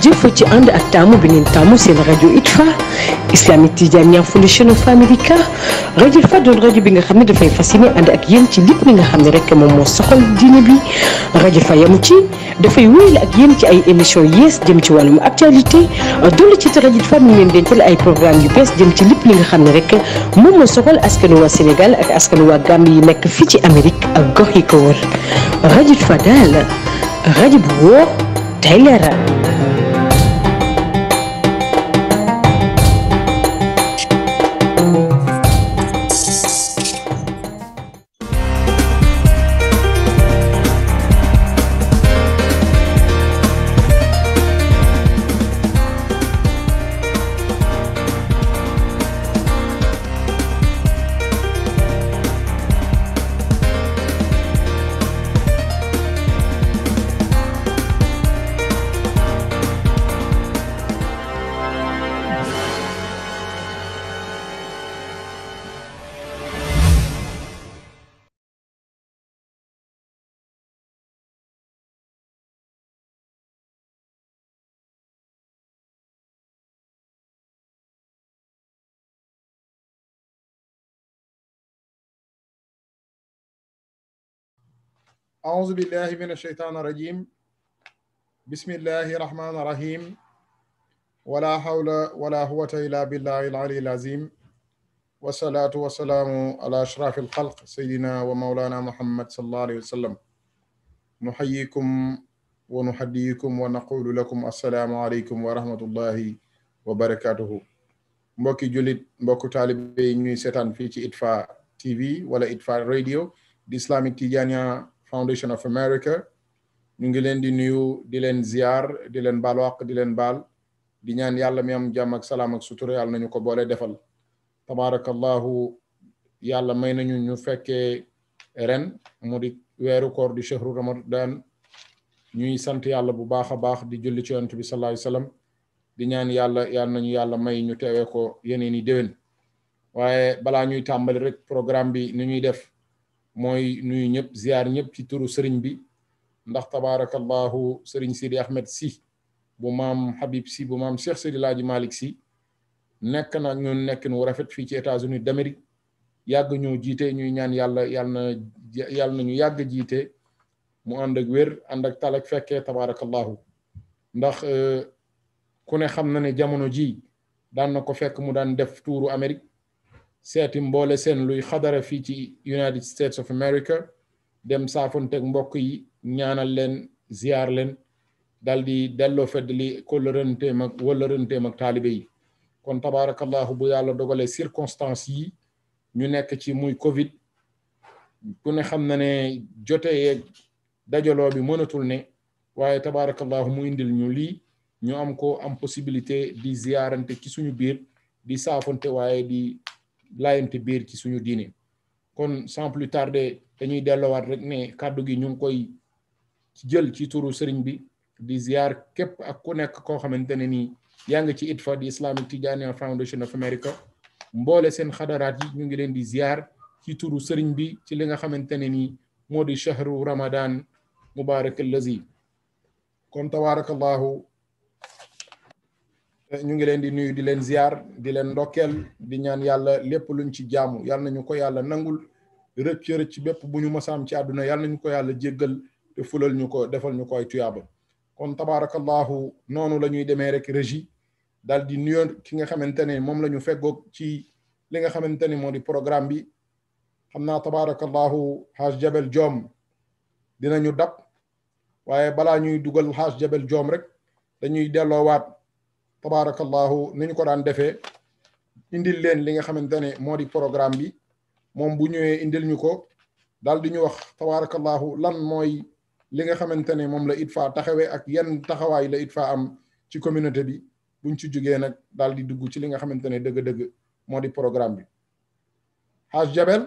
jërëjëf ci ànd ak taamu bi ngeen taamu seen rajo ITFA fa Tidiane Foundation of America rajo ITFA doon rajo bi nga xam ne dafay fasciné ànd ak yéen ci lépp li nga xam ne rek moom moo soxal diine bi rajo fa yamu ci dafay wéyale ak yéen ci ay émissions yees jëm ci wàllum actualité dolli ci rajo ITFA mi ngi leen dencal ay programme yu bees jëm ci lépp li nga xam ne rek moom moo soxal askanu waa Sénégal ak askanu waa Gambie yi nekk fii ci Amérique ak gox yi ko wër rajo ITFA daal rajo bu wóor tey leeral أعوذ بالله من الشيطان الرجيم بسم الله الرحمن الرحيم ولا حول ولا قوة إلا بالله العلي العظيم والصلاة والسلام على أشرف الخلق سيدنا ومولانا محمد صلى الله عليه وسلم نحييكم ونحديكم ونقول لكم السلام عليكم ورحمة الله وبركاته مبكي جلد mbokku taalibe ستان في إدفاع تي في ولا إدفاع راديو radio di Islamic Foundation of America ñu ngi leen di nuyu di leen ziar yàlla mi am jàmm ak salaam ak sutura yàlla nañu yàlla di ramadan yàlla di ñaan yàlla yàlla nañu yàlla may ñu teewee ko yeneen i déwén waaye ñuy tàmbali rek programme bi ni ñuy def mooy nuyu ñëpp ziar ñëpp ci turu sëriñ bi ndax tabaarakallahu sëriñ Sidi Ahmed si bu maam Habib si bu maam Cheikh Sidi Laaji Malick si nekk na ñun nekkin rafet fii ci États-Unis d'Amérique yàgg ñoo jiite ñuy ñaan yàlla yàlla na yàlla na ñu yàgg jiite mu ànd ak wér ànd ak tal ak fekkee tabaarakallahu ndax euh, ku ne xam na ne jamono ji daan na ko fekk mu daan def tuuru Amérique seeti mboole seen luy xadara fii ci United States of America dem saafonteeg mbokk yi ñaanal leen ziar leen dal di delloo fedd li kóllëranteem ak wëllëranteem ak taalibe yi kon tabaarakallahu bu yàlla dogale circonstance yi ñu nekk ci muy Covid ku ne xam na ne jote yeeg dajaloo bi mënatul ne waaye tabaarakallahu mu indil ñu lii ñu am ko am possibilité di ziarante ci suñu biir di saafonte waaye di. laayante biir ci suñu diine kon sans plus tarder dañuy dellowaat rek ne kàddu gi ñu ngi koy jël ci turu sëriñ bi di ziar képp ak ku nekk koo xamante ne nii yaa ngi ci ITFA di Islamic Tijaniya Foundation of America mboole seen xadaraat yi ñu ngi leen di ziar ci turu sëriñ bi ci li nga xamante ne nii moo di shahru ramadan mubarak allazi kon tabaarakallahu ñu ngi leen di nuyu di leen ziar di leen ndokkeel di ñaan yàlla lépp luñ ci jaamu yàlla nañu ko yàlla nangul rëcc rëcc bépp bu ñu mësaam ci àdduna yàlla nañu ko yàlla jéggal te fulal ñu ko defal ñu ko kon tabaarakallahu noonu la ñuy demee rek régie daal di nuyoon ki nga xamante ne moom la ñu feggoog ci li nga xamante ne moo di programme bi xam naa tabaarakallahu xaaj jabel joom dinañu dab waaye bala ñuy dugal xaaj jabel joom rek dañuy delloowaat tabaarakallahu ni ñu ko daan defee indi leen li nga xamante ne moo di programme bi moom bu ñëwee indil ñu ko daal di ñu wax tabaarakallahu lan mooy li nga xamante ne moom la ITFA taxawee ak yan taxawaay la ITFA am ci communauté bi buñ ci jógee nag daal di dugg ci li nga xamante ne dëgg-dëgg moo di programme bi Haj Jabel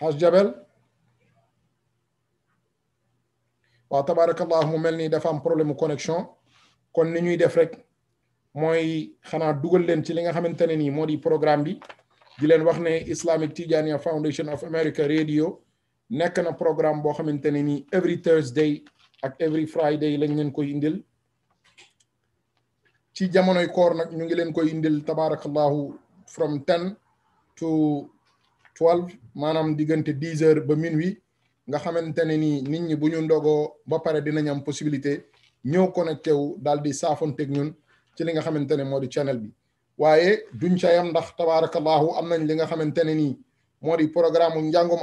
Haj Jabel waaw tabarakallah mu melni dafa am problème connexion kon ni ñuy def rek moy xana duggal len ci li nga xamantene ni modi programme bi di len wax ne Islamic Tijaniya Foundation of America Radio nek na programme bo xamantene ni every Thursday ak every Friday lañ leen koy indil ci jamonoy koor nak ñu ngi leen koy indil tabarakallahu from 10 to 12 manam diggante 10 10h ba minuit nga xamantene ni nit ñi bu ñu ndogo ba pare dinañ am possibilité ñëw connecté wu daldi safonté ak ñun ci li nga xamantene modi channel bi waaye duñ ca yam ndax tabaarakallahu am nañ li nga xamantene ni modi programme njàngum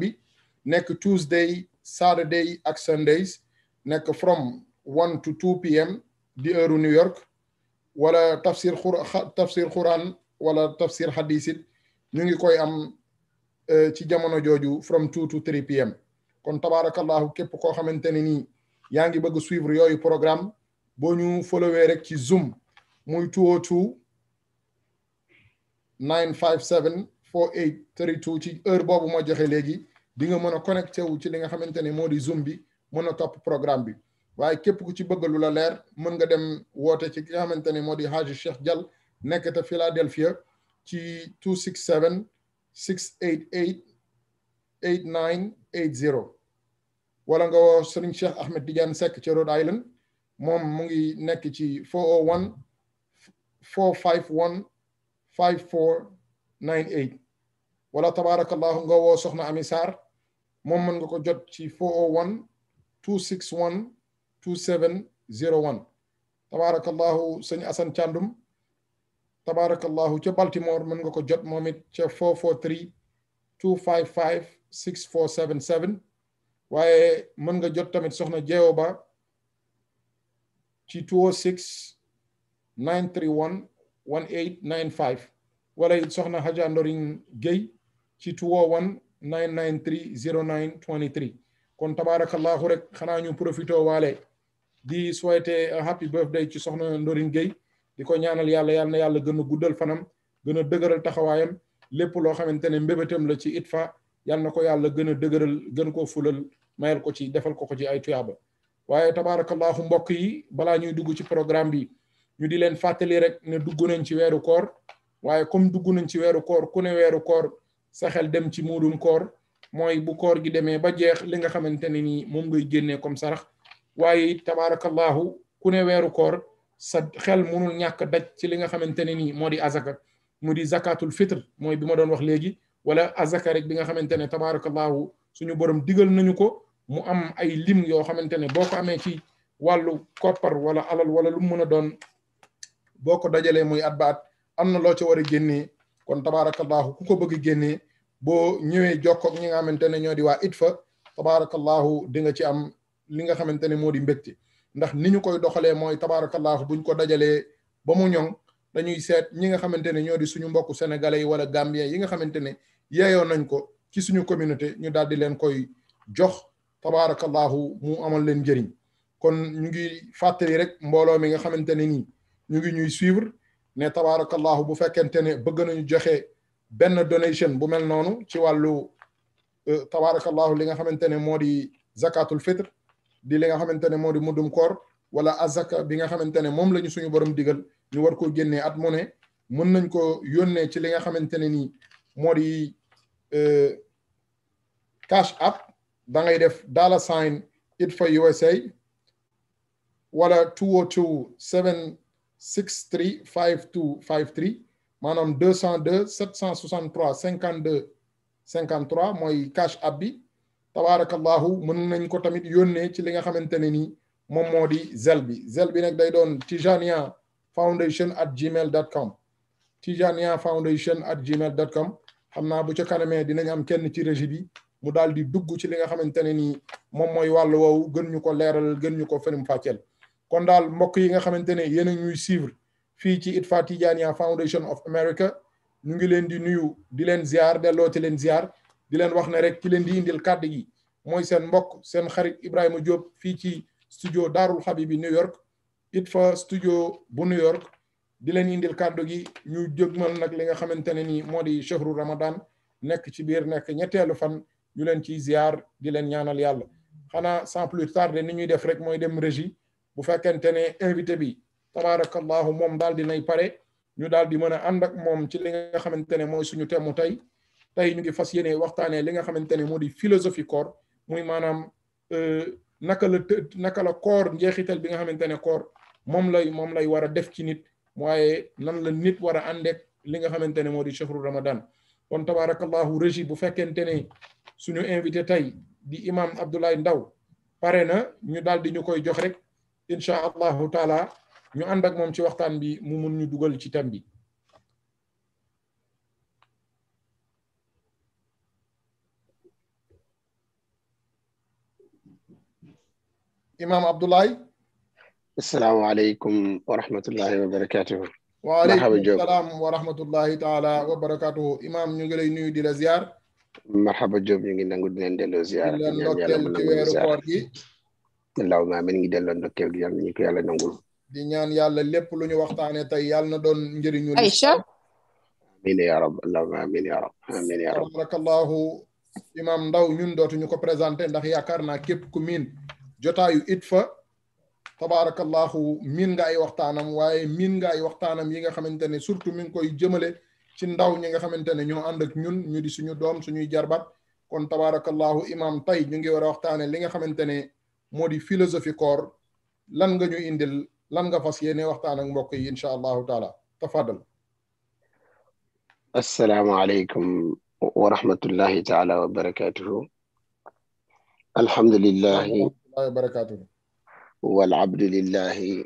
bi nekk Tuesday Saturday ak Sundays nekk from one to two pm di heure New York wala tafsir quran tafsir Quran, wala tafsir hadith ñu ngi koy am euh, ci jamono joju from two to three pm kon tabaarakallahu képp koo xamante ne nii yaa ngi bëgg suivre yooyu programme boo ñu followee rek ci zoom muy 202 957 48 32 ci heure boobu ma joxe léegi di nga mën a connecté wu ci li nga xamante ne moo di zoom bi mën a topp programme bi waaye képp ku ci bëgg lu la leer mën nga dem woote ci ki nga xamante ne moo di Haji Cheikh Dial nekk te Philadelphia ci 267 688 8980 wala nga woo sëriñ Cheikh Ahmed Tidiane Seck ci Rhode Island moom mu ngi nekk ci 401 451 5498 wala tabarakallahu nga woo soxna Ami Sarr moom mën nga ko jot ci 401 261 2701 tabarakallahu sëñ Assane Thiandoum Baltimore mën nga ko jot 443 255 6477 waaye mën nga jot tamit soxna jeewo ba ci 206 931 1895 wala soxna Hadja Ndoring Guèye ci 201 993 09 23 kon tabaarakallahu rek xanaa ñu profité waale di souhaiter a happy birthday ci soxna Ndoring Guèye di ko ñaanal yàlla yàlla na yàlla gën a guddal fanam gën a dëgëral taxawaayam lépp loo xamante ne mbébétam la ci it fa yal na ko yàlla gën a dëgëral gën koo fulal mayal ko ci defal ko ko ci ay tuyaaba waaye tabaarakallaahu mbokk yi balaa ñuy dugg ci programme bi ñu di leen fàttali rek ne dugg nañ ci weeru koor waaye comme dugg nañ ci weeru koor ku ne weeru koor sa xel dem ci muudum koor mooy bu koor gi demee ba jeex li nga xamante ne nii moom ngay génnee comme sarax waaye tabaarakallaahu ku ne weeru koor sa xel munul ñàkk daj ci li nga xamante ne nii moo di azaka mu di zakatul fitr mooy bi ma doon wax léegi wala azaka rek bi nga xamante ne tabaarakallaahu suñu borom digal nañu ko mu am ay lim yoo xamante ne boo ko amee ci wàllu koppar wala alal wala lu mu mën a doon boo ko dajalee muy at ba at am na loo ca war a génnee kon tabaarakallaahu ku ko bëgg génnee boo ñëwee jokkoog ñi nga xamante ne ñoo di waa it fa tabaarakallaahu di nga ci am li nga xamante ne moo di mbégte ndax ni ñu koy doxalee mooy tabaarakallaahu buñ ko dajalee ba mu ñoŋ dañuy seet ñi nga xamante ne ñoo di suñu mbokku sénégalais yi wala gambien yi nga xamante ne yeeyoo nañ ko ci suñu communauté ñu daal di leen koy jox tabaarakallahu mu amal leen njëriñ kon ñu ngi fàttali rek mbooloo mi nga xamante ni nii ñu ngi ñuy suivre ne tabaarakallahu bu fekkente ne bëgg nañu joxe benn donation bu mel noonu ci wàllu euh, tabaarakallahu li nga xamante ne moo di zakatul fitr di li nga xamante ne moo di muddum koor wala azaka bi nga xamante ne moom la ñu suñu borom digal ñu war ko génnee at mu mën nañ ko yónnee ci li nga xamante ne nii moo di Euh, cash app da ngay def dollar sign it for USA wala 202 763 5253 maanaam 202 763 52 53 mooy cash app bi tabaarakallahu mën nañ ko tamit yónnee ci li nga xamante ni nii moom moo di zel bi zel bi nag day doon tijania foundation at gmail dot com tijania foundation at gmail dot com xamna bu ci kanamé dinañ am kenn ci régie bi mu daldi dugg ci li nga xamante ni mom moy walu woowu gën ñuko léral gën ñuko ko firim kon dal mbokk yi nga xamante yéen ñuy suivre fi ci Itfa Tidiania Foundation of America ñu ngi leen di nuyu di leen ziar ci leen ziar di leen wax ne rek ki leen di indil kàddu gi moy seen mbokk seen xarit Ibrahima Diop fi ci studio Darul Habibi New York Itfa studio bu New York di leen indil kàddu gi ñu jëgmal nag li nga xamante ni moo di ramadan nekk ci biir nekk ñetteelu fan ñu leen ciy ziar di leen ñaanal yàlla xanaa sans plus tarder ni ñuy def rek mooy dem régie bu fekkente ne invité bi tabaarakallahu moom daal di nay pare ñu daal di mën a ànd ak moom ci li nga xamante ne mooy suñu temu tey tey ñu ngi fas yéene waxtaanee li nga xamante ne moo di philosophie koor muy maanaam naka la naka la koor njeexital bi nga xamante ne koor moom lay moom lay war a def ci nit waaye lan la nit war a li nga xamante ne moo di chahru ramadan kon tabarakallahu régi bu fekkente ne suñu invité tey di imam Abdoulaye Ndaw pare na ñu daal di ñu koy jox rek incha allahu taala ñu ànd ak moom ci waxtaan bi mu mun ñu dugal ci thème bi imam Abdoulaye السلام عليكم ورحمة الله وبركاته وعليكم السلام ورحمة الله تعالى وبركاته إمام نيغلي نيو دي لزيار مرحبا جوب نيغي نانغو دين دي لزيار اللهم آمين نيغي دلو نوكيل دي يالنا نيكو يالا نانغول دي نيان يالا لب لو نيو وقتاني تاي يالنا دون نجري نيو أيشا آمين يا رب اللهم آمين يا رب آمين يا رب بارك الله إمام داو نيون دوتو نيو كو بريزانتي ndax yakarna kep ku min jotaayu itfa tabarakallahu miin nga ay waxtaanam waaye miin nga ay waxtaanam yi nga xamante surtout mi koy jëmale ci ndaw ñi nga xamante ñoo ànd ak ñun ñu di suñu doom suñuy jarbat kon tabarakallahu imam tey ñu ngi war a waxtaane li nga xamante ne moo di philosophie koor lan nga ñu indil lan nga fas yéene waxtaan ak mbokk yi incha allahu taala tafadal assalaamu aleykum wa rahmatullahi taala wa barakatuhu alhamdulillahi wa barakatuhu والعبد لله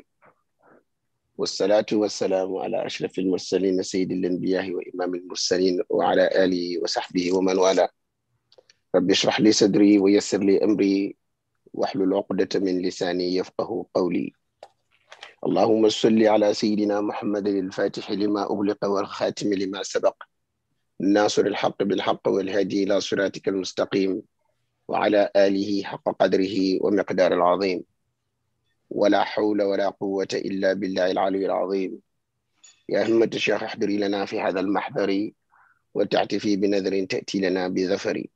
والصلاة والسلام على أشرف المرسلين سيد الأنبياء وإمام المرسلين وعلى آله وصحبه ومن والاه رب اشرح لي صدري ويسر لي أمري واحلل عقدة من لساني يفقه قولي اللهم صل على سيدنا محمد الفاتح لما أغلق والخاتم لما سبق ناصر الحق بالحق والهدي إلى صراطك المستقيم وعلى آله حق قدره ومقدار العظيم ولا حول ولا قوة إلا بالله العلي العظيم يا همة الشيخ احضري لنا في هذا المحضر وتعتفي بنذر تأتي لنا بذفري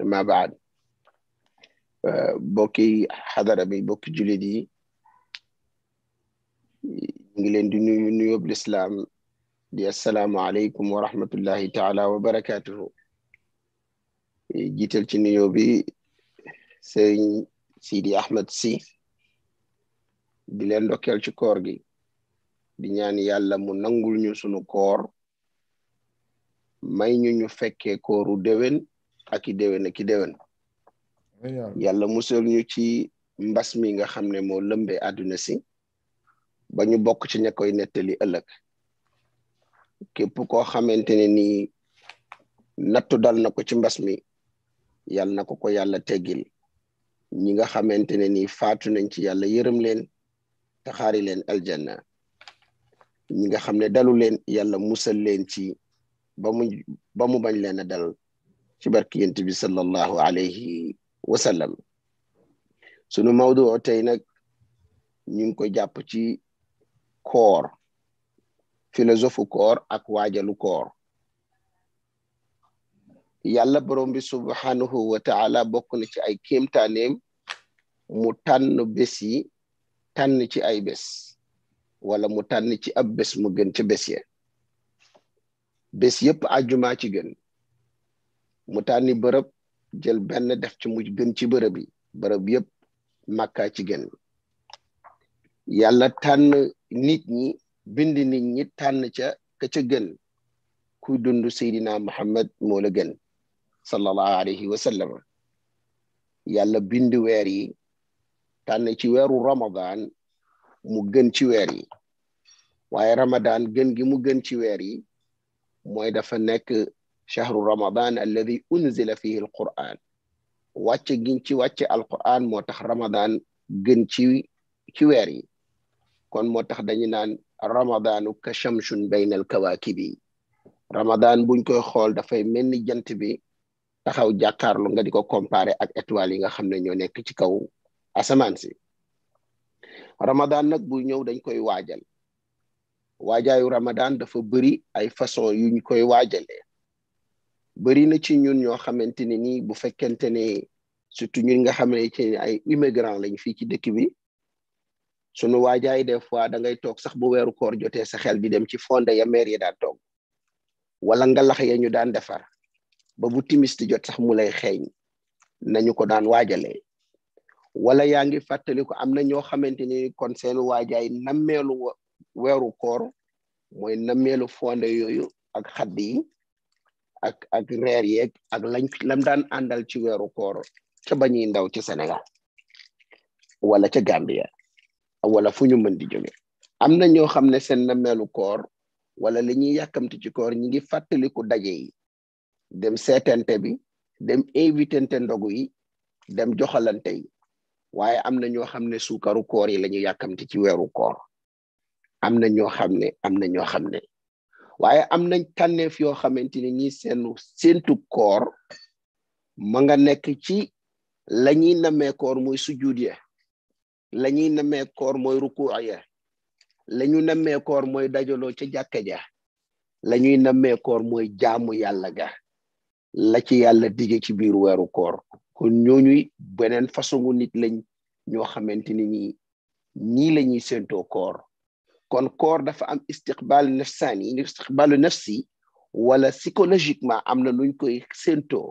ما بعد بوكي حضر بي بوكي جلدي نجلين دنيو نيو بالإسلام دي السلام عليكم ورحمة الله تعالى وبركاته جيتل تنيو بي سيدي أحمد سي di leen ci koor gi di ñaan yàlla mu nangul ñu sunu koor may ñu ñu fekkee kooru déwén ak i déwén ak i déwén yàlla musal ñu ci mbas mi nga xam ne moo lëmbe àdduna si ba ñu bokk ci ña koy nettali ëllëg képp koo xamante ne nii nattu dal na ko ci mbas mi yàlla na ko ko yàlla teggil ñi nga xamante ne nii faatu nañ ci yàlla yërëm leen taxaari leen aljanna ñi nga xam ne dalu leen yàlla musal leen ci ba mu ba bañ leen a dal ci barki yent bi sallallahu alayhi wa sallam sunu mawdu tey nag ñu ngi koy jàpp ci koor philosophe ak waajalu koor yàlla borom bi subhanahu wa taala bokk na ci ay kéemtaaneem mu tànn bés yi tànn ci ay bés wala mu tànn ci ab bés mu gën ca bés ya bés yépp àjjuma ci gën mu tànni bërëb jël benn def ci muj gën ci bërëb yi bërëb yépp makka ci gën yàlla tànn nit ñi bind nit ñi tànn ca ka ca gën kuy dund seydina muhammad moo la gën sallallahu alayhi wa sallam yàlla yi tànn ci weeru Ramadan mu gën ci weer yi waaye Ramadan gën gi mu gën ci weer yi mooy dafa nekk shahru Ramadan alladi unzila fihi alquran wàcce giñ ci wàcce alquran moo tax Ramadan gën ci ci weer yi kon moo tax dañu naan ramadaanu ka shamsun bayna alkawaakibi Ramadan buñ koy xool dafay mel ni jant bi taxaw jàkkaarlu nga di ko comparé ak étoile yi nga xam ñoo nekk ci kaw asamaan si ramadan nag buy ñëw dañ koy waajal waajaayu ramadan dafa bari ay façon yuñ koy waajalee bari na ci ñun ñoo xamante ne nii bu fekkente ne surtout ñun nga xam ne ci ay immigrant lañ fii ci dëkk bi sunu waajaay def fois da ngay toog sax bu weeru koor jotee sa xel di dem ci fonde ya meer yi daan toog wala nga lax ya ñu daan defar ba bu timiste jot sax mu lay xeeñ nañu ko daan waajalee wala yaa ngi fàttaliku am na ñoo xamante ni kon seen waajaay nammeelu weeru koor mooy nammeelu fonde yooyu ak xadd yi ak ak reer yeeg ak lañ lam daan àndal ci weeru koor ca bañuy ndaw ci Sénégal wala ca Gambia wala fu ñu mën di am na ñoo xam ne seen nammeelu koor wala li ñuy yàkkamti ci koor ñi ngi fàttaliku daje dem seetente bi dem invitante ndogu yi dem joxalante waaye am na ñoo xam ne suukaru koor yi lañu ñu yàkkamti ci weeru kor am na ñoo xam ne am na ñoo xam ne waaye am nañ tànneef yoo xamante ni ñi seen séentu koor ma nga nekk ci la ñuy namee koor mooy ya la ñuy namee moy mooy ruku ya la ñu namee koor mooy dajaloo ca jàkka ja la ñuy namee koor jaamu yàlla ga la ci yàlla dige ci biir weeru kor kon ñooñuy beneen façon nit lañ ñoo xamante ni ñi ñii la séentoo koor kon koor dafa am istiqbaalu nafsaani istiqbaalu nafsi wala psychologiquement am na nuñ koy séentoo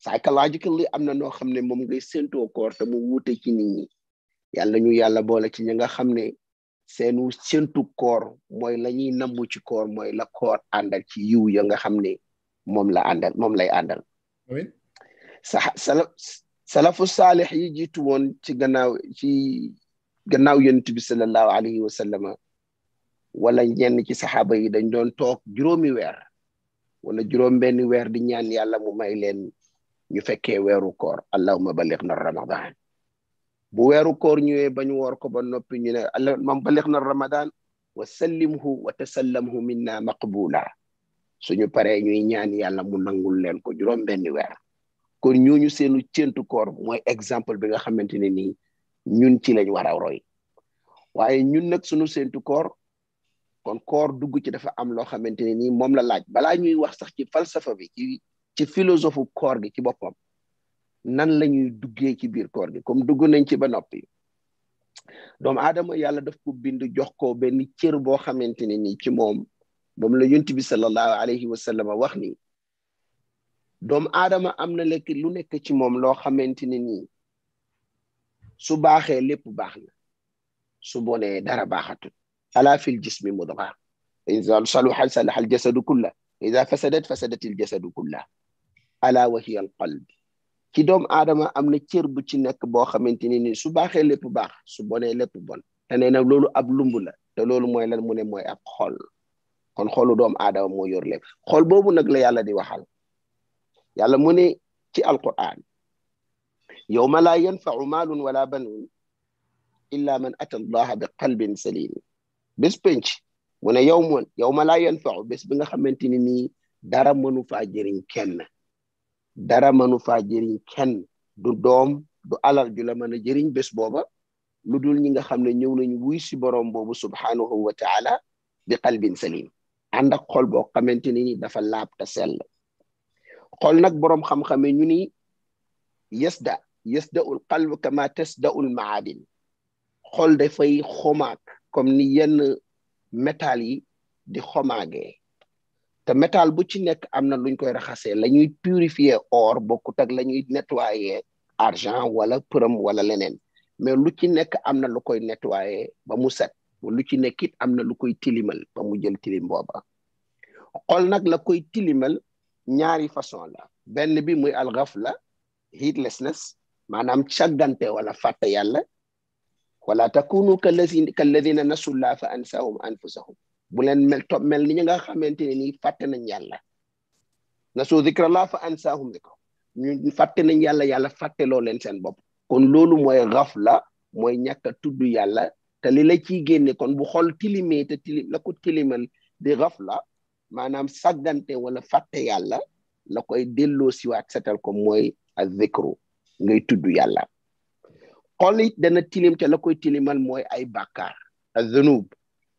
psychologically am na noo xam ne moom ngay séentoo koor te mu wuute ci nit ñi yàlla ñu yàlla boole ci ñi nga xam ne seenu séentu koor mooy la ñuy nambu ci koor mooy la koor àndal ci yiw ya nga xam ne moom la àndal moom lay àndal sa salaf salafu saalix yi jiitu woon ci gannaaw ci gannaaw yonent bi sallallahu alayhi wa sallama wala ñenn ci saxaaba yi dañ doon toog juróomi weer wala juróom benn weer di ñaan yàlla mu may leen ñu fekkee weeru koor allahumma balligh na ramadan bu weeru koor ñëwee ba ñu woor ko ba noppi ñu ne allahumma balligh na ramadan wa sallimhu wa tasallamhu minna maqbula suñu paree ñuy ñaan yàlla mu nangul leen ko juróom benn weer kon ñooñu seenu céntu koor mooy exemple bi nga xamante ne nii ñun ci lañ war a roy waaye ñun nag sunu seentu koor kon koor dugg ci dafa am loo xamante ne nii moom la laaj balaa ñuy wax sax ci falsafa bi ci ci philosophe koor gi ci boppam nan lañuy duggee ci biir koor gi comme dugg nañ ci ba noppi doomu aadama yàlla def ko bind jox ko benn cër boo xamante ne nii ci moom moom la yonent bi sallallahu alayhi wa sallam wax ni doomu aadama am na lekk lu nekk ci moom loo xamante ne nii su baaxee lépp baax na su bonee dara baaxatul ala fil jismi mudga إذا صلح صلح الجسد كله إذا فسدت فسدت الجسد كله ألا وهي القلب ci doom aadama am na cër bu ci nekk boo xamante ni ni su baaxee lépp baax su bonee lépp bon te nee na loolu ab lumb la te loolu mooy lan mu ne mooy ab xol kon xolu doom aadama moo yor lépp xol boobu nag la yàlla di waxal yàlla mu ne ci alquran yawma laa yanfau maalun wala banun illa man ata allaha bi qalbin salim bés penc mu ne yow moon yawma laa yanfau bés bi nga xamante ni nii dara mënu faa jëriñ kenn dara mënu faa jëriñ kenn du doom du alal ju la mën a jëriñ bés booba lu dul ñi nga xam ne ñëw nañ wuy si boroom boobu subhaanahu wa taala bi qalbin salim ànd ak xol boo xamante ni dafa laab te xool nag boroom xam-xame ñu ni yasda yasdaul qalb kama tasdaul maadin de dafay xomaag comme ni yenn métal yi di xomaagee te métal bu ci nekk am na luñ koy raxasee la ñuy purifier or bokkut ak la ñuy nettoyer argent wala përëm wala leneen mais lu ci nekk am na lu koy nettoyer ba mu set lu ci nekkit am na lu koy tilimal ba mu jël tilim booba xool nag la koy tilimal ñaari façon la benn bi muy alxafla heedlessness maanaam càggante wala fàtte yàlla wala takunu kalladina nasullaa fa ansahum anfusahum bu leen mel top mel ni nga xamante ni fàtte nañ yàlla nasu zikrallah fa ansahum dhikra ñu fàtte nañ yàlla yàlla fàtte loo leen seen bopp kon loolu mooy ghafla mooy ñàkk a tudd yàlla te li la ciy génne kon bu xol tilimee te tilim la ko tilimal di ghafla maanaam sàggante wala fàtte yàlla la koy delloo siwaat setal kom mooy ak zikru ngay tudd yàlla xol it dana tilim te la koy tilimal mooy ay bàkkaar ak zunub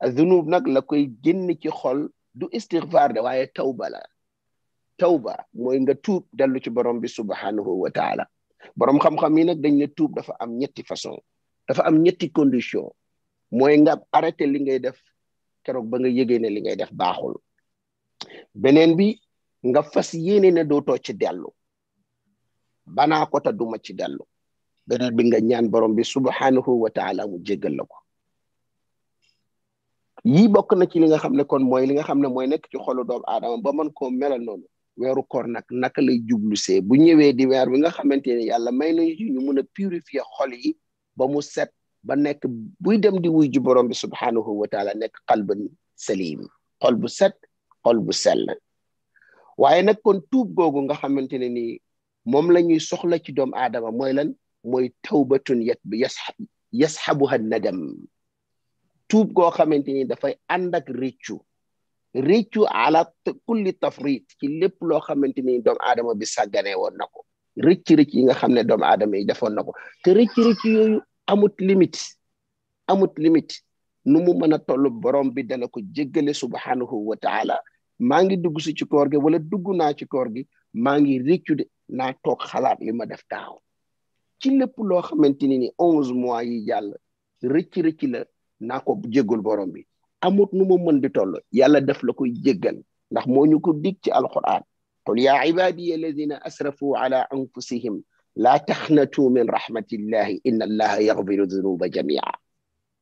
ak zunub nag la koy génn ci xool du istighfar de waaye bala la ba mooy nga tuub dellu ci borom bi subhanahu wa taala borom xam-xam yi nag dañ ne tuub dafa am ñetti façon dafa am ñetti condition mooy nga arrêté li ngay def keroog ba nga yëgee ne li ngay def baaxul beneen bi nga fas yéene ne dootoo ci dellu banaa ko ta duma ci dellu beneen bi nga ñaan borom bi subhanahu wa taala mu jéggal la ko yii bokk na ci li nga xam ne kon mooy li nga xam ne mooy nekk ci xolu doomu aadama ba mën koo melal noonu weeru koor nag naka lay jublu see bu ñëwee di weer bi nga xamante ne yàlla may nañu ci ñu mun a purifier xol yi ba mu set ba nekk buy dem di wuy ji borom bi subhanahu wa taala nekk xalban salim xol bu set xol bu sell waaye nag kon tuub googu nga xamante ne ni moom la ñuy soxla ci doom aadama mooy lan mooy tawbatun yet bi yas yasxabuha nadam tuub goo xamante ni dafay ànd ak riccu réccu ala kulli tafrit ci lépp loo xamante ni doomu aadama bi sàggane woon na ko rëcc-rëcc yi nga xam ne doomu aadama yi defoon na ko te rëcc-rëcc amut limite amut limite numu mu mën toll borom bi dana ko jéggale subhanahu wa taala maa ngi dugg si ci koor gi wala dugg naa ci koor gi maa ngi réccu de naa toog xalaat li ma def taaw ci lépp loo xamante ni ni onze mois yi jàll rëcc rëcc la naa ko jéggul borom bi amut nu mu mën di toll yàlla def la koy jéggal ndax moo ñu ko dig ci alquran qul ya ibadi alladhina asrafu ala anfusihim la taxnatu min rahmatillahi inna allaha yaxfiru dunuba jamia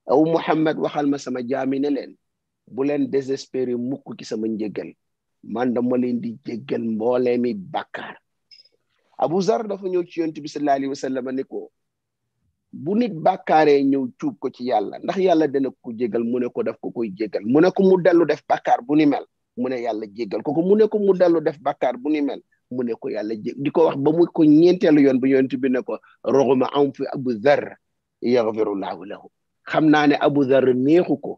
aw Muhammad waxal ma sama jaami ne leen bu leen désespéré mukk ci sama njëgal man dama leen di jéggal mbooleemi bàkkaar Abu Zar dafa ñëw ci yonent bi sallallahu alayhi wa sallam ni ko bu nit bàkkaaree ñëw cuub ko ci yàlla ndax yàlla dana ko jégal mu ne ko daf ko koy jégal mu ne ko mu dellu def bàkkaar bu ni mel mu ne yàlla jégal ko ko mu ne mu dellu def bàkkaar bu ni mel mu ne yàlla di ko wax ba mu ko ñeenteelu yoon bu yonent ti ne ko roxuma am fi Abu Zar yaxfirullahu lahu xam naa ne Abu Dhar neexu ko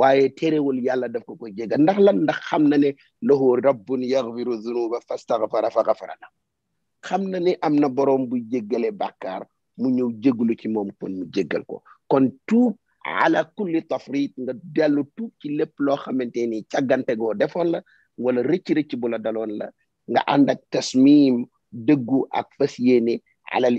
waaye terewul yàlla daf ko koy jégal ndax lan ndax xam na ne lahu rabbun yaghfiru dhunuba fastaghfara fa ghafara la xam na ne am na boroom bu jéggale bàkkaar mu ñëw jéglu ci moom kon mu jéggal ko kon tuub ala kulli tafrit nga dellu tuub ci lépp loo xamante ni càggante goo defoon la wala rëcc-rëcc bu la daloon la nga ànd ak tasmim dëggu ak fas yéene alal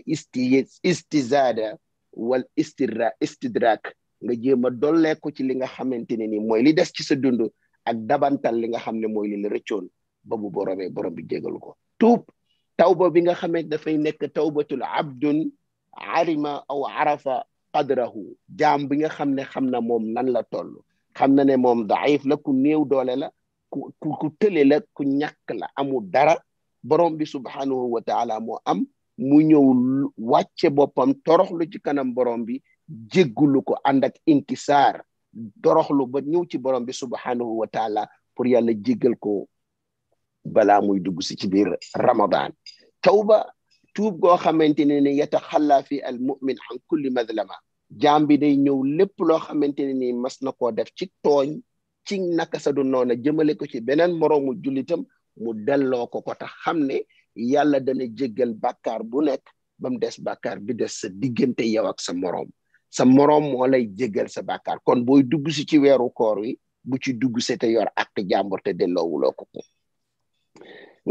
wal istidra istidrak nga jema dolle ko ci li nga xamanteni ni moy li dess ci sa dundu ak dabantal li nga xamne moy li la rëccoon ba bu boromee borom bi jégalu ko tuub tawba bi nga da fay nek tawbatul abd alima aw arafa qadrahu jam bi nga xamne xamna mom nan la tollu xamna ne mom daif la ku new dole la ku ku tële la ku ñak la amu dara borom bi subhanahu wa taala mo am mu ñëw wàcce boppam toroxlu ci kanam borom bi jéggulu ko ànd ak inkisaar toroxlu ba ñëw ci borom bi subhanahu wa taala pour yàlla jéggal ko balaa muy dugg si ci biir ramadan tawba tuub goo xamante ne ni yataxalla fi al mumin an kulli madlama jaam bi day ñëw lépp loo xamante ne ni mas na koo def ci tooñ ci naka sa du noona jëmale ko ci beneen moroomu jullitam mu delloo ko ko tax xam ne yàlla dana jéggal bàkkaar bu nekk ba mu des bàkkaar bi des sa diggante yow ak sa moroom sa moroom moo lay jéggal sa bàkkaar kon booy dugg si ci weeru koor wi bu ci dugg si te yor ak jàmbur te delloowuloo ko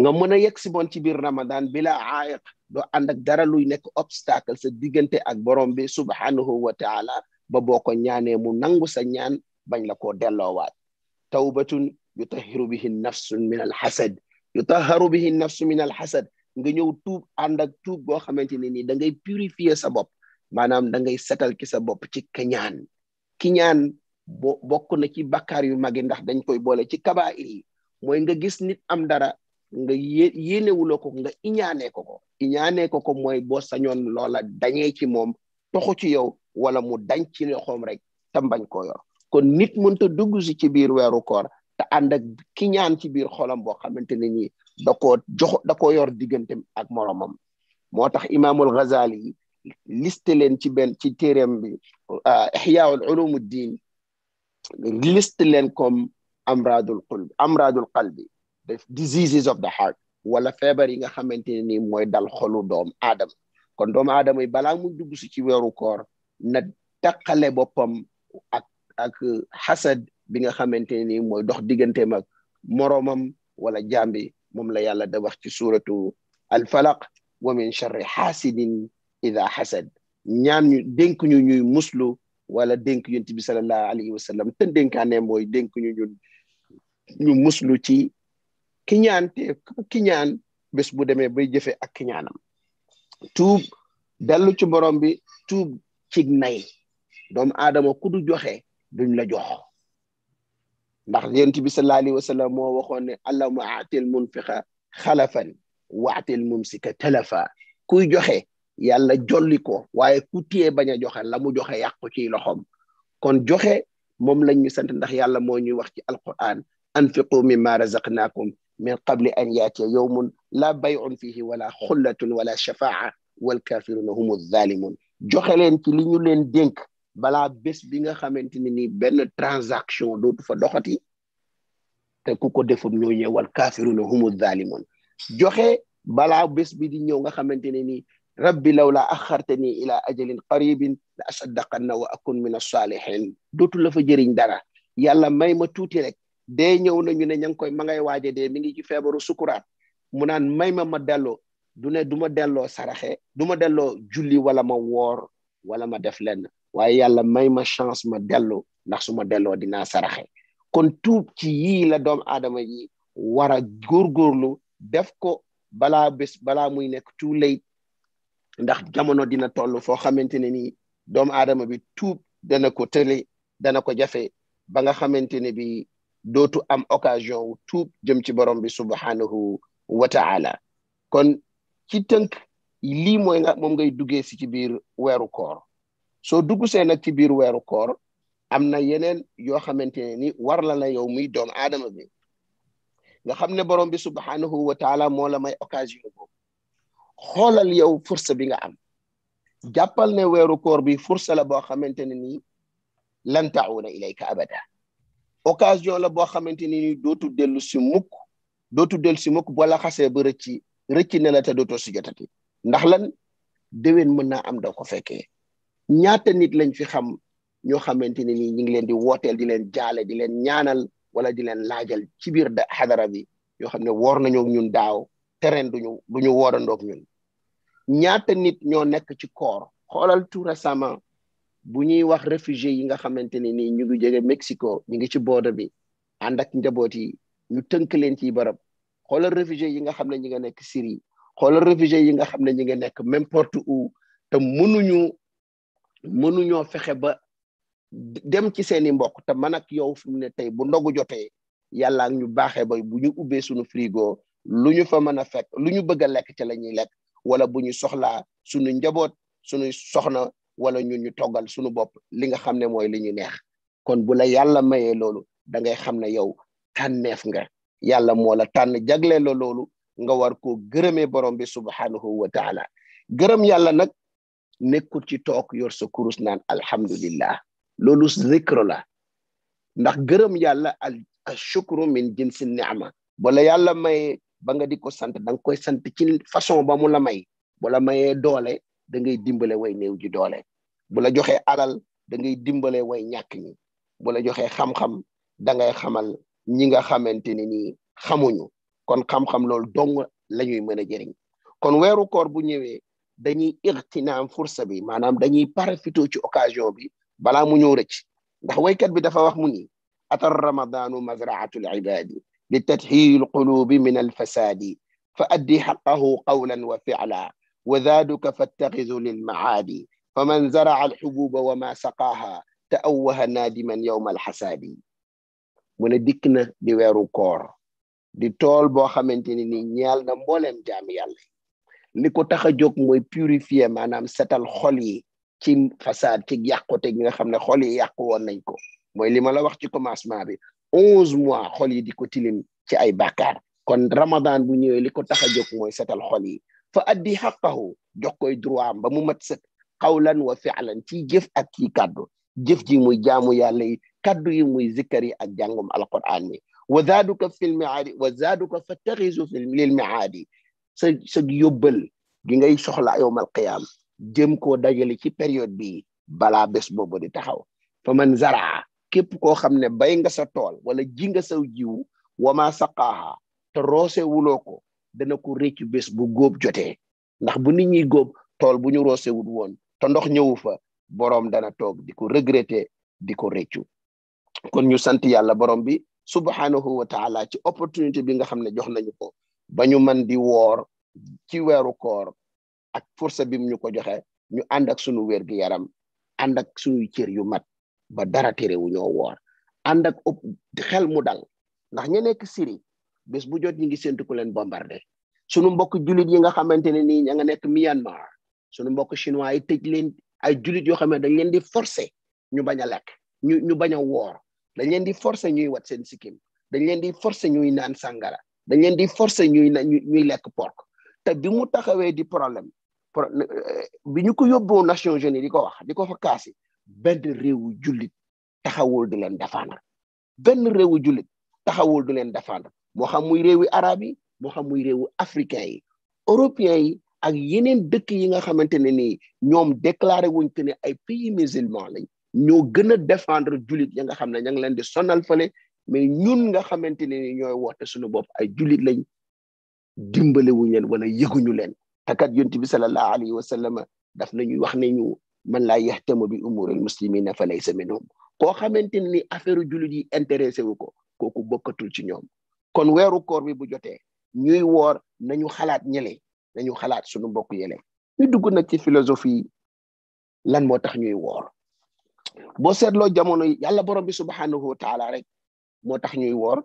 nga mën a yegg si moon ci biir ramadan bila aayaq doo ànd dara luy nekk obstacle sa diggante ak borom bi subhanahu wa taala ba boo ko ñaanee mu nangu sa ñaan bañ la koo delloowaat tawbatun yutahiru bihi nafsun min al xasad yutahharu bihi nafsu min al xasad nga ñëw tuub ànd ak tuub boo xamante ne nii da ngay purifier sa bopp maanaam da ngay setal ki sa bopp ci kañaan kiñaan bo bokk na ci bakkaar yu magi ndax dañ koy boole ci kabaa'ir yi mooy nga gis nit am dara nga yé yéenewuloo ko nga iñaanee ko ko iñaanee ko ko mooy boo sañoon loola dañee ci moom toxu ci yow wala mu dañ ci loxoom rek tam bañ koo yor kon nit mënta dugg si ci biir weeru koor te ànd ak ki ñaan ci biir xolam boo xamante ne nii da koo jox da koo yor digganteem ak moromam moo tax imaamul Ghazali liste leen ci benn ci téeréem bi ixyaaul ulumu diin liste leen comme amradul qalbi amradul qalbi the diseases of the heart wala feebar yi nga xamante ne nii mooy dal xolu doomu aadama kon doomu aadama yi balaa mu dugg si ci weeru koor na taqale boppam ak ak xasad bi nga xamante ni mooy dox diggante mag moroomam wala jàmbi moom la yàlla da ci suuratu alfalaq wa min charri xaasidin ida xasad ñaan ñu ñu ñuy muslu wala dénk yonent bi salallahu alayhi wa sallam te dénkaane mooy dénk ñu ñu muslu ci ki te ki ñaan bés bu demee bay jëfe ak ki ñaanam tuub dellu ci borom bi tuub cig nay doomu aadama ku joxe duñ la jox ndax yonent bi sallallahu alayhi wa sallam moo waxoon ne ma atil munfiqa wa waatil mumsika talafa kuy joxe yàlla jolli ko waye ku tie baña joxe lamu joxe yakku ci loxom kon joxe mom lañ ñu sant ndax yàlla mo ñuy wax ci alquran anfiqu mimma razaqnakum min qabl an yati yowmun la bayun fihi wala khullatun wala shafaa walkafiruna humu zalimun joxe len ci li ñu len dénk balaa bés bi nga xamante ne ni benn transaction dootu fa doxati te ku ko deful ñoo ñëwal kaafiruna humu zaalimoon joxe balaa bés bi di ñëw nga xamante ne ni rabbi lawla axartani ila ajalin qaribin la asaddaqanna wa akun min asalihin dootu la fa jëriñ dara yàlla may ma tuuti rek de ñëw nañu ne ña ngi koy ma ngay waaje de mi ngi ci feebaru sukuraat mu naan may ma ma delloo du ne du ma delloo saraxe du ma delloo julli wala ma woor wala ma def lenn waaye yàlla may ma chance ma dellu ndax su ma delloo dinaa saraxe kon tuub ci yii la doom aadama yi war a góorgóorlu def ko bala bés balaa muy nekk too late ndax jamono dina toll foo xamante ne ni doomu aadama bi tuub dana ko tële dana ko jafe ba nga xamante ne bi dootu am occasion wu tuub jëm ci borom bi subhanahu wa ta'ala kon ci tënk lii mooy nga moom ngay duggee si ci biir weeru koor so dugg see nag ci biir weeru koor am na yeneen yoo xamante ni war la la yow muy doom aadama bi nga xam ne borom bi subhanahu wa taala moo la may occasion boobu xoolal yow force bi nga am jàppal ne weeru koor bi force la boo xamantene ni lan tauna ilayka abada occasion la boo xamantene ne ni dootu dellu si mukk dootu del si mukk boo la xasee ba rëcc rëcc ne la te dootoo si jotati ndax lan déwén mën naa am da ko fekkee ñaata nit lañ fi xam ñoo xamante ne nii ñu ngi leen di wooteel di leen jaale di leen ñaanal wala di leen laajal ci biir xadara bi yoo xam ne woor nañoo ñun daaw terrain ñu duñu woorandoog ñun ñaata nit ñoo nekk ci koor xoolal tout récemment bu ñuy wax réfugiés yi nga xamante ne nii ñu ngi jóge Mexico ñu ngi ci border bi ànd ak njaboot yi ñu tënk leen ci barab xoolal réfugiés yi nga xam ne ñi nga nekk Syrie xoolal réfugiés yi nga xam ne ñi nga nekk n'importe où te mënuñu mënuñoo fexe ba dem ci seeni mbokk te man ak yow fi mu ne tey bu ndogu jotee yàlla ñu baaxee ba bu ñu ubbee suñu frigo lu ñu fa mën a fekk lu ñu bëgg a lekk ci la ñuy lekk wala bu ñu soxlaa suñu njaboot suñuy soxna wala ñun ñu toggal suñu bopp li nga xam ne mooy li ñu neex kon bu la yàlla mayee loolu da ngay xam ne yow tànneef nga yàlla moo la tànn jagleel la loolu nga war koo gërëmee borom bi subhanahu wa taala gërëm yàlla nag nekkul ci toog yor sa kurus naan alhamdulillah loolu zikro la ndax gërëm yàlla al shukru min jinsi ni'ma bala yàlla maye ba nga di ko sant da nga koy sant ci façon ba mu la may bu la mayee doole da ngay dimbale way néew ji doole bu la joxee alal da ngay dimbale way ñàkk ñi bu la joxee xam-xam da ngay xamal ñi nga xamante ne nii xamuñu kon xam-xam loolu dong la ñuy mën a jëriñ kon weeru bu ñëwee dañuy ixtinaam fursa bi maanaam dañuy parafito ci occasion bi balaa mu ñëw rëcc ndax waykat bi dafa wax mu ni atar ramadanu mazraatu libaadi li tatxiyi lqulubi min alfasaadi fa addi xaqahu qawlan wa ficla wa zaaduka fattaxidu lilmacaadi faman zaraca alxububa wama saqaaha ta'awaha naadiman yowma alxasaadi mu ne dikk na di weeru koor di tool boo xamante ni ñaal na mbooleem jaami yàlla li ko tax a jóg mooy purifier maanaam setal xol yi ci façade ci yàqute gi nga xam ne xol yi yàqu woon nañ ko mooy li ma la wax ci commencement bi onze mois xol yi di ko tilim ci ay bàkkaar kon ramadan bu ñëwee li ko tax a jóg mooy setal xol yi fa addi xaqahu jox koy droit am ba mu mat sëkk xawlan wa fialan ci jëf ak ci kàddu jëf ji muy jaamu yàlla yi kàddu yi muy zikkar yi ak jàngum alquran mi wa zaaduka fi lmiaadi wa zaaduka fattaxisu fi sa sa yóbbal gi ngay soxla yowmal qiyaam jëm koo dajale ci période bi balaa bés boobu di taxaw fa man zaraa képp koo xam ne bay nga sa tool wala ji nga saw jiw wama saqaaha te roose wuloo ko dana ko réccu bés bu góob jote ndax bu nit ñi góob tool bu ñu roose woon te ndox ñëwu fa boroom dana toog di ko regretter di ko réccu kon ñu sant yàlla borom bi subhanahu wa taala ci opportunité bi nga xam ne jox nañu ko bañu man di woor ci wéru koor ak force bi ñu ko joxe ñu ànd ak sunu wér gi yaram ànd ak sunuy cër yu mat ba dara téré wu ñoo woor ànd ak xel mu dal ndax ña nekk siri bés bu jot ñi ngi sentu ku leen bombardé sunu mbokk julit yi nga xamante ni ña nga nekk myanmar sunu mbokk chinois yi tëj leen ay julit yoo xam dañ leen di forcé ñu bañ a lekk ñu ñu bañ dañ leen di forcé ñuy wat seen sikkim dañ leen di forcé ñuy naan sangara dañ leen di forcer ñuy ñuy lekk pork te bi mu taxawee di problème euh, bi ñu ko yóbboo Nations Unies di ko wax di ko fa kaasi benn réewu julit taxawul di leen défendre benn réewu julit taxawul di leen défendre moo xam muy réewi araab yi moo xam muy réewu africain yi européen yi ak yeneen dëkk yi nga xamante ne ni ñoom déclaré wuñ que ne ay pays musulman lañ ñoo gën a défendre jullit ya nga xam ne ña ngi leen di sonal fële mais ñun nga xamante ne ni ñooy suñu bopp ay jullit lañ dimbalewuñ leen wala yëguñu leen takat yonent bi sallallahu alayhi wa sallam daf nañuy wax ne ñu man laa yaxtamu bi umuril muslimina fa laysa minhum koo xamante ne ni affaire yi intéressé wu ko kooku bokkatul ci ñoom kon weeru koor bi bu jotee ñuy woor nañu xalaat ñële nañu xalaat sunu mbokk yële ñu dugg nag ci philosophie lan moo tax ñuy woor boo seetloo jamono yàlla borom bi subhanahu wa taala rek motax ñuy wor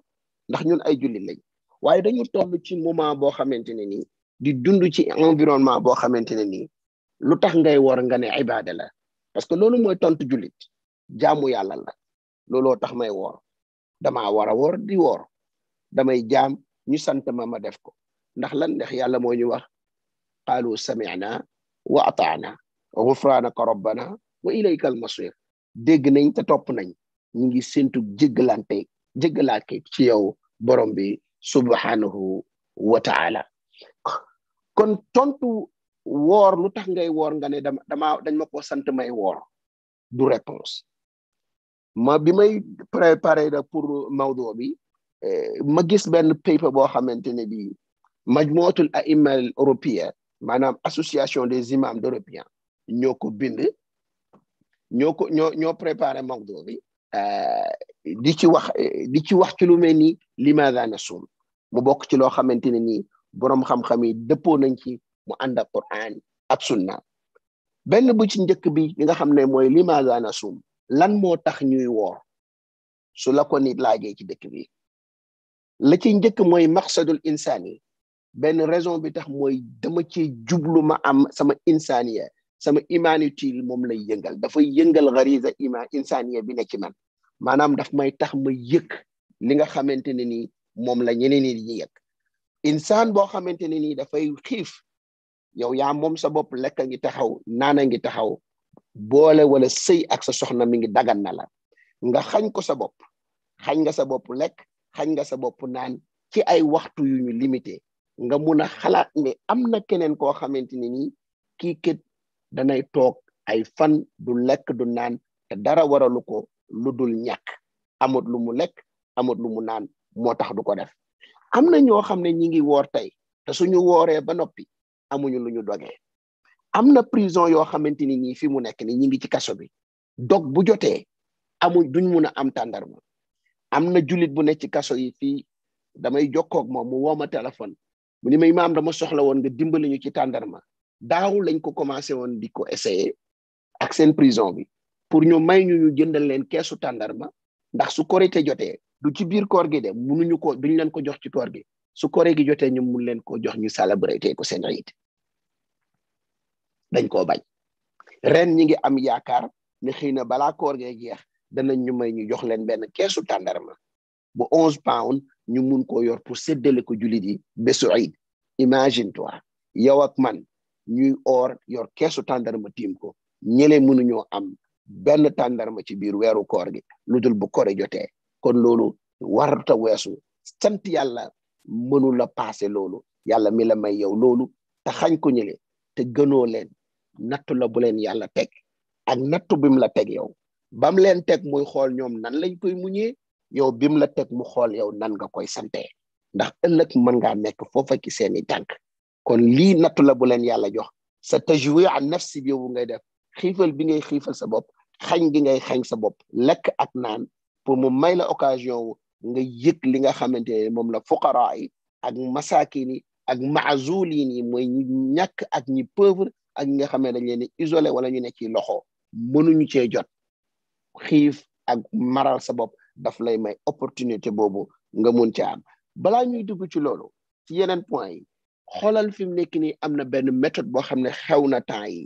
ndax ñun ay julli lañ waye dañu toll ci moment bo xamanteni ni di dund ci environnement bo xamanteni ni nii lu tax ngay wor nga ne ibada la parce que lolu moy tontu julit jaamu yalla la lolu tax may wor dama war wor di wor damay jaam ñu sante ma ma def ko ndax lan ndax yalla mo ñu wax qalu sami'na wa ata'na ghufranaka rabbana wa ilaykal masir deg nañ te top nañ ñu ngi sentu jéggalante jéggalaake ci yow borom bi subhanahu wa taala kon tontu woor lu tax ngay woor nga ne dama dañ mako sante may woor du réponse ma bi may préparé da pour mawdo bi ma gis ben paper bo xamantene bi majmuatul a'imma al européen manam association des imams européens ñoko bind ñoko ño préparer mawdo bi di ci wax di ci wax ci lu mel ni limaada nasum mu bokk ci loo xamante ne nii boroom xam-xam yi dëppoo nañ ci mu ànd ak Qur'an ak sunna benn bu ci njëkk bi li nga xam ne mooy limaada nasum lan moo tax ñuy woor su la ko nit laajee ci dëkk bi la njëkk mooy maqsadul insaani benn raison bi tax mooy dama ci jublu ma am sama insaaniya sama imaan utile moom lay yëngal dafay yëngal gariza imaan insaaniya bi ne ci man manam daf may tax ma yek li nga xamanteni ni mom la ñeneen ni di insaan bo xamanteni ni da fay xif yow ya mom sa bop lek ngi taxaw nana ngi taxaw boole wala sey ak sa soxna mi ngi dagan na la nga xagn ko sa bop xagn nga sa bop lek xagn nga sa bop naan ci ay waxtu yu ñu limité nga mëna xalaat ne am keneen ko xamanteni ni ki kii danay tok ay fan du lek du naan te dara waraluko lu dul ñàkk amut lu mu lekk amut lu mu naan moo tax du ko def am na ñoo xam ne ñi ngi woor tey te suñu wooree ba noppi amuñu lu ñu doge am na prison yoo xamante ni ñi fi mu nekk ni ñi ngi ci kaso bi dog bu jotee amuñ duñ mun a am tàndarma am na julit bu nekk ci kaso yi fii damay jokkoog moom mu woo ma téléphone mu ni may maam dama soxla woon nga dimbali ñu ci tàndarma daaw lañ ko commencé woon di ko ak seen prison bi pour ñu may ñu ñu jëndal leen caisse tandarma ndax su korite joté du ci biir koor gi de mënuñu ko duñ leen ko jox ci koor gi su kore gi joté ñu mun leen ko jox ñu celebrate ko seen rite dañ ko bañ ren ñi ngi am yaakar ne xeyna bala koor gi jeex danañ ñu may ñu jox leen ben caisse tandarma bu 11 pound ñu mun ko yor pour sédélé ko julit yi bésu id imagine toi yow ak man ñuy or yor caisse tandarma timko, ko ñële mënuñoo am benn tàndarma ci biir weeru koor gi lu dul bu kori jotee kon loolu warta weesu sant yàlla mënu la paase loolu yàlla mi la may yow loolu te xañ ko ñële te gënoo leen nattu la bu leen yàlla teg ak nattu bim la teg yow bam leen teg muy xool ñoom nan lañ koy muñee yow bim la teg mu xool yow nan nga koy sante ndax ëllëg mën ngaa nekk foofa ci seeni tànk kon lii nattu la bu leen yàlla jox sa tajwi an nafsi bi yow ngay def xiifal bi ngay xiifal sa bopp xañ gi ngay xañ sa bopp lekk ak naan pour mu may la occasion wu nga yëg li nga xamante ne moom la fuqaraa yi ak masaakin yi ak maazuliin yi mooy ñàkk ak ñi pauvre ak nga xam ne dañ leen isolé wala ñu ne ci loxo mënuñu cee jot xiif ak maral sa bopp daf lay may opportunité boobu nga mun ca am balaa ñuy dugg ci loolu ci yeneen point yi xoolal fi mu nekk nii am na benn méthode boo xam ne xew na temps yi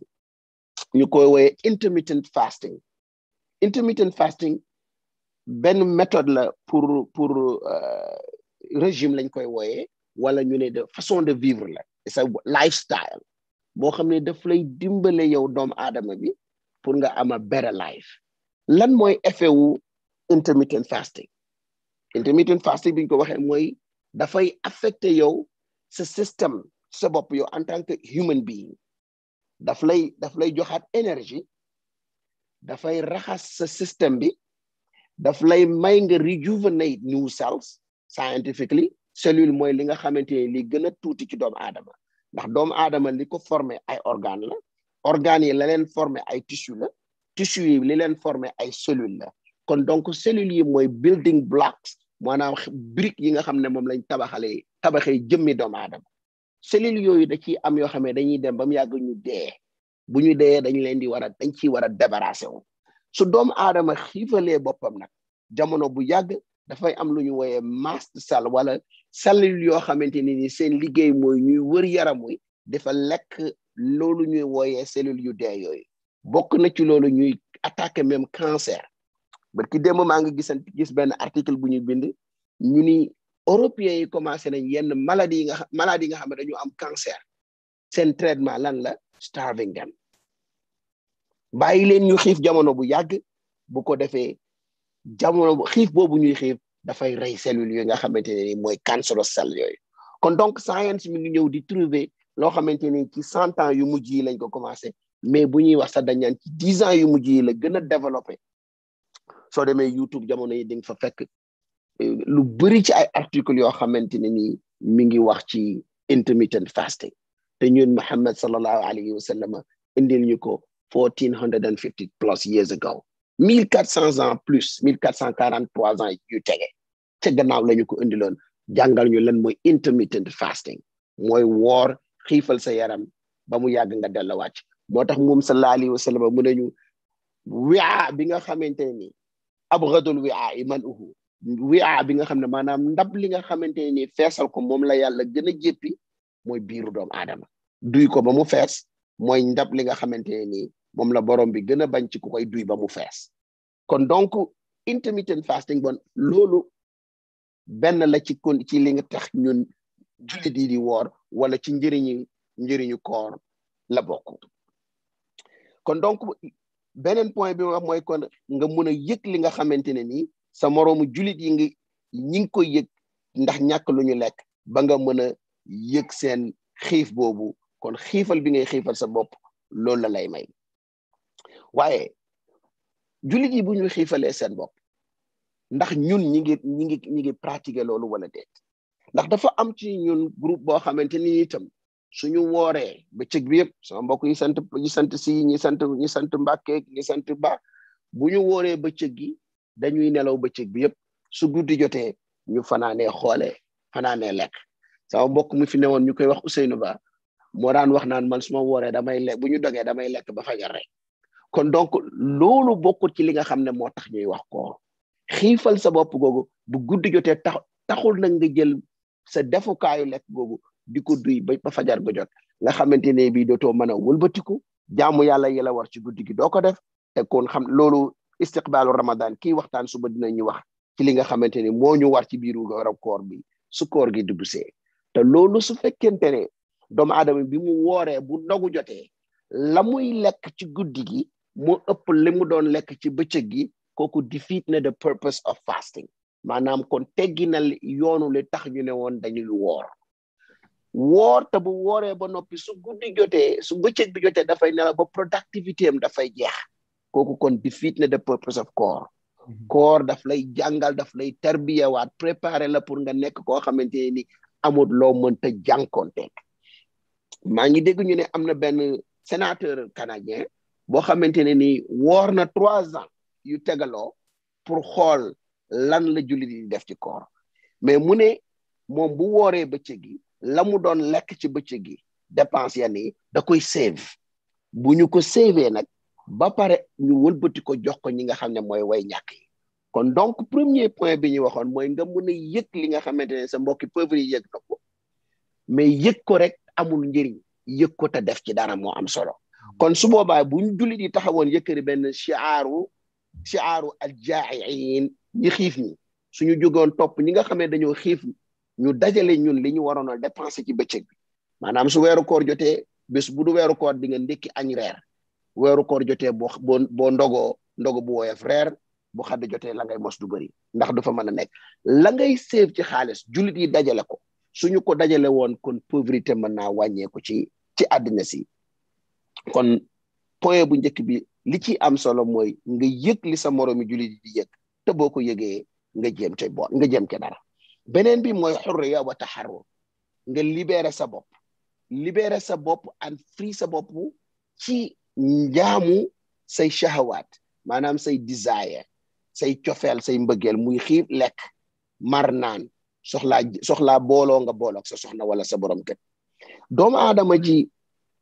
koy wooye intermittent fasting intermittent fasting benn méthode la pour pour euh, régime lañ koy wooyee wala ñu ne de façon de vivre la sa lifestyle boo xam ne daf lay dimbale yow doomu aadama bi pour nga ama better life lan mooy effet wu intermittent fasting intermittent fasting bi ñu ko waxee mooy dafay affecté yow sa système sa bopp yow en tant que human being daf lay daf lay joxaat énergie dafay raxas sa système bi daf lay may nga rejuvenate new cells scientifically cellule mooy li nga xamante ne li gën a tuuti ci doomu aadama ndax doom aadama li ko formé ay organe la organes yi la leen formé ay tissu la tissu yi li leen formé ay cellule la kon donc cellules yi mooy building blocks maanaam brique yi nga xam ne moom lañ tabaxalee tabaxee jëmmi doomu aadama cellules yooyu da ciy am yoo xam ne dañuy dem ba mu yàgg ñu dee bu ñu dee dañ leen di war a dañ ciy war a débarrassé wu su doomu aadama xiifalee boppam nag jamono bu yàgg dafay am lu ñu wooyee mast cell wala cellule yoo xamante ne ni seen liggéey mooy ñuy wër yaram wi dafa lekk loolu ñuy wooyee cellule yu dee yooyu bokk na ci loolu ñuy attaquer même cancer barki démb maa ngi gisan gis benn article bu ñu bind ñu européens yi commencé nañ yenn maladie yi nga xam maladie yi nga xam ne am cancer seen traitement lan la starving dem bàyyi leen ñu xiif jamono bu yàgg bu ko defee jamono bu xiif boobu ñuy xiif dafay rey cellules yi nga xamante ne mooy cancerous cell yooyu kon donc science mi ngi ñëw di trouver loo xamante ni ci cent yu mujj yi lañ ko commencé mais bu ñuy wax sax dañ naan ci dix yu mujj yi la gën a développé soo demee YouTube jamono yi di nga fa fekk lu bëri ci ay articles yoo xamante ne ni mi ngi wax ci intermittent fasting te ñun Muhammad sallallahu alayhi wa sallam indil ñu ko fourteen hundred and fifty plus years ago mille quatre cents ans plus mille quatre cent quarante trois ans yu tege ca gannaaw la ñu ko indiloon jàngal ñu lan mooy intermittent fasting mooy woor xiifal sa yaram ba mu yàgg nga della wàcc moo tax moom sallallahu alayhi wa sallam mu ne ñu a bi nga xamante ne ni abghadul wi'a iman uhu wiaa bi nga xam ne maanaam ndab li nga xamante ni feesal ko moom la yàlla gën a jéppi mooy biiru doomu aadama duy ko ba mu fees mooy ndab li nga xamante ni moom la boroom bi gën a bañ ci ku koy ba mu fees kon donc intermittent fasting bon loolu benn la ci kon ci li nga tax ñun jullit yi di woor wala ci njëriñu njëriñu koor la bokk kon donc beneen point bi mooy kon nga mun a yëg li nga xamante ne nii sa moroomu jullit yi ngi ñi ngi koy yëg ndax ñàkk lu ñu lekk ba nga mën a yëg seen xiif boobu kon xiifal bi ngay xiifal sa bopp loolu la lay may waaye jullit yi bu ñu xiifalee seen bopp ndax ñun ñi ngi ñi ngi ñi ngi pratiquer loolu wala déet ndax dafa am ci ñun groupe boo xamante ni itam suñu wooree bëccëg bi yëpp sama mbokk yi sant yi sant si ñi sant ñi sant Mbàkke ñi sant Ba bu ñu wooree bëccëg gi dañuy nelaw bëccëg bi yëpp su guddi jotee ñu fanaanee xoole fanaanee lekk sama mbokk mu fi newoon ñu koy wax Ousseynou Ba moo daan wax naan man suma ma wooree damay lekk bu ñu dogee damay lekk ba fajar rek kon donc loolu bokkut ci li nga xam ne moo tax ñuy wax koor xiifal sa bopp googu bu guddi jotee tax taxul na nga jël sa defukaayu lekk googu di ko duy ba ba fajar ba jot nga xamante ne bii dootoo mën a wëlbatiku jaamu yàlla yi la war ci guddi gi doo ko def te kon xam loolu istiqbalu ramadan ki waxtan suba ñu wax ci li nga xamanteni mo ñu war ci biiru garab koor bi su koor gi dugusee te lolu su fekkente ne doomu aadama bi mu woré bu ndogu joté lamuy lek ci guddi gi ëpp limu doon lek ci bëccëg gi koku defeat na the purpose of fasting manam kon teggi yoonu li tax ñu ne wara dañuy wor wor te bu woré ba nopi su guddi joté su bëccëg bi da fay ba productivity am fay jeex kooku kon di fitne the purpose of koor mhm. koor daf lay jàngal daf lay tarbiyawaat préparé la pour nga nekk koo xamante ni amut loo mënta jànkonteeg maa ngi dégg ñu ne am na benn sénateur canadien boo xamante ne ni woor na trois ans yu tegaloo pour xool lan la jullit yi def ci koor mais mu ne moom bu wooree bëccëg gi la mu doon lekk ci bëccëg gi dépense ya ni da koy save bu ñu ko savee nag ba pare ñu wëlbati ko jox ko ñi nga xamne moy way ñak yi kon donc premier point bi ñu waxon moy nga mëna yek li nga xamante sa mbokki pauvre yek mais yek ko rek amul njëriñ yek ko ta def ci dara mo am solo kon su boba buñ julli di yekeri ben shiaru shiaru al ja'i'in ñi xif ñi suñu jogon top ñi nga xam ne dañoo xiif ñu dajale ñun li ñu warono dépenser ci bëccëg bi maanaam su wéru koor jotee bes bu du wéru koor di nga añ rère weeru koor jotee boo boo boo ndogoo ndogo bu woyof reer bu xadd jotee la ngay mos du bëri ndax du fa mën a nekk la ngay séef ci xaalis jullit yi dajale ko suñu ko dajale woon kon pauvreté mën naa wàññeeku ci ci àddina si kon point bu njëkk bi li ci am solo mooy nga yëg li sa moroomi jullit yi di yëg te boo ko yëgee nga jéem ca bo nga jëm ca dara beneen bi mooy xurriya wa taxarru nga libéré sa bopp sabop sa bopp and free sa ci njaamu say shahawaat maanaam say desire say cofeel say mbëggeel muy xiif lekk mar naan soxlaa soxlaa booloo nga booloog sa soxna wala sa borom kër doomu aadama ji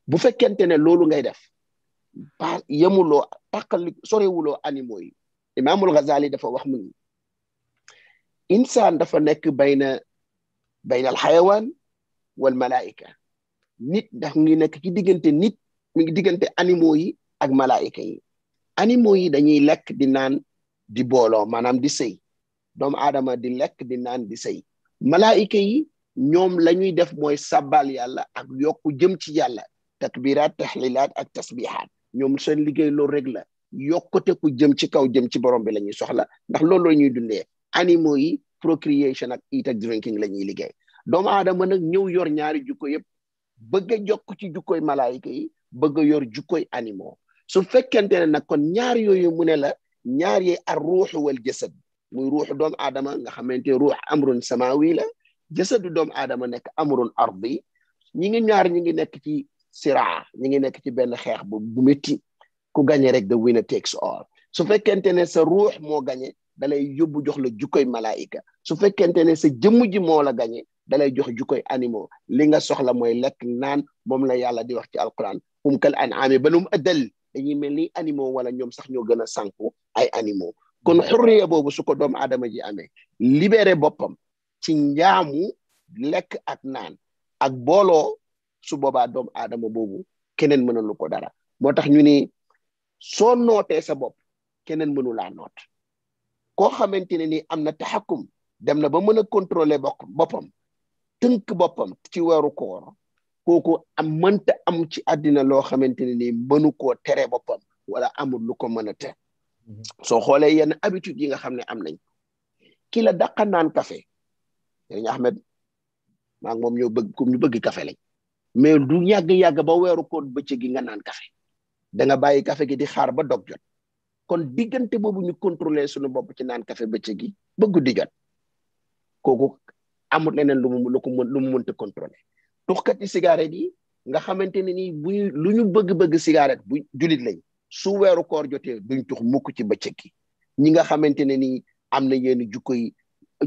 bu fekkente ne loolu ngay def pa yemuloo taqali sorewuloo animaux yi imaamul Ghazali dafa wax mu ni insaan dafa nekk bayna bayna al xayawaan wal malaika nit ndax ngi nekk ci diggante nit mi diggante animaux yi ak malaayika yi animaux yi dañuy lekk di naan di booloo maanaam di sey doomu aadama di lekk di naan di sëy malaayika yi ñoom la ñuy def mooy sabbal yàlla ak yokku jëm ci yàlla takbiraat tahlilaat ak tasbihaat ñoom seen liggéey loolu rek la yokkute ku jëm ci kaw jëm ci borom bi la ñuy soxla ndax loolu la ñuy dundee animaux yi procreation ag eat ak drinking la ñuy liggéey doomu aadama nag ñëw yor ñaari jukko yëpp bëgg a jokk ci jukkooy malaayika yi bëgg yor jukkoy animaux su fekkente ne nag kon ñaar yooyu mu ne la ñaar yi ar ruuxu wal jasad muy ruuxu doomu aadama nga xamante ruux amrun samawi la jasadu doomu aadama nekk amrun ardi ñi ngi ñaar ñi ngi nekk ci siraa ñi ngi nekk ci benn xeex bu bu métti ku gañe rek the winner takes all su fekkente ne sa ruux moo gañe dalay yóbbu jox la jukkoy malaayika su fekkente ne sa jëmm ji moo la dalay jox jukkoy animaux li nga soxla mooy lekk naan moom la yàlla di wax ci alquran um kal ba bal hum del dañuy mel ni animaux wala ñoom sax ñoo gën a sànku ay animaux kon xurriya boobu su ko doomu aadama ji amee libéré boppam ci njaamu lekk ak naan ak booloo su boobaa doomu aadama boobu keneen mënalu ko dara moo tax ñu ni soo nootee sa bopp keneen mënu laa noot koo xamante ne ni am na taxakum dem na ba mën a contrôler boppam tënk boppam ci wëru koor kooku am mënta am ci àddina loo xamanteni ni mënu koo tere boppam wala amul lu ko mën a te mhm. soo xoolee yenn habitude yi nga xam ne am nañ ki la daqa naan café Serigne Ahmed maa ngi moom ñoo bëgg comme ñu bëgg café lañ mais du yàgg-yàgg ba weeru koor bëccëg gi nga naan café da nga bàyyi café gi di xaar ba dog jot kon diggante boobu ñu contrôler suñu bopp ci naan café gi bëggu di jot kooku amul leneen lu mu lu ko mën lu mu mënta contrôler tuxkat yi nga xamante ne nii buy lu ñu bëgg-bëgg cigarette bu julit lañ su weeru koor jotee duñ tux mukk ci bëccëg gi ñi nga xamante ne nii am na yenn jukko yi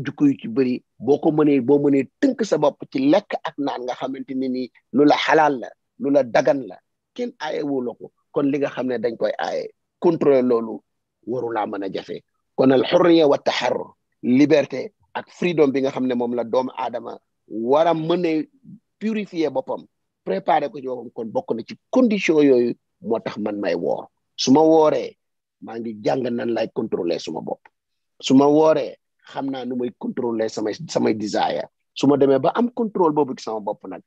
jukko yu ci bëri boo ko mënee boo mënee tënk sa bopp ci lekk ak naan nga xamante ne nii lu la xalaal la lu la dagan la kenn aayewu la ko kon li nga xam ne dañ koy aaye contrôler loolu waru laa mën a jafe kon al xurriya wa taxarrur liberté ak freedom bi nga xamne mom la doom adama wara a purifier bopam préparer ko ci bopam kon bokku na ci condition yoyu motax man may suma woré ma ngi jang nan lay contrôler suma bop suma woré xamna nu may contrôler sama sama desire Suma démé ba am contrôle bobu ci sama bop nak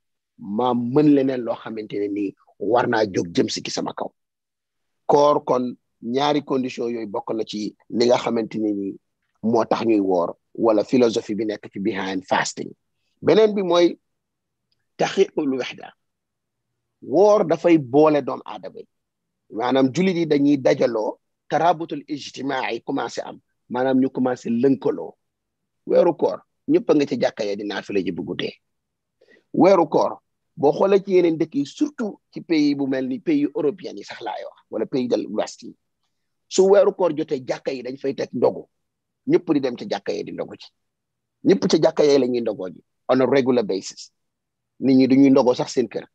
ma mën leneen lo xamanteni ni warna jog jëm ci sama kaw kor kon ñaari condition yooyu bokk na ci li nga xamanteni ni motax ñuy wor ولا فيلوزوفي بي نيك بيهايند فاستين بنين بي موي تحقيق الوحده وور دا فاي بوله دوم ادمي مانام جولي دي داني داجالو ترابط الاجتماعي كوماسي ام مانام ني كوماسي لنكلو ويرو كور نيپ نغي تي جاكاي دي نافله جي بوغو دي ويرو كور bo xolé ci yeneen dëkk yi surtout ci pays bu mel ni pays européen yi sax laay wax wala pays de l'ouest yi su weeru koor jotee jàkka dañ fay teg ndogu ñëpp di dem ca jàkka yee di ndogu ci ñëpp ca jàkka yee la ñuy ndogoo ji on a regular basis nit ñi duñuy ndogoo sax seen kër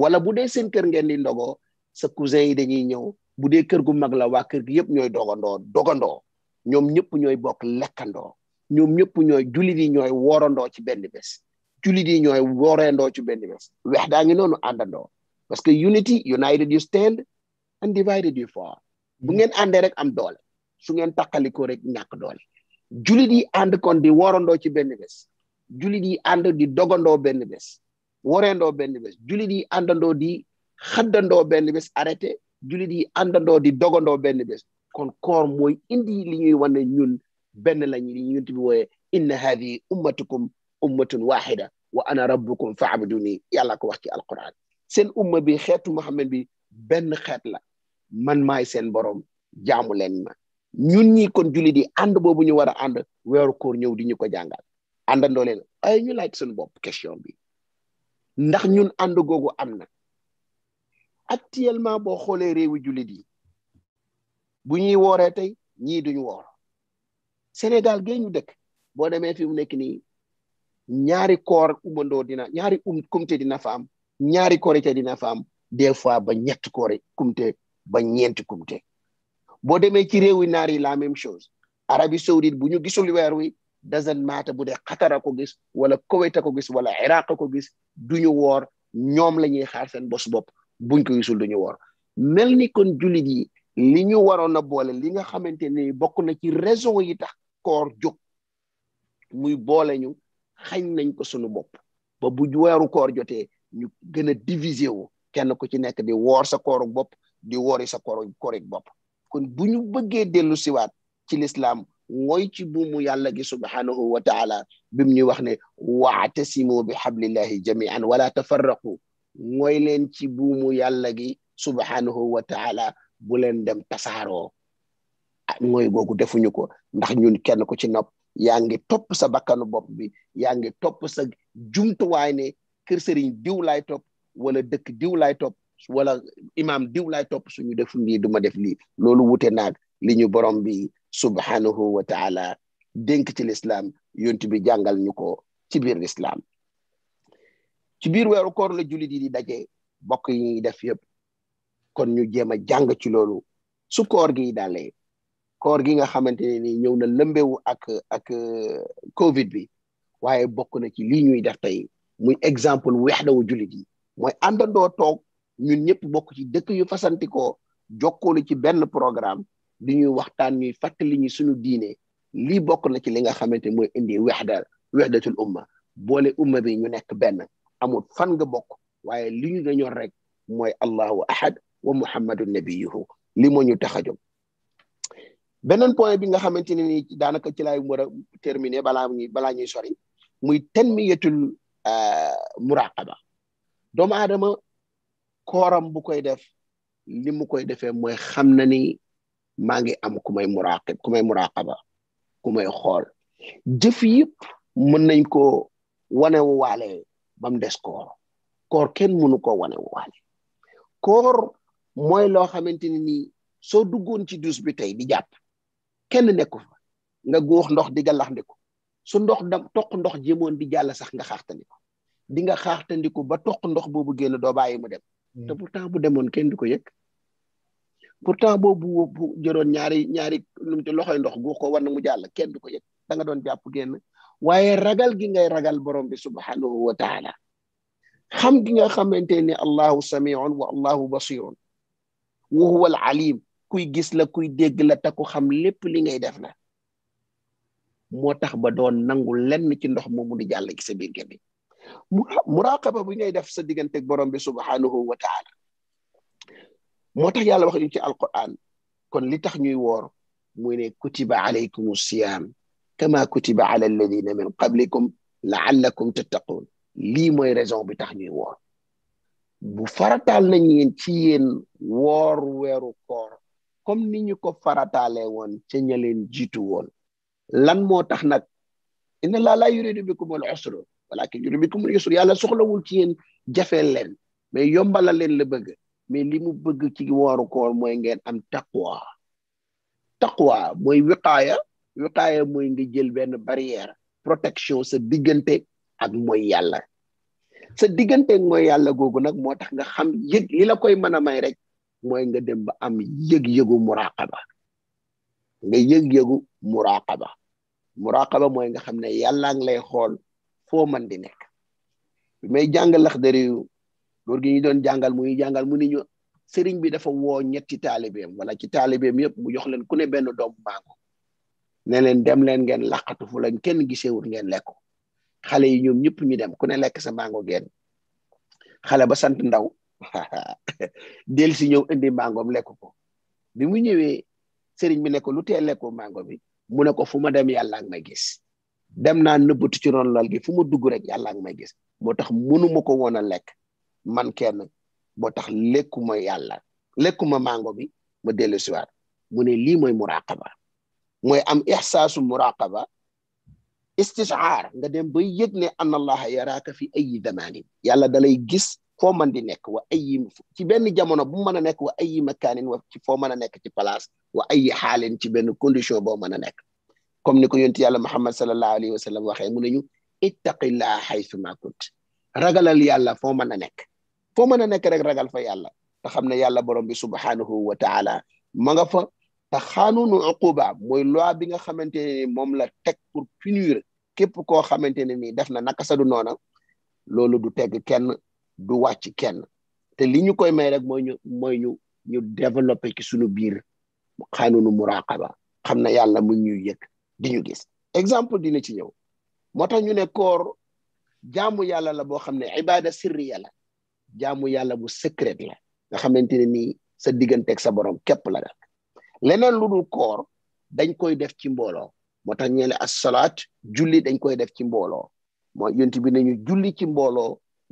wala bu dee seen kër ngeen di ndogoo sa cousin yi dañuy ñëw bu dee kër gu mag la waa kër gi yëpp ñooy dogandoo dogandoo ñoom ñëpp ñooy bokk lekkandoo ñoom ñëpp ñooy jullit yi ñooy woorandoo ci benn bés jullit yi ñooy ndoo ci benn bés weex daa ngi noonu àndandoo parce que unity united you stand and divided you fois bu mm. ngeen àndee rek am doole su ngeen takkalikoo rek ñàkk doole julit yi ànd kon di worandoo ci benn bes julit yi ànd di dogandoo benn bés woreendoo benn bés julit yi àndandoo di xaddandoo benn bés arrêté julit yi àndandoo di dogandoo benn bés kon kor mooy indi li ñuy wane ñun benn la li ñunt bi wooye inna haadihi ummatukum ummatun wahida wa ana rabbukum faabuduni yàlla ko wax ci alquran seen umma bi xeetu muhammad bi benn xeet la man maay seen borom jaamu leen ma ñun ñi kon julli di ànd boobu ñu war a ànd weeru koor ñëw di ñu ko jàngal àndandoo leen ay ñu laaj suñu bopp question bi ndax ñun ànd googu am na actuellement boo xoolee réewi jullit yi bu ñuy wooree tey ñii duñu woor Sénégal gee ñu dëkk boo demee fi mu nekk nii ñaari koor umandoo dina ñaari um kumte dina fa am ñaari korite dina fa am des fois ba ñett koor kumte ba ñeenti kumte boo demee ci réewi naar yi la même chose Arabie Saoudite bu ñu gisul weer wi doesn't matter bu dee Qatar ko gis wala Kuwait ko gis wala Iraq ko gis du ñu woor ñoom la ñuy xaar seen bos bopp buñ ko gisul duñu wor mel ni kon jullit yi li ñu waroon a boole li nga xamante ne bokk na ci raison yi tax koor jóg muy boole ñu xañ nañ ko sunu bopp ba bu weeru koor jotee ñu gën a diviser wu kenn ku ci nekk di woor sa kooru bopp di woori sa kooru koorik bopp kon bu ñu bëggee dellu ci lislaam mooy ci buumu yàlla gi subhaanahu wa taala bi mu ñuy wax ne waatasimu bi xablillahi jamian wala tafarraqu mooy leen ci buumu yàlla gi subhaanahu wa taala bu leen dem tasaaroo mooy ah, googu defuñu ko ndax ñun kenn ku ci nopp yaa ngi sa bakkanu bopp bi yaa ngi topp sa jumtuwaay ne kër sëriñ diw laay topp wala dëkk diw laay topp wala imaam diw laay topp suñu deful lii du def lii loolu wute naag li ñu borom bi subhanahu wa taala dénk ci lislaam yonti bi jàngal ñu ko ci biir lislaam ci biir weeru koor la jullit yi di daje bokk yi ñuy def yëpp kon ñu jéem a jàng ci loolu su koor gi dalee koor gi nga xamante ne ni ñëw na lëmbewu ak ak euh, covid bi waaye bokk na ci lii ñuy def tey muy exemple weex dawu jullit yi mooy àndandoo toog ñun ñëpp bokk ci dëkk yu fasantikoo jokkoolu ci benn programme di ñuy waxtaan ñuy fàttali ñu suñu diine lii bokk na ci li nga xamante mooy indi wexda wexdatul umma boole umma bi ñu nekk benn amul fan nga bokk waaye li ñu dañoo rek mooy allahu ahad wa muhammadu nabiyuhu li moo ñu tax a jóg beneen point bi nga xamante ne ni daanaka ci laay war a terminer balaa ñuy balaa ñuy sori muy tanmiyatul euh, muraqaba doomu aadama kooram bu koy def li mu koy defee mooy xam na ni maa ngi am ku may muraqib ku may muraqaba ku may xool jëf yëpp mën nañ ko wanewu waale ba des koor koor kenn mënu ko wane waale koor mooy loo xamante ni nii soo duggoon ci dus bi tey di jàpp kenn nekku nga góox ndox di gàllaxndiku su ndox dam toq ndox jéemoon di jàll sax nga xaxtandiku di nga xaxtandiku ba toq ndox boobu génn doo bàyyi mu dem Mm. te pourtant bu demoon kenn du ko yëg pourtant boobu bu jëroon ñaari ñaari num ci loxoy ndox guux ko war na mu jàll kenn du ko yëg da doon jàpp génn waaye ragal gi ngay ragal borom bi subhanahu wa taala xam gi nga xamante ne allahu samiun wa allahu basirun wa huwa alim kuy gis la kuy dégg la te xam lépp li ngay def la moo tax ba doon nangu lenn ci ndox moomu di jàll ci sa biir gémmiñ مراقبه بي ناي داف سا ديغانتك بروم بي سبحانه وتعالى موتاخ يالا واخ القران كن لي تخ من وور موي ني كتب عليكم الصيام كما كتب على الذين من قبلكم لعلكم تتقون لي موي ريزون بي تخ نيو وور bu faratal nañ كم ci yeen wor wéru koor comme ni ñu ko إن won ci ñaleen jitu won walaakin yurbikum al-yusr yàlla soxlawul ci yéen jafeel leen mais yombala leen la bëgg mais li mu bëgg ci wooru koor mooy ngeen am taqwa taqwa mooy wiqaaya wiqaaya mooy nga jël benn barrière protection sa diggante ak mooy yàlla sa diggante ak mooy yàlla googu nag moo tax nga xam yëg li la koy mën a may rek mooy nga dem ba am yëg-yëgu muraqaba nga yëg-yëgu muraqaba muraqaba mooy nga xam ne yàlla lay xool foo man di nekk bi may jàngal Laxdari góor gi ñu doon jàngal muy jàngal mu ni ñu sëriñ bi dafa woo ñetti taalibeem wala ci taalibeem yëpp mu jox leen ku ne benn doom mango ne leen dem leen ngeen làqatu fu leen kenn gisewul ngeen lekk xale yi ñoom ñëpp ñu dem ku ne lekk sa mango geen xale ba sant ndaw del si ñëw indi mangoom lekk ko bi mu ñëwee sëriñ bi nekko lu tee lekkoo mango bi mu ne ko fu ma dem yàlla nga gis dem naa nëbbatu ci ron lal gi fu ma dugg rek yàlla nga may gis moo tax mënuma ko woon a lekk man kenn boo tax lekkuma yàlla lekkuma mango bi ma dellu siwaat mu ne lii mooy muraqaba mooy am ixsaasu muraqaba istishaar nga dem ba yëg ne anna allaha yaraaka fi ayi zamaanin yàlla dalay gis foo man di nekk wa ayi ci benn jamono bu mën a nekk wa ayi makaanin wa ci foo mën a nekk ci palace wa ayi xaalin ci benn condition boo mën a nekk كم نكون يالا محمد صلى الله عليه وسلم وخير من اتق الله حيث ما كنت رجل يالا فوما نك فوما نك رجل رجل في يالا تخمن يالا برم سبحانه وتعالى مغفر تخانو نعقوبة موي لوا بيغا خمنتيني موم لا تك بور بينير كيب كو خمنتيني ني دافنا نكاسادو نونا لولو دو تك كين دو واتي كين تي لي نيوكاي ماي رك موي موي ني ني ديفلوبي كي سونو بير خانو مراقبه خمنا يالا مو نيو di ñu gis exemple dina ci ñëw moo tax ñu ne koor jaamu yàlla la boo xam ne ibada sirriya la jaamu yàlla bu secret la nga xamante ne nii sa digganteeg sa borom képp la def leneen lu dul koor dañ koy def ci mbooloo moo tax ñeele asalaat julli dañ koy def ci mbooloo moo yonent bi nañu julli ci mbooloo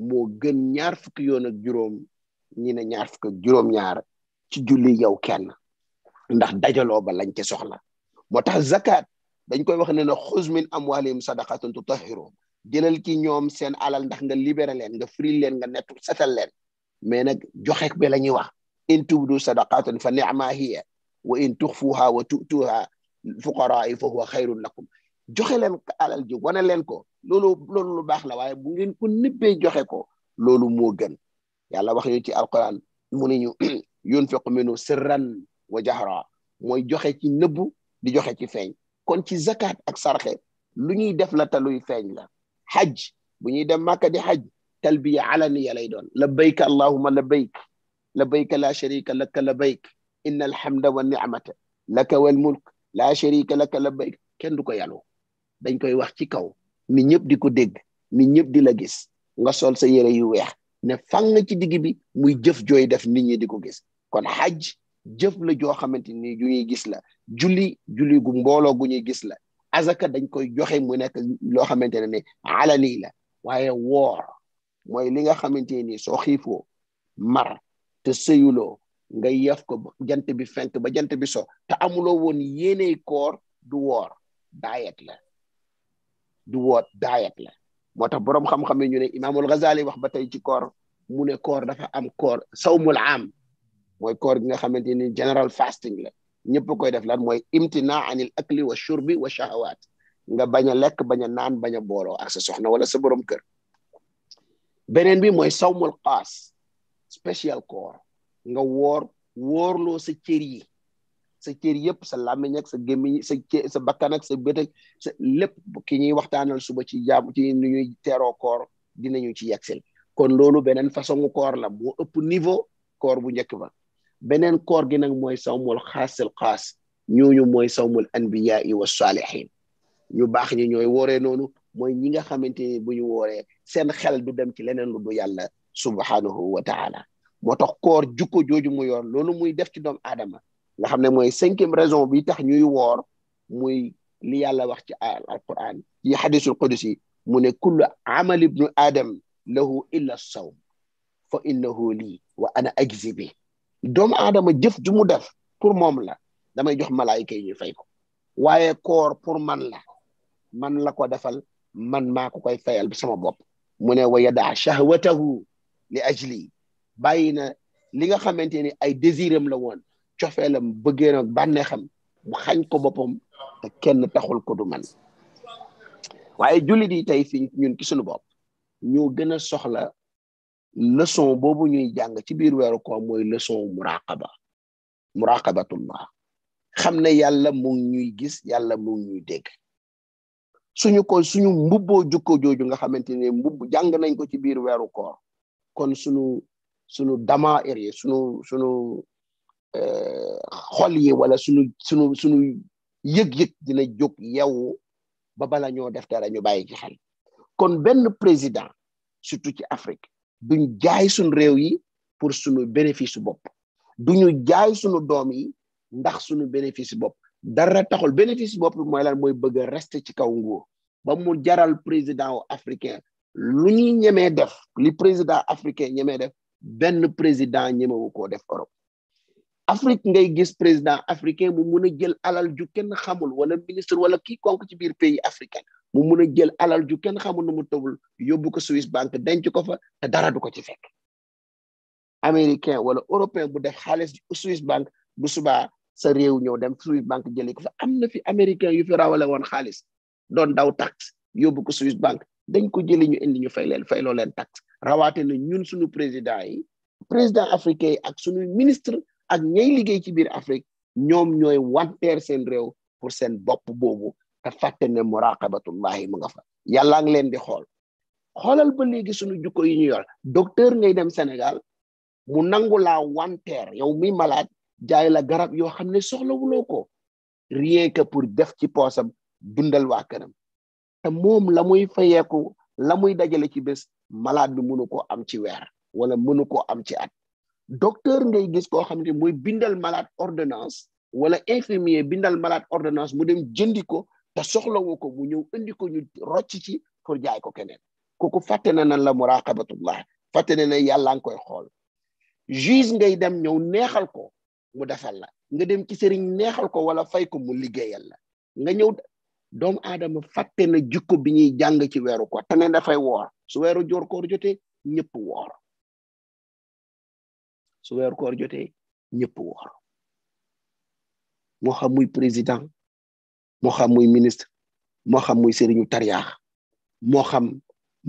moo gën ñaar fukki yoon ak juróom ñi ne ñaar ak juróom-ñaar ci julli yow kenn ndax dajaloo ba lañ ci soxla moo zakat dañ koy wax ne la xuz min amwalihim sadaqatan tutahhirum jëlal ki ñoom seen alal ndax nga libérer leen nga firi leen nga nettu setal leen mais nag joxe bi la ñuy wax in tubdu sadaqatan fa ni'ma hiya wa in tukhfuha wa tu'tuha fuqara'i fa huwa khayrun lakum joxe leen alal ji wane leen ko loolu loolu lu baax la waaye bu ngeen ko nibbee joxe ko loolu moo gën yàlla wax ñu ci alquran mu ne ñu yunfiqu minu sirran wa jahra mooy joxe ci nëbb di joxe ci feeñ kon ci zakat ak sarxe lu ñuy def la ta luy feeñ la hajj bu ñuy dem màkka di hajj talbiya alani ya lay doon labbayka allahuma labbayk labbayka la sharika laka labbayk inna alhamda wa ni'mata laka wal mulk la sharika laka labbayk kenn du ko yalu dañ koy wax ci kaw ni ñëpp di ko dégg ni ñëpp di la gis nga sol sa yére yu weex ne fang ci digg bi muy jëf jooy def nit ñi di ko gis kon hajj jëf la joo xamante ni ju ñuy gis la julli julli gu mbooloo gu ñuy gis la azaka dañ koy joxe mu nekk loo xamante ne ne alali la waaye woor mooy li nga xamante ni soo xiifoo mar te sëyuloo nga yef ko jant bi fenk ba jant bi so te amuloo woon yéeney koor du woor daayet la du woor daayet la moo tax xam-xam yi ñu ne imaamul Ghazali wax ba tey ci koor mu ne koor dafa am koor sawmul am mooy koor gi nga xamante ni general fasting la ñëpp koy def lan mooy imtina anil akli wa shurbi wa shahawat nga bañ a lekk bañ a naan bañ a booloo ak sa soxna wala sa borom kër beneen bi mooy sawmul xaas spécial koor nga woor woorloo sa cër yi sa cër yëpp sa làmmiñ ak sa gémmiñ sa sa bakkan sa bët lépp ki ñuy waxtaanal suba ci jàmm ci nu ñuy teroo dina ñu ci yegsel kon loolu beneen façon koor la boo ëpp niveau koor bu njëkk ba benen koor gi nag mooy sawmul xaasil xaas ñooñu mooy sawmul anbiyaa yi wa saalihin ñu baax ñi ñooy wooree noonu mooy ñi nga xamante ni bu ñu wooree seen xel du dem ci leneen lu du yàlla subhanahu wa taala moo tax koor jukko jooju mu yor loolu muy def ci doomu aadama nga xam ne mooy cinquième raison bi tax ñuy woor muy li yàlla wax ci alquran yi hadisul qudsi mu ne kullu amal ibnu adam lahu illa sawm fa innahu lii wa ana ajzi bi doomu aadama jëf jumu mu def pour moom la damay jox malaayika yi ñu fay ko waaye koor pour man la man la ko defal man maa ko koy fayal sama bopp mu ne wa yadaa shahwatahu li ajli bàyyi na li nga xamante ni ay désiram la woon cofeelam bëggéen ak bànneexam mu xañ ko boppam te kenn taxul ko du man waaye jullit yi tey fi ñun ki suñu bopp ñu gën a soxla leçon boobu ñuy jàng ci biir weeru koor mooy leçon muraqaba muraqabatullah xam na yàlla mu ñuy gis yàlla mu ngi ñuy dégg suñu ko suñu mbubboo jukko jooju nga xamante ne mbubb jàng nañ ko ci biir weeru koor kon suñu suñu dama yi suñu suñu eh, xol yi wala suñu suñu suñu yëg-yëg dina jóg yewu ba bala ñoo def dara ñu bàyyi ci xel kon benn président surtout ci Afrique duñ jaay suñu réew yi pour suñu bénéfice bopp du duñu jaay sunu doom yi ndax sunu bénéfice bopp dara taxul bénéfice bopp mooy lan mooy bëgg resté ci kaw nguur ba mu jaral président africain lu ñuy ñemee def li président africain ñemee def benn président ñemewu koo def Europe Afrique ngay gis président africain mu mun a jël alal ju kenn xamul wala ministre wala quiconque ci biir pays africain mu mun a jël alal ju kenn xamul nu mu tawul yóbbu ko Swiss bank denc ko fa te dara du ko ci fekk américain wala européen bu def xaalis Swiss bank bu subaa sa réew ñëw dem Swiss bank jëlee ko fa am na fi américain yu fi rawale woon xaalis doon daw tax yóbbu ko Swiss bank dañ ko jëli ñu indi ñu fay leen fayloo leen tax rawaate na ñun suñu président yi président africain yi ak suñu ministre ak ñay liggéey ci biir Afrique ñoom ñooy wanteer seen réew pour seen bopp boobu te fàtte ne muraqabatullahi mu nga fa yàllaa ngi leen di xool xoolal ba léegi suñu jukko yi ñu yor docteur ngay dem Sénégal mu nangu laa wanteer yow mi malade jaay la garab yoo xam ne soxlawuloo ko rien que pour def ci poosam dundal waa këram te moom la muy fayeeku la muy dajale ci bés malaad bi mënu ko am ci weer wala mënu ko am ci at docteur ngay gis koo xam ne muy bindal malade ordonnance wala infirmier bindal malade ordonnance mu dem jëndi ko te soxlawu ko mu ñëw indiko ko ñu rocc ci pour jaay ko keneen kooku fàtte na nan la muraqabatullah fàtte na ne yàlla nga koy xool juge ngay dem ñëw neexal ko mu defal la nga dem ci sëriñ neexal ko wala fay ko mu liggéeyal la nga ñëw doom aadama fàtte na jikko bi ñuy jàng ci weeru koor te ne woor su weeru joor koor jotee ñëpp woor su weeru koor woor moo xam muy président mo xam muy ministre mo xam muy serigne tariyaax mo xam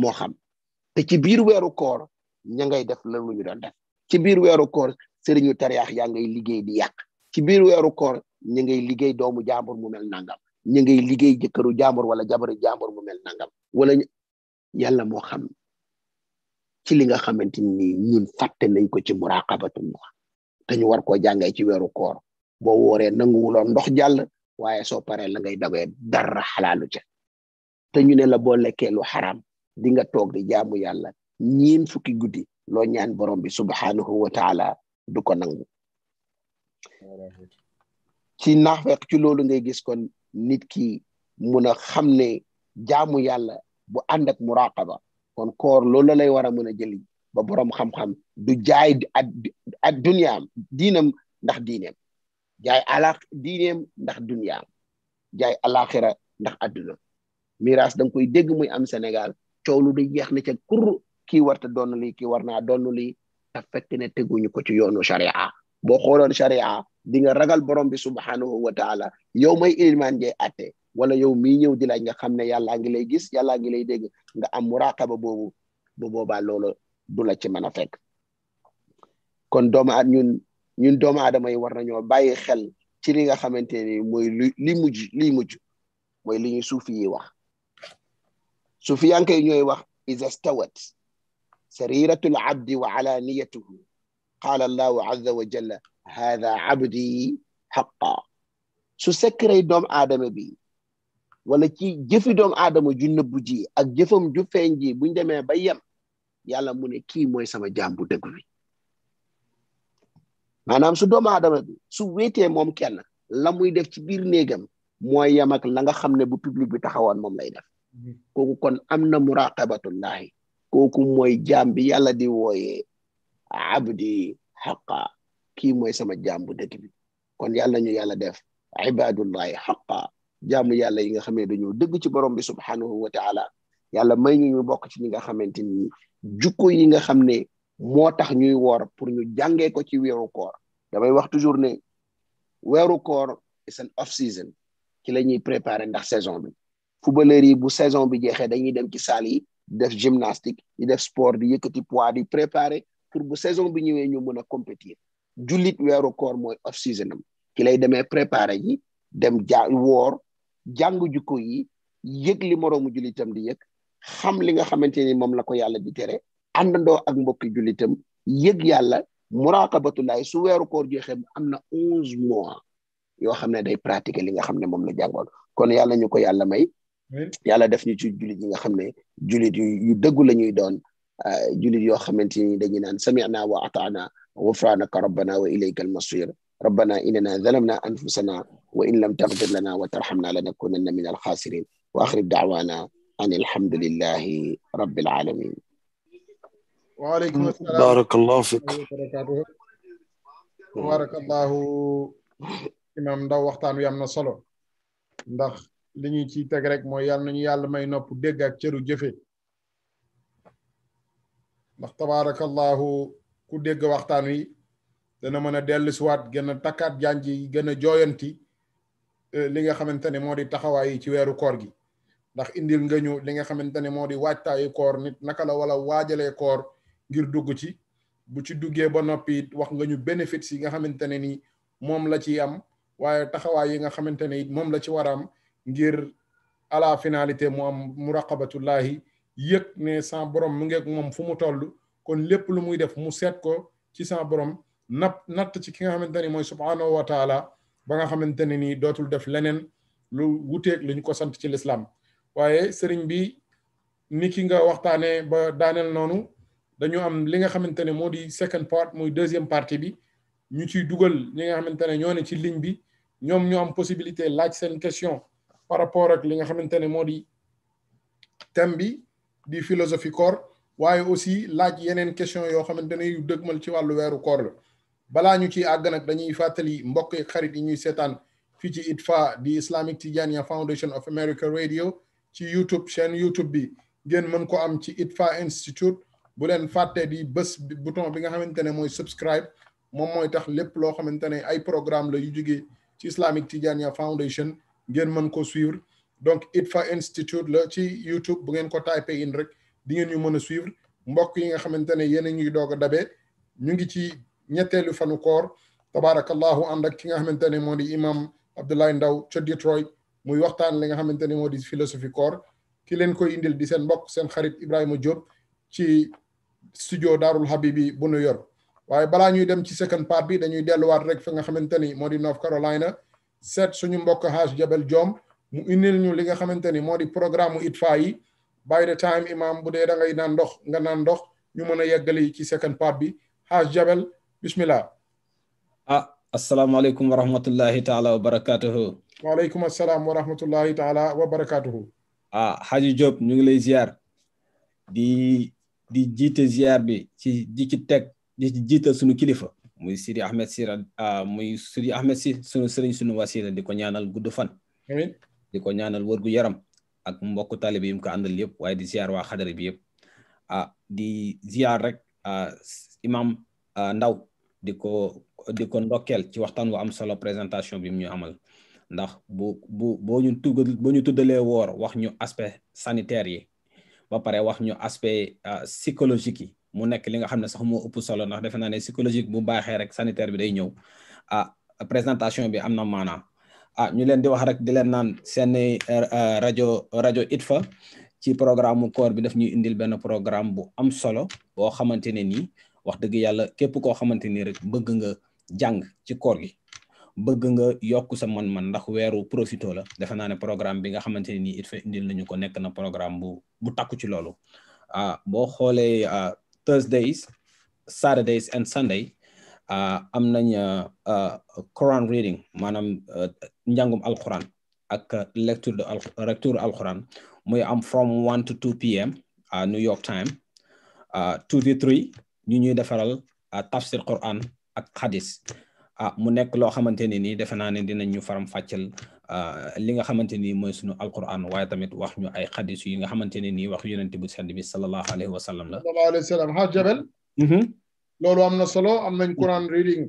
mo xam te ci biir wéru koor ña ngay def la lu ñu doon def ci biir wéru koor serigne tariyaax ya ngay liggéey di yàq ci biir wéru koor ña ngay liggéey doomu jaambur mu mel nangam ña ngay liggéey jëkkëru jaambur wala jabaru jaambur mu mel nangam wala yàlla moo xam ci li nga xamante ni ñun fàtte nañ ko ci muraqabatu mu te ñu war koo jàngee ci wéru koor boo wooree ndox jàll waaye soo paree la ngay dagee dara xalaalu ca te ñu ne la boo lekkeelu xaram xaraam di nga toog di jaamu yàlla ñiin fukki guddi loo ñaan boroom bi subhanahu wa taala du ko nangu ci naafeq ci loolu ngay gis kon nit ki mun a xam ne jamu yàlla bu ànd ak muraqaba kon koor loolu lay war a mën a jëli ba boroom xam-xam du jaay ad ad duniyaam diinam ndax diineem jaay ala diineem ndax duniyaam jaay alaxira ndax adduna miraas da nga koy dégg muy am Sénégal coow lu di jeex na ca kur kii warta doon lii kii war naa doon lii te fekk ne teguñu ko ci yoonu sharia boo xooloon sharia di nga ragal borom bi subhanahu wa taala yow may ilimaan jay atte wala yow mii ñëw di nga xam ne yàllaa ngi lay gis yàllaa ngi lay dégg nga am muraqaba boobu bu boobaa loolu du la ci mën a fekk kon doomu at ñun ñun doomu aadama yi war nañoo bàyyi xel ci li nga xamante ni mooy li mujj li mujj mooy li ñu suufi yi wax suufiyanke yi ñooy wax iza stawat sariratul abdi wa alaniyatuhu qala allahu aza wa jalla hada abdi xaqa su sekkrey doomu aadama bi wala ci jëfi doomu aadama ju nëbb ji ak jëfam ju feeñ ji buñ demee ba yem yàlla mu ne kii mooy sama jaam bu dëgg bi maanaam su doomu aadama su wéetee moom kenn la muy def ci biir néegam mooy yem ak la nga xam ne bu public bi taxawoon moom lay def mm-hmm. kooku kon am na muraqabatullahi kooku mooy jaam bi yàlla di wooyee abdi xaqa kii mooy sama jaam bu dëkk bi kon yàlla ñu yàlla def ibadullahi xaqa jaamu yàlla yi nga xam ne dañoo dëgg ci borom bi subhanahu wa taala yàlla may ñu ñu bokk ci ñi nga xamante ni jukko yi nga xam ne moo tax ñuy woor pour ñu jàngee ko ci weeru koor damay wax toujours ne weeru koor is an off season ci la ñuy préparer ndax saison bi footballeur yi bu saison bi jeexee dañuy dem ci salle yi def gymnastique di def sport di yëkkati poids di préparer pour bu saison bi ñëwee ñu mën a compétir jullit weeru koor mooy off season am ci lay demee préparer yi dem ja woor jàng jukko yi yëg li mu julitam di yëg xam li nga xamante ni moom la ko yàlla di tere andando ak mbokk julitam yëg yàlla muraqabatu lay su weeru koor jeexee am na onze mois yo xamne day pratiquer li nga xamne mom la jangol kon yàlla ñuko yàlla may yàlla def ñu ci julit yi nga xamne julit yu dëggu lañuy doon julit yo xamanteni ni dañuy naan sami'na wa ata'na غفرانك ربنا وإليك المصير ربنا إننا ظلمنا أنفسنا وإن لم تغفر لنا وترحمنا لنكونن من الخاسرين وآخر دعوانا أن الحمد لله رب العالمين waaleykum salaam baarakallahu fik barakatuh baarakallahu imam ndaw waxtaan wi am na solo ndax li ñu ci teg rek mooy yàlla nañu yàlla may nopp dégg ak cëru jëfe ndax tabaarakallahu ku dégg waxtaan wi dana mën a dellusiwaat gën a takkaat janj yi gën a jooyanti eh, li nga xamante ne moo di taxawaay yi ci weeru koor gi ndax indil nga ñu li nga xamante ne moo di waajtaayu koor nit naka la wala waajalee koor ngir dugg ci bu ci duggee ba noppi wax nga ñu bénéfice yi nga xamante ne ni moom la ci am waaye taxawaay yi nga xamante ne moom la ci war a am ngir à la finalité mu am muraqabatullahi yëg ne sans borom mu ngeeg moom fu mu toll kon lépp lu muy def mu seet ko ci sans borom napp natt ci ki nga xamante ni mooy subhaanahu wa ba nga xamante ne ni dootul def leneen lu wuteeg lu ñu ko sant ci lislam waaye sëriñ bi ni ki nga waxtaanee ba daaneel noonu dañoo am li nga xamante ne moo di second part mooy deuxième partie bi ñu ciy dugal ñi nga xamante ne ñoo ne ci ligne bi ñoom ñoo am possibilité laaj seen question par rapport ak li nga xamante ne moo di thème bi di philosophie koor waaye aussi laaj yeneen question yoo xamante ne yu mal ci wàllu weeru koor la balaa ñu ciy àgg nag dañuy fàttali mbokk yi xarit yi ñuy seetaan fii ci ITFA di Islamic Tijaniya Foundation of America Radio ci YouTube chaîne YouTube bi ngeen mën ko am ci ITFA Institute bu len fàtte di bës bouton bi nga xamantene moy subscribe mom moy tax lepp lo xamantene ay programme la yu jógee ci Islamic tijania Foundation ngeen mën ko suivre donc ITFA Institute la ci YouTube bu ngeen ko type in rek di ngeen ñu mëna suivre mbokk yi nga xamantene ne yéen a ñuy doog dabe ñu ngi ci ñettelu fanu koor tabarakallah ànd ak ki nga xamantene modi di imam Abdoulaye Ndaw ci Detroit muy waxtaan li nga xamantene modi di philosophie koor ki leen koy indil di seen mbokk seen xarit Ibrahima Diop ci studio Daarul Habibi bu New York waaye balaa ñuy dem ci second part bi dañuy delluwaat rek fi nga xamante ni moo di North Carolina seet suñu mbokk Haaj Jabel Joom mu indil ñu li nga xamante ni moo di programme it ITFA yi by the time imam bu dee da ngay naan ndox nga naan ndox ñu mën a yeggali ci second part bi Haaj Jabel bismillah a ah, asalaamaaleykum wa rahmatullahi taala wa barakatuhu waaleykum asalaam wa rahmatullahi taala wa barakatuhu ah Haji Diop ñu ngi lay ziar di jiite ziar bi ci di ci teg di ci jiital sunu kilifa muy Sidi Ahmed Sira ah, muy Sidi Ahmed si sunu sëriñ sunu wasila di ko ñaanal gudd fan di ko ñaanal wargu yaram ak mbokk taalibe yi mu ko àndal yëpp waaye di ziar waa xadara bi yëpp ah di ziar rek ah, imam ah, Ndaw di ko di ko ci waxtaan wu am solo présentation bi mu ñu amal ndax bu bu boo ñu tugal boo ñu tuddalee woor wax ñu aspect sanitaire yi ba pare wax ñu aspect euh, psychologique yi mu nekk li nga xam ne sax moo ëpp solo ndax defe naa ne psychologique bu baaxee rek sanitaire bi day ñëw a ah, présentation bi am na maanaa ah ñu leen di wax rek di leen naan seen euh, euh, rajo rajo ITFA ci programme mu koor bi daf ñuy indil benn programme bu am solo boo xamante ne nii wax dëgg yàlla képp koo xamante ni rek bëgg nga jàng ci koor gi bëgg nga yokku sa man man ndax weeru profito la defe naa ne programme bi nga xamante ni it fa indil nañu ko nekk na programme bu bu takku ci loolu ah boo xoolee ah, thursdays saturdays and sunday ah am nañ ah, ah, quran reading manam uh, njàngum alquran ak lecture de al lecture alquran muy am from one to two pm ah new york time Two 2 to three, ñu ñuy defaral tafsir quran ak hadith mu nek lo xamanteni ni nii defe ne dinañ ñu faram fàcceel li nga xamanteni moy sunu alquran waye tamit wax ñu ay hadith yi nga xamanteni ni wax yonente bu bi sallallahu alayhi wa sallam la sallallahu alayhi wa sallam xaaj jabel loolu am na solo am quran reading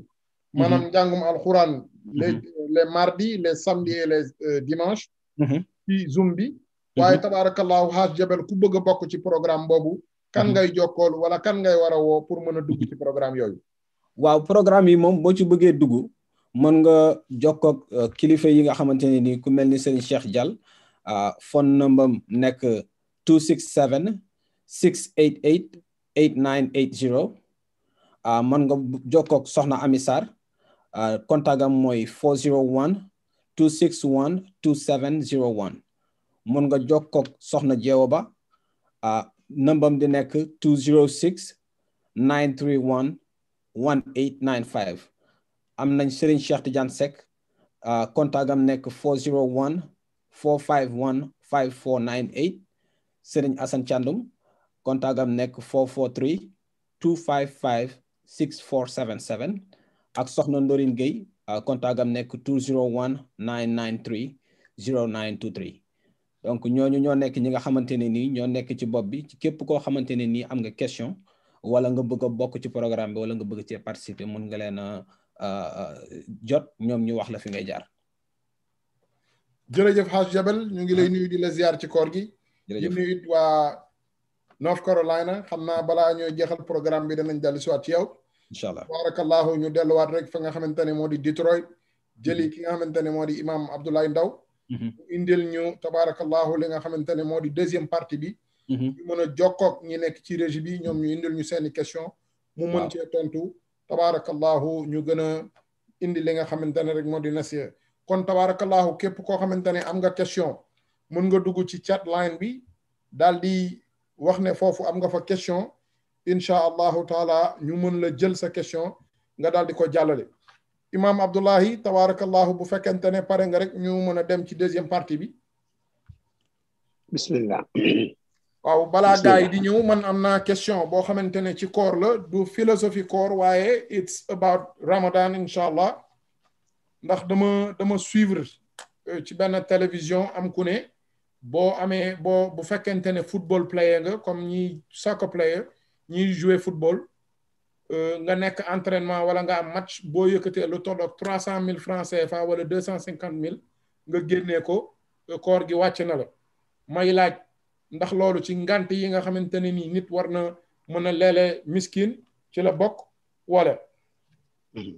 manam jangum alquran les les mardi les samedi et les dimanche ci zoom bi waye tabarakallah ha jabal ku bëgg a ci programme bobu kan ngay jokkool wala kan ngay wara wo pour mëna dugg ci programme yoyu waaw programme yi moom boo ci bëggee dugg mën nga jokkoo ak euh, kilifa yi nga xamante ne ni ku mel ni sëñ Cheikh Diall euh, phone number nekk 267 688 8980 mën nga jokkoo ak Soxna Ami Sarr euh, contact am mooy 401 261 2701 mën nga jokkoo Soxna Jeewo Ba nambam di nekk 206 931 1895 am nañ Serigne Cheikh Tidiane Seck kontagam uh, nekk 401 451 5498 Serigne Assane Thiandoum kontagam nekk 443 255 6477 ak Soxna Ndorine Gueye kontagam uh, nekk 201 993 0923 donc ñooñu ñoo nekk ñi nga xamante ne nii ñoo nekk ci bopp bi ci képp koo xamante ne nii am nga question wala nga bëgg a bokk ci programme bi wala nga bëgg cee participer mun nga leen a jot ñoom ñu wax la fi ngay jaar. jërëjëf Hadj Jabel ñu ngi lay ah. nuyu di la ziar ci koor gi. jërëjëf di nuyu it waa North Carolina xam naa balaa ñooy jeexal programme bi danañ dellu si waat ci yow. incha allah barakallahu ñu delluwaat rek fa nga xamante ne moo di Detroit. jëli mm-hmm. ki nga xamante ne moo di imaam Abdoulaye Ndaw mm-hmm. mu indil ñu tabaarakallahu li nga xamante ne moo di deuxième partie bi. Mmh. ñu mën a jokkoog ñi nekk ci régi bi ñoom ñu indil ñu seeni question mu mën cee tontu tabaarakallahu ñu gën a indi li nga xamante ne rek moo di nasiya kon tabaarakallahu képp koo xamante ne am nga question mën nga dugg ci chat line bi daal di wax ne foofu am nga fa question incha allahu taala ñu mën la jël sa question nga daal di ko jàllale imaam Abdullahi tabaarakallahu bu fekkente ne pare nga rek ñu mën a dem ci deuxième partie bi bismillah waaw balaa gars question du philosophie koor it's about Ramadan incha ndax dama dama suivre euh, ci télévision am ku ne boo bu football player comme ñi soccer player jouer football euh, nga entraînement wala match boo yëkkatee lu tolloog mille francs CFA wala la ndax loolu ci ngant yi nga xamanteni ni nit war na mën a miskin ci la bokk wala mhm.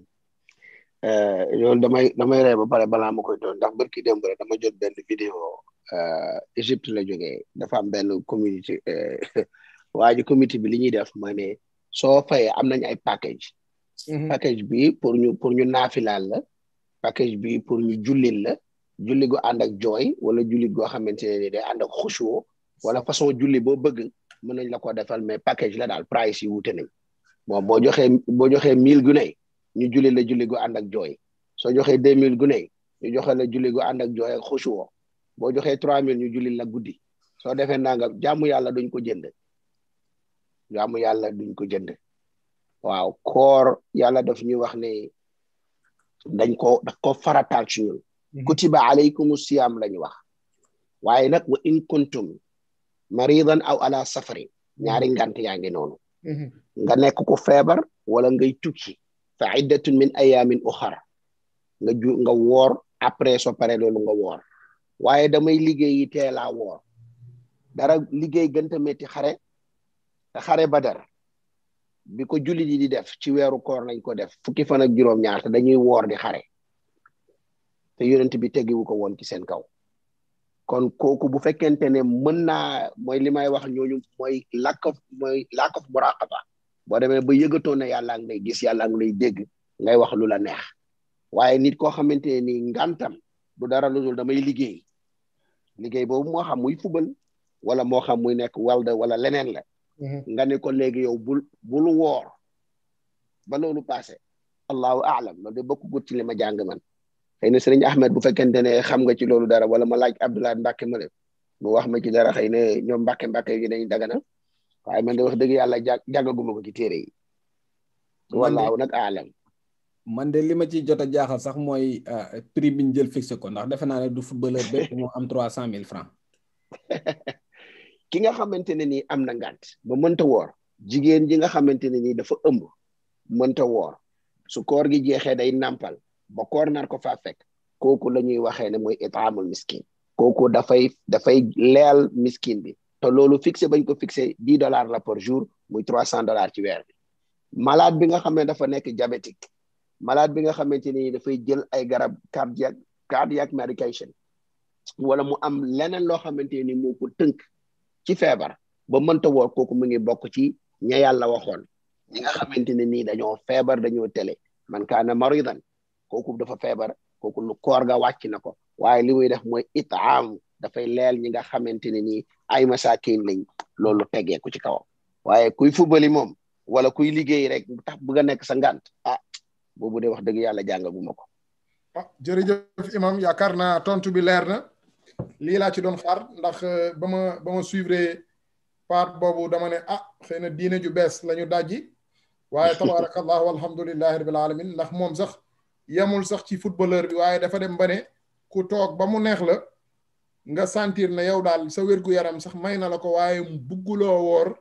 euh, loolu damay damay ree ba pare balaa ma koy doon ndax barki démb rek dama jot benn vidéo euh, Égypte la jógee dafa am benn community euh, waa ji comité bi li ñuy def mooy ne soo fayee am nañ ay package mhm. package bi pour ñu pour ñu naafilaal la package bi pour ñu jullil la julli gu ànd ak wala julli goo xamante ne ni day ànd ak wala façon julli boo bëgg mën nañ la ko defal mais package la daal price yi wuute nañ bon boo joxee boo joxee mille gune ñu julli la julli gu ànd ak jooy soo joxee deux mille gune ñu joxe la julli gu ànd ak jooy ak xusuwoo boo joxee trois mil ñu julli la guddi soo defee nangam jaamu yàlla duñ ko jënd jaamu yàlla duñ ko jënd waaw koor yàlla daf ñuy wax ne dañ ko daf ko farataal ci ñun mm-hmm. kutiba alaykumu siyaam wax waaye nag wa in kuntum maridan aw ala safari mm-hmm. ñaari ngant yaa ngi noonu mm-hmm. nga nekk ko feebar wala ngay tukki fa iddatun min ayamin uxara nga woor après soo pare loolu nga woor waaye damay liggéey yi teelaa woor dara liggéey gënta métti xare te xare badar bi ko jullit yi di def ci weeru koor lañ ko def fukki fan ak juróom-ñaar te dañuy woor di xare te yonent bi tegiwu ko woon ci seen kaw kon kooku bu fekkente ne mën naa mooy li may wax ñooñu mooy lack of mooy lack of muraqaba boo demee ba yëgatoo na yàlla ngi lay gis yàlla ngi lay ngay wax lu la neex waaye nit koo xamante ne ni ngantam du dara lu dul damay liggéey liggéey boobu moo xam muy fubal wala moo xam muy nekk walda wala leneen la mm-hmm. nga ne ko léegi yow bul bul woor ba loolu passé allahu aalam loolu de bokk gut ci li ma jàng xeyna serigne ahmed bu fekkente ne xam nga ci loolu dara wala ma laaj abdoulaye mbacke male mu wax ma ci dara xeyna ñom mbacke mbacke yi dañu dagana waaye man de wax dëgg yàlla jàggaguma ko ci téere yi wallaahu nag aalam man de li ma ci jot a jaaxal sax mooy euh, prix bi jël fixé ko ndax defe naa ne du footballeur bépp moo am trois cent mille francs ki nga xamante ni am na ngant ba mënta woor jigéen ji nga xamante ni dafa ëmb mënta woor su koor gi jeexee day nàmpal ba koor nar ko faa fekk kooku la ñuy waxee ne mooy itaamul miskin kooku dafay dafay leel miskin bi te loolu fixé bañ ko fixé dix dollars la par jour muy trois cent dollars ci weer bi malade bi nga xam ne dafa nekk diabétique malade bi nga xamante ni dafay jël ay garab cardiac cardiac medication wala mu am leneen loo xamante ni moo tënk ci feebar ba mënta woor kooku mu ngi bokk ci ña yàlla waxoon xamante ne nii dañoo feebar dañoo télé man kaana maridan kooku dafa feebar kooku lu koor ga wàcc na ko waaye li muy def i itaam dafay leel ñi nga xamante ne nii ay masaakin lañ tege tegeeku ci kawam waaye kuy fubali moom wala kuy liggéey rek tax bëgg a nekk sa ngant ah de wax dëgg yàlla jàngaguma ko. ah jërëjëf imam yaakaar na tontu bi leer na lii laa ci doon xaar ndax euh, ba ma ba ma suivre part boobu dama ne ah xëy diine ju bees la ñu dajji waaye tabaarakallah walhamdulillahi rabbil alamin ndax moom sax. yamul sax ci footballeur bi waaye dafa dem ba ne ku toog ba mu neex la nga sentir ne yow daal sa wér-gu-yaram sax may na la ko waaye mu bugguloo woor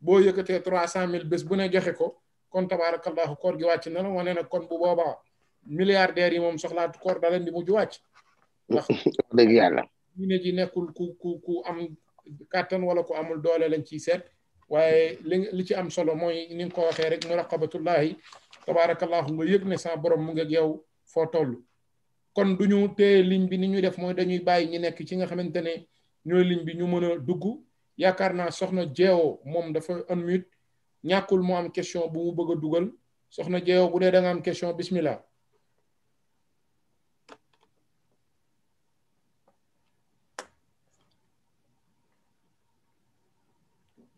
boo yëkkatee trois cent mille bés bu ne joxe ko kon tabaarakallaahu koor gi wàcc na la wane na kon bu boobaa milliardaire yi moom soxlaatu koor da leen di mujj wàcc ndax dëgg yàlla ñu ne ji nekkul ku ku ku am kàttan wala ku amul doole lañ ciy seet waaye li li ci am solo mooy ni nga ko waxee rek muraqabatullahi tabaarakallaahu nga yëg ne sa borom mu ngi ak yow foo toll kon du ñu téye ligne bi ni ñuy def mooy dañuy bàyyi ñi nekk ci nga xamante ne ñooy ligne bi ñu mën a dugg yaakaar naa soxna jeewoo moom dafa unmute ñàkkul mu am question bu mu bëgg a dugal soxna jeewoo bu dee da nga am question bismillah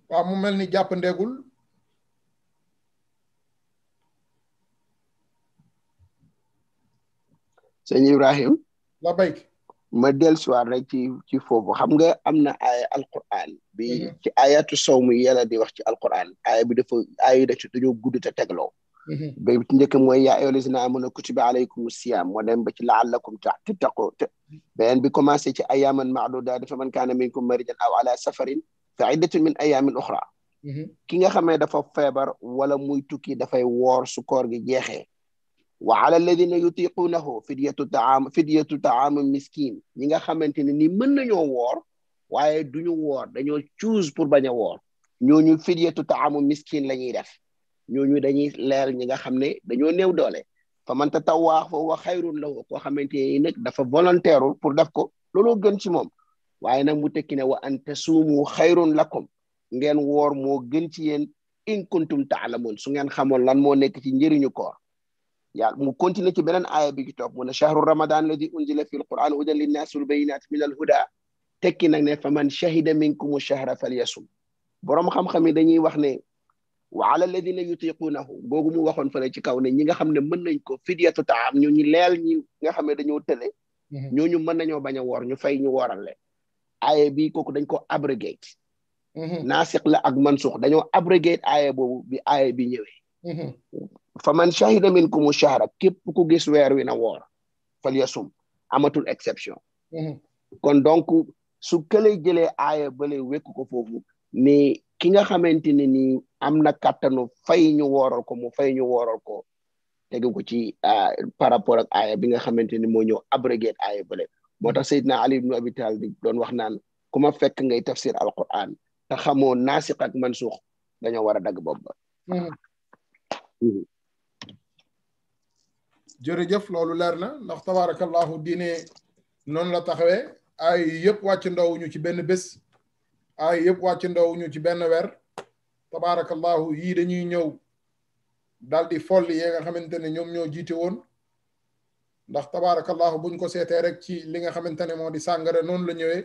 waaw mu mel ni jàpp sëñ Ibrahim la béyk ma dellusiwaat rek ci ci foofu xam nga am na aaya alquran bi mhm. ci ayatu sow mu yàlla di wax ci alquran aaya bi dafa aaya yi daci dañoo gudd te tegloo mhm. ba ci njëkk mooy yaa ayyuhal lazina aamanu kutiba alaykum siyaam moo dem ba ci laallakum tattaqoon beneen bi commencé ci ayaaman maadudaat fa man kaana minkum maridan aw ala safarin fa iddatun min ayaamin uxra mhm. ki nga xamee dafa feebar wala muy tukki dafay woor su koor gi jeexee وعلى الذين يطيقونه فدية طعام فدية طعام مسكين ñi nga xamante ne ni mën nañoo woor waaye duñu woor dañoo choose pour bañ a woor ñooñu fidiyatu taamu miskin la ñuy def ñooñu dañuy leer ñi nga xam ne dañoo néew doole fa man tatawaa fa wa xayrun lahu koo xamante ni nag dafa volontaire pour def ko looloo gën ci moom waaye nag mu tekki ne wa an tasuumu xayrun lakum ngeen woor moo gën ci yéen in kuntum taalamun su ngeen xamoon lan moo nekk ci njëriñu koor yàlla mu continuer ci beneen aaya bi ci topp mu ne chahru ramadan alladi unzila fi alquran hudan linnaasi walbayinat min alhuda tekki nag ne fa man shahida minkum chahra falyasum boroom xam-xam yi dañuy wax ne wa ala alladina yutiqunahu googu mu waxoon fële ci kaw ne ñi nga xam ne mën nañ ko fidyatu taam ñu ñi leel ñi nga xam ne dañoo tële mhm. ñooñu mën nañoo bañ a woor ñu fay ñu wooral leen aaye bi kooku dañ ko abrogate mhm. naasix la ak mansuux dañoo abrogate aaye boobu bi aaye bi ñëwee mhm. fa man shahida minkumu shahra képp ku gis weer wi na woor fal yasum amatul exception mhm. kon donc su kële jëlee aaya bële wékku ko foofu mais ki nga xamante ne nii am na kàttanu fay ñu wooral ko mu fay ñu wooral ko tegu ko ci ah, par rapport ak aaya bi nga xamante ni moo ñëw abroger aaya bële moo tax Seydina Ali ibnu Abi Talib di doon wax naan ku ma fekk ngay tafsir alquran te xamoo naasiq ak mansuux dañoo war a dagg bopp jërëjëf loolu leer na ndax tabarakallahu diine noonu la taxawee ay yëpp wàcc ndaw ñu ci benn bés ay yëpp wàcc ndaw ñu ci benn weer tabarakallahu yii dañuy ñëw daal di fol yi nga xamante ne ñoom ñoo jiite woon ndax tabarakallahu buñ ko seetee rek ci li nga xamante ne moo di sàngara noonu la ñëwee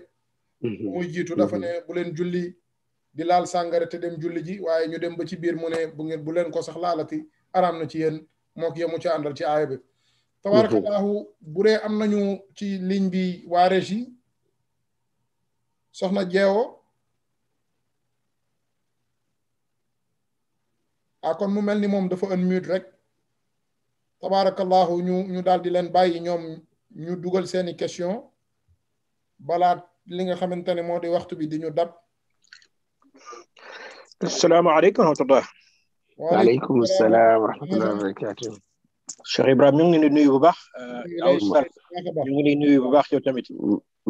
mhm. muy jiitu dafa ne bu leen julli di laal sàngara te dem julli ji waaye ñu dem ba ci biir mu ne bu ngeen bu leen ko sax laalati araam na ci yéen moo k yemu ci àndal ci aaya bi tabaarakallaahu bu dee am nañu ci ligne bi waa régie soxna jeewo a ah, kon mu mel ni moom dafa un minute rek tabaarakallaahu ñu daal di leen bàyyi ñoom ñu dugal seeni question balaa li nga xamante ne moo di waxtu bi di ñu dab asalaamaaleykum wa rahmatullah waaleykum salaam wa rahmatulah wa barakaatu. Cheikh Ibrahima ñu ngi leen di nuyu bu baax. ñu ngi leen di nuyu bu baax yow tamit.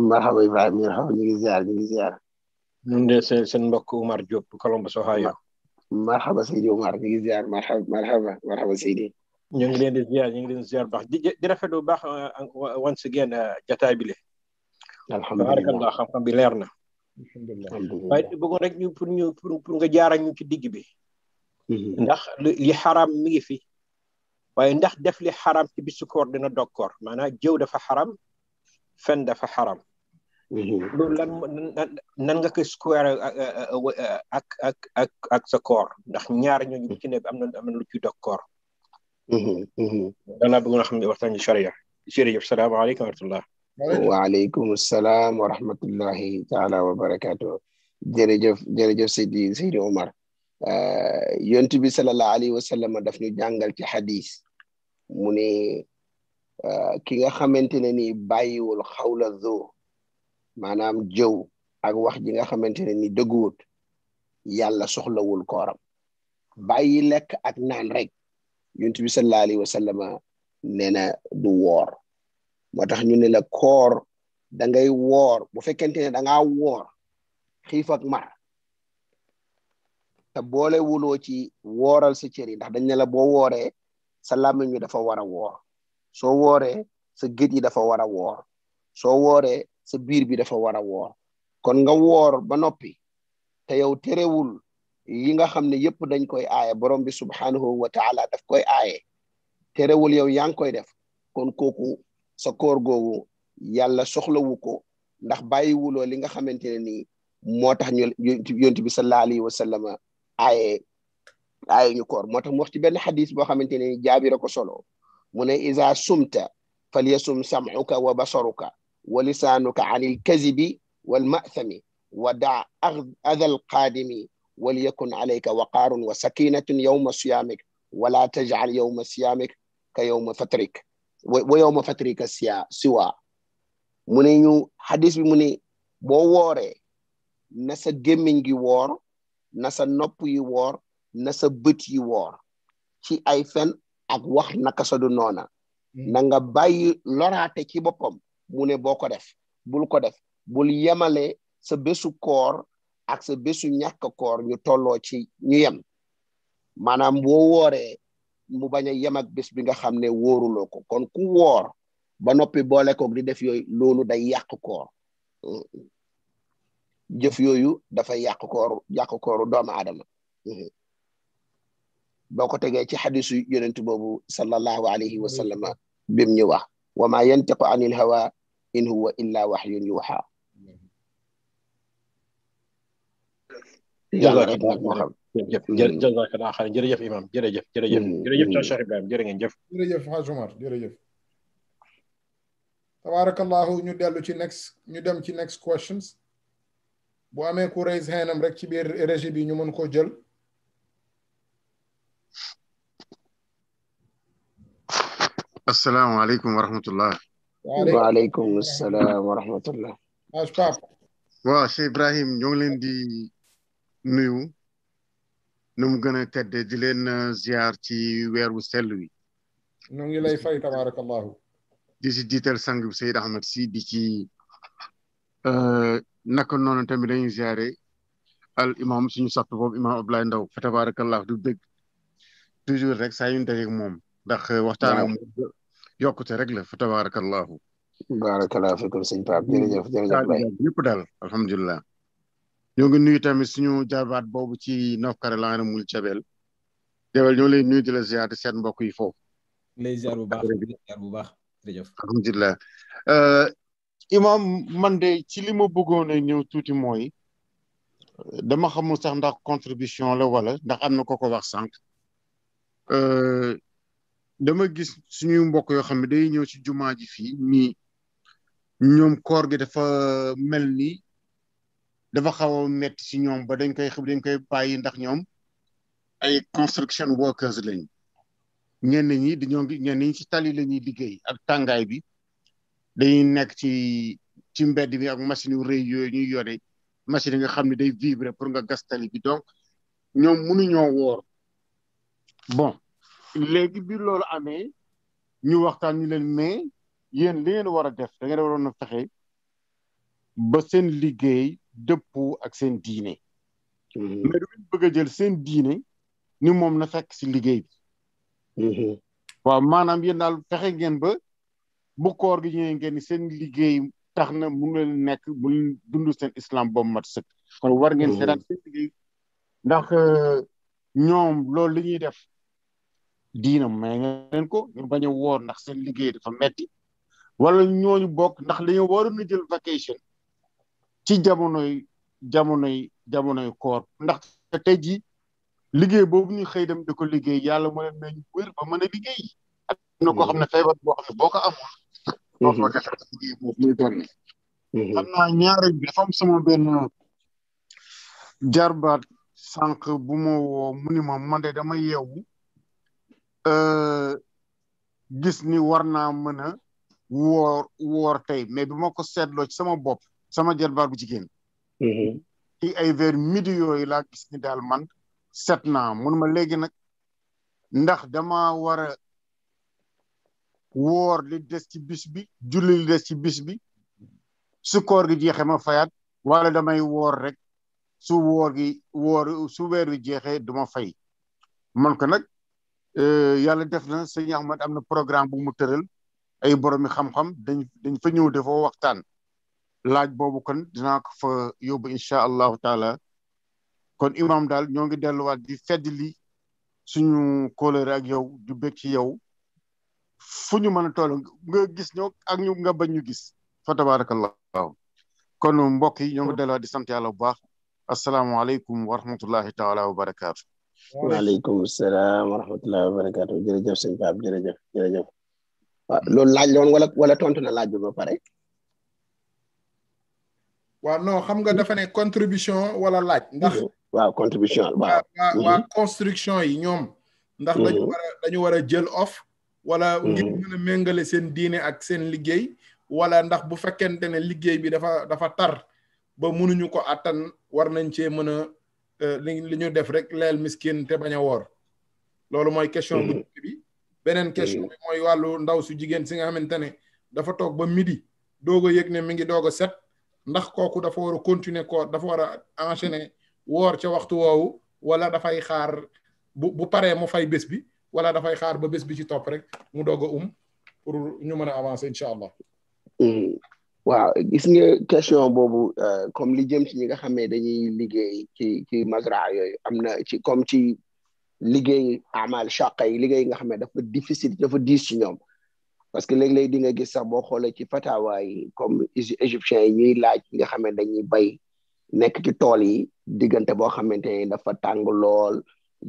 marhaba Ibrahima marhaba ñu ngi ziar ñu ngi ziar. ñu ngi seen mbokk Umar Diop Columbus Ohio. marhaba Seydi Umar ñu ngi ziar marhaba marhaba marhaba Seydi. ñu ngi leen di ziar ñu ngi leen di ziar bu baax di di bu baax euh, once again euh, jataay bile le. alhamdulilah xam-xam bi leer na. alhamdulilah waaye bëggoon rek ñu pour ñu pour nga jaara ñu ci digg bi. ndax li xaram mi ngi fi waaye ndax def li xaram ci bisu koor dina dog koor maanaam jëw dafa xaram fen dafa xaram lu lan nan nga ko square ak ak ak ak sa koor ndax ñaar ñooñu bu ci ne am na am na lu ci dog koor danaa bëgg na xam ne waxtaan ci sharia jërëjëf salaamaaleykum wa rahmatullah alaykum assalam wa rahmatullahi taala wa barakaatu jërëjëf jërëjëf Seydi Seydi Omar yont bi sallallahu alayhi wa sallam daf ñu jàngal ci xadis mu ne ki nga xamante ne ni bàyyiwul xawla zoo maanaam jëw ak wax ji nga xamante ne ni dëgguwut yàlla soxlawul kooram bàyyi lekk ak naan rek yont bi sallallahu alayhi wa sallam nee na du woor moo tax ñu ne la koor da ngay woor bu fekkente ne da ngaa woor xiif ak mar te boole wuloo ci wooral sa cër yi ndax dañ ne la boo wooree sa làmmiñ wi dafa war a woor soo wooree sa gët yi dafa war a woor soo wooree sa biir bi dafa war a woor kon nga woor ba noppi te yow terewul yi nga xam ne yëpp dañ koy aaye borom bi subhanahu wa taala daf koy aaye terewul yow yaa ngi koy def kon kooku sa koor googu yàlla soxlawu ko ndax bàyyi wuloo li nga xamante ne ni moo tax ñu yonent bi sallallahu alayhi wa sallama ay ay ñu koor moo tax mu wax ci benn xadis solo mu ne isa sumta fal samuka wa basaruka wa lisanuka 'anil al kazibi wal ma'thami wa da' adha al qadimi wal yakun alayka waqarun wa sakinatun yawma siyamik wa la taj'al yawma siyamik ka yawma fatrik wa yawma fatrik siya siwa mu ñu hadith bi mu bo woré na sa gemmiñ gi wor na sa nopp yi wor na sa bët yi woor ci ay fen ak wax naka sa du noona mm. na nga bàyyi loraate ci boppam mu ne boo ko def bul ko def bul yemale sa bésu koor ak sa bésu ñakk koor ñu tolloo ci ñu yem maanaam boo wooree mu bañ a yem ak bés bi nga xam ne wóoruloo ko kon ku woor ba noppi boole koog di def yooyu loolu day yàq koor jëf yooyu dafay yàq kooru yàq kooru doomu aadama boo ko tegee ci xadisu yonent boobu sallallahu alayhi wa sallam bim ñu wax wa ma yantiqu anil hawa in huwa illa waxyun yuuxa jërëjëf daa xam jërëjëf imam jërëjëf jërëjëf jërëjëf ca Cheikh Ibrahim jërë ngeen jëf jërëjëf xaaj Umar jërëjëf tabarakallahu ñu dellu ci next ñu dem ci next questions bu amee ku raise hand am rek ci biir régie bi ñu mën koo jël السلام عليكم ورحمة الله وعليكم السلام ورحمة الله واش باب واش إبراهيم نيون دي نيو نم غنا تد دي لين زيارتي وير وسلوي نون لاي فاي تبارك الله دي سي ديتال سانغ سيد احمد سي دي كي naka noonu tamit dañuy ziare al imam suñu sat boobu imam Abdoulaye Ndaw fa tabarakallah du dégg toujours rek saa yu ta dajeeg moom ndax euh, waxtaan ak moom yokkute rek la fa tabarakallah barakallahu fikum sëñ Pape jërëjëf jërëjëf Baye ñëpp daal alhamdulilah ñoo ngi nuyu tamit suñu jarbaat boobu ci North Carolina mul cabel jabel ñoo lay nuyu di la ziar di seen mbokk yi foofu lay ziar bu baax bu baax jërëjëf alhamdulilah euh, imam man de ci li ma bëggoon a ñëw tuuti mooy dama xamul sax ndax contribution la wala ndax am na ko ko wax sànq euh, dama gis suñuy mbokk yoo xam ne day ñëw ci jumaa ji fii nii ñoom koor gi dafa mel ni dafa xaw a metti ci ñoom ba dañ koy dañ koy bàyyi ndax ñoom ay construction workers lañ ñenn ñi dañoo ñenn ñi ci tali la ñuy liggéey ak tàngaay bi dañuy nekk ci ci mbedd bi ak machine wu rëy yooyu ñuy yore machine yi nga xam ne day vibrer pour nga gas tali bi donc ñoom mënuñoo woor bon léegi bi loolu amee ñu waxtaan ñu leen mais yéen leen ngeen war a def da ngeen waroon no fexe ba seen liggéey dëppoo ak seen diine mm-hmm. mais du bëgg a jël seen diine ni moom na fekk si liggéey bi mm-hmm. waaw maanaam yéen daal fexe ngeen ba bu koor gi ñëwee ngeen ni seen liggéey tax na mu ngi nekk bu dund seen islam boobu mat sëkk. kon war ngeen mm-hmm. seetaan seen liggéey ndax euh, ñoom loolu li ñuy def diina may nga leen ko ñu bañ a woor ndax seen liggéey dafa metti wala ñooñu bokk ndax dañoo waroon a jël vacation ci jamonoy jamonoy jamonoy koor ndax tey jii liggéey boobu ñu xëy dem di ko liggéey yàlla moo leen may liggéey. am na koo xam ne mm-hmm. feebar boo xam ne boo ko amul. loolu la mhm. def liggéey boobu muy benn. Mhm. xam naa ñaari bi dafa am sànq bu ma woo mu ni ma man dama yeewu euh, gis ni war naa mën a woor woor tey mais bi ma ko seetloo ci sama bopp sama jarbaat bu jigéen. Mhm. ci ay vers midi yooyu laa gis ni daal man set naa mun léegi nag ndax dama war woor li des ci bis bi julli li des ci bis bi su koor gi jeexee ma fayaat wala damay woor rek su woor gi woor su weer wi jeexee du ma fay man ko nag euh, yàlla def na sëñ Ahmad am na programme bu mu tëral ay boromi xam-xam dañ dañ fa ñëw dafa waxtaan laaj boobu kon dinaa ko fa yóbbu incha allahu taala kon imam daal ñoo ngi delluwaat di fedd li suñu kóolóore ak yow di bég ci yow fu ñu mën a toll nga gis ñoo ak ñu nga bañ ñu gis fa tabarakallahu kon mbokk yi ñoo ngi delloo di sant yàlla bu baax asalaamaaleykum wa rahmatullahi taala wa barakaatu waaleykum salaam wa rahmatullahi wa barakaatu jërëjëf sëñ Pape jërëjëf jërëjëf laaj loon wala wala tontu na laaj bi ba pare waaw non xam nga dafa contribution wala laaj ndax waaw contribution waaw waa mhm. yi ñoom ndax dañu mhm. war a dañu war jël off wala mm-hmm. ngir mën a seen diine ak seen liggéey wala ndax bu fekkente ne liggéey bi dafa dafa tar ba mënuñu ko àttan war nañ cee mën a euh, li ñu def rek leel miskin te bañ a woor loolu mooy question bu mm-hmm. beneen question bi mm-hmm. mooy ndaw su jigéen si nga xamante ne dafa toog ba midi doog a yëg ne mi ngi doog a set ndax kooku dafa war a continuer ko dafa war a enchaîner woor ca waxtu woowu wala dafay xaar bu bu paree mu fay bés bi wala dafay xaar ba bés bi ci topp rek mu doog um pour ñu mën a avancer allah. Hmm. waaw gis nga question boobu euh, comme li jëm ci ñi nga xam ne dañuy liggéey ci ci mazraa yooyu am na ci comme ci liggéey amal chaqa yi liggéey nga xam ne dafa difficile dafa diis ci ñoom parce que léeg-léeg di nga gis sax bo xoolee ci fatawa comme égyptiens yi ñuy laaj nga xam ne dañuy bay nekk ci tool yi diggante boo xamante ne dafa tàng lool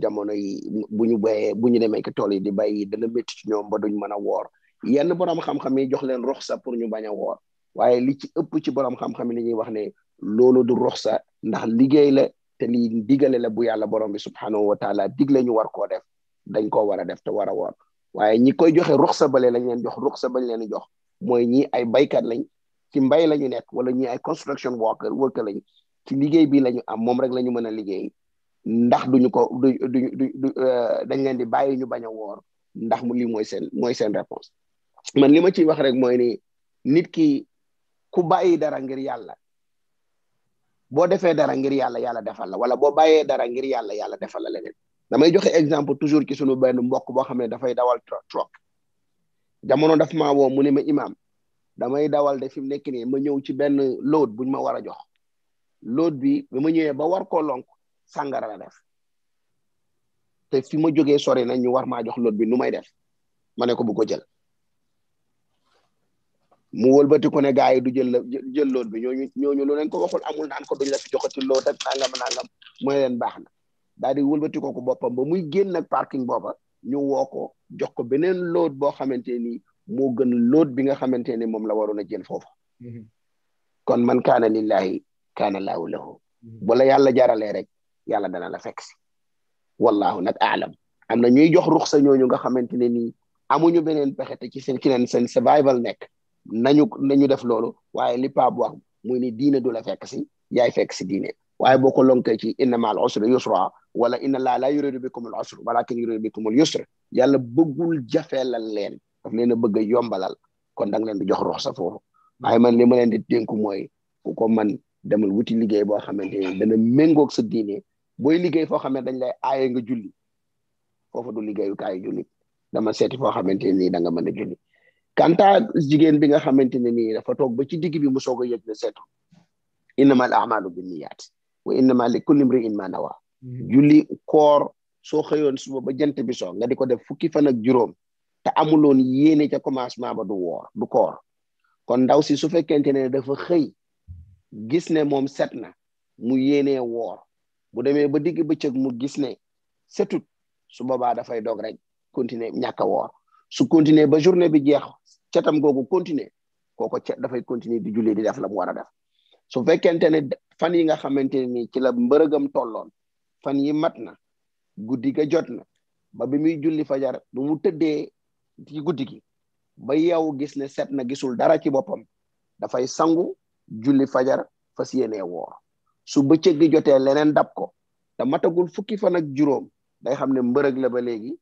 jamono yi bu ñu bayee bu ñu demee ci tool yi di bay dana métti ñoom ba duñ mën a woor yenn borom xam-xam jox leen ruxsa pour ñu bañ a woor waaye li ci ëpp ci borom xam-xam yi li ñuy wax ne loolu du ruxsa ndax liggéey la te lii digale la bu yàlla borom bi subhanahu wa taala digle ñu war koo def dañ koo war a def te war a woor waaye ñi koy joxe ruxsa bale lañ leen jox ruxsa bañ leen jox mooy ñi ay baykat lañ ci mbay la ñu nekk wala ñi ay construction worker worker lañ ci liggéey bi la ñu am moom rek la ñu mën a liggéey ndax duñu ko du duñu du euh, dañ leen di bàyyi ñu bañ a woor ndax mu lii mooy seen mooy seen réponse man li ma ciy wax rek mooy ni nit ki ku bàyyi dara ngir yàlla boo defee dara ngir yàlla yàlla defal la wala boo bàyyee dara ngir yàlla yàlla defal la damay joxe exemple toujours ci sunu benn mbokk boo xam ne dafay dawal truck jamono daf maa woo mu ne ma imaam damay dawal de fi mu nekk nii ma ñëw ci benn load buñ ma war a jox load bi ba ma ñëwee ba war ko lonk sàngara la def te fi ma jógee sori na ñu war maa jox lot bi nu may def ma ne ko bu ko jël mu wëlbati ko ne gars yi du jël jël lot bi ñooñu ñooñu lu leen ko waxul amul naan ko duñ la fi joxati lot ak nangam nangam leen baax na daal di ko ko boppam ba muy génn nag booba ñu woo ko jox ko beneen lot boo xamante ni moo gën lot bi nga xamante ni moom la waroon a jël foofu. Mhm. kon man kaana lillahi kaana laahu lahu. Mhm. bu la yàlla jaralee rek yàlla dana la fekk si wallahu nag aalam am na ñuy jox ruxsa nga xamante ni amuñu benen pexete ci seen kinen seen survival nek nañu nañu def lolu waye li Pape wax muy ni diine du la fekk yaay fekk diine waye boko lonke ci inna ma usri yusra wala inna la la yuridu bikum al usra walakin yuridu bikum al yusra yàlla bëggul jafelal len daf leena beug yombalal kon da nga leen di jox ruxsa foofu waye man li ma leen di dénku moy ko man demul wuti liggéey bo xamanteni dana méngoog sa diine booy liggéey foo xam ne dañ lay aaye nga julli foofu du liggéeyukaayu julli dama seeti foo xamante nii da nga mën a julli kanta jigéen bi nga xamante ne nii dafa toog ba ci digg bi mu soog a yëg ne seetu innamal amalu binniyaat wa innama li kulli imri'in ma wa mm-hmm. julli koor soo xëyoon suma ba jant bi so nga di ko def fukki fan ak juróom te amuloon yéene ca commencement ba du woor du koor kon ndaw si su fekkente ne dafa xëy gis ne moom set na mu yéenee woor bu demee ba digg bëccëg mu gis ne setut su boobaa dafay dog rek continuer ñàkk woor su continuer ba journée bi jeex cetam googu continuer kooko cet dafay continuer di julli di def la mu war a def su fekkente ne fan yi nga xamante ne nii ci la mbërëgam tolloon fan yi mat na guddi jot na ba bi muy julli fajar bu mu tëddee ci guddi gi ba yow gis ne set na gisul dara ci boppam dafay sangu julli fajar fas yéenee woor su bëccëg gi jotee leneen dab ko te matagul fukki fan ak juróom day xam ne mbërëg la ba léegi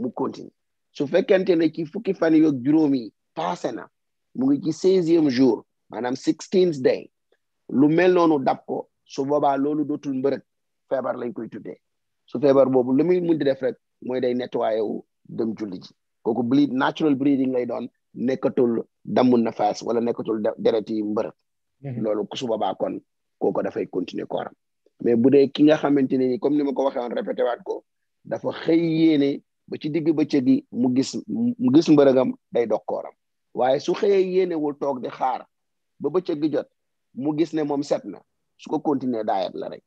mu continue su fekkente ne ci fukki fan yoog juróom yi na mu ngi ci seizième jour maanaam sixteenth day lu mel noonu dab ko su boobaa loolu dootul mbërëg feebar lañ koy tuddee su feebar boobu lu muy mun di def rek mooy day nettoyé wu dem julli ji kooku bleed natural bleeding lay doon nekkatul na fas wala nekkatul deret yi mbërëg mhm. loolu su boobaa kon ko kooko dafay continuer kooram mais bu dee ki nga xamante ne ni comme ni ma ko waxee woon répété waat ko dafa xëy yéene ba ci digg bëccëg gi mu gis mu gis mbërëgam day dog kooram waaye su xëyee yéenewul toog di xaar ba bëccëg gi jot mu gis ne moom set na su ko continuer daayat la rek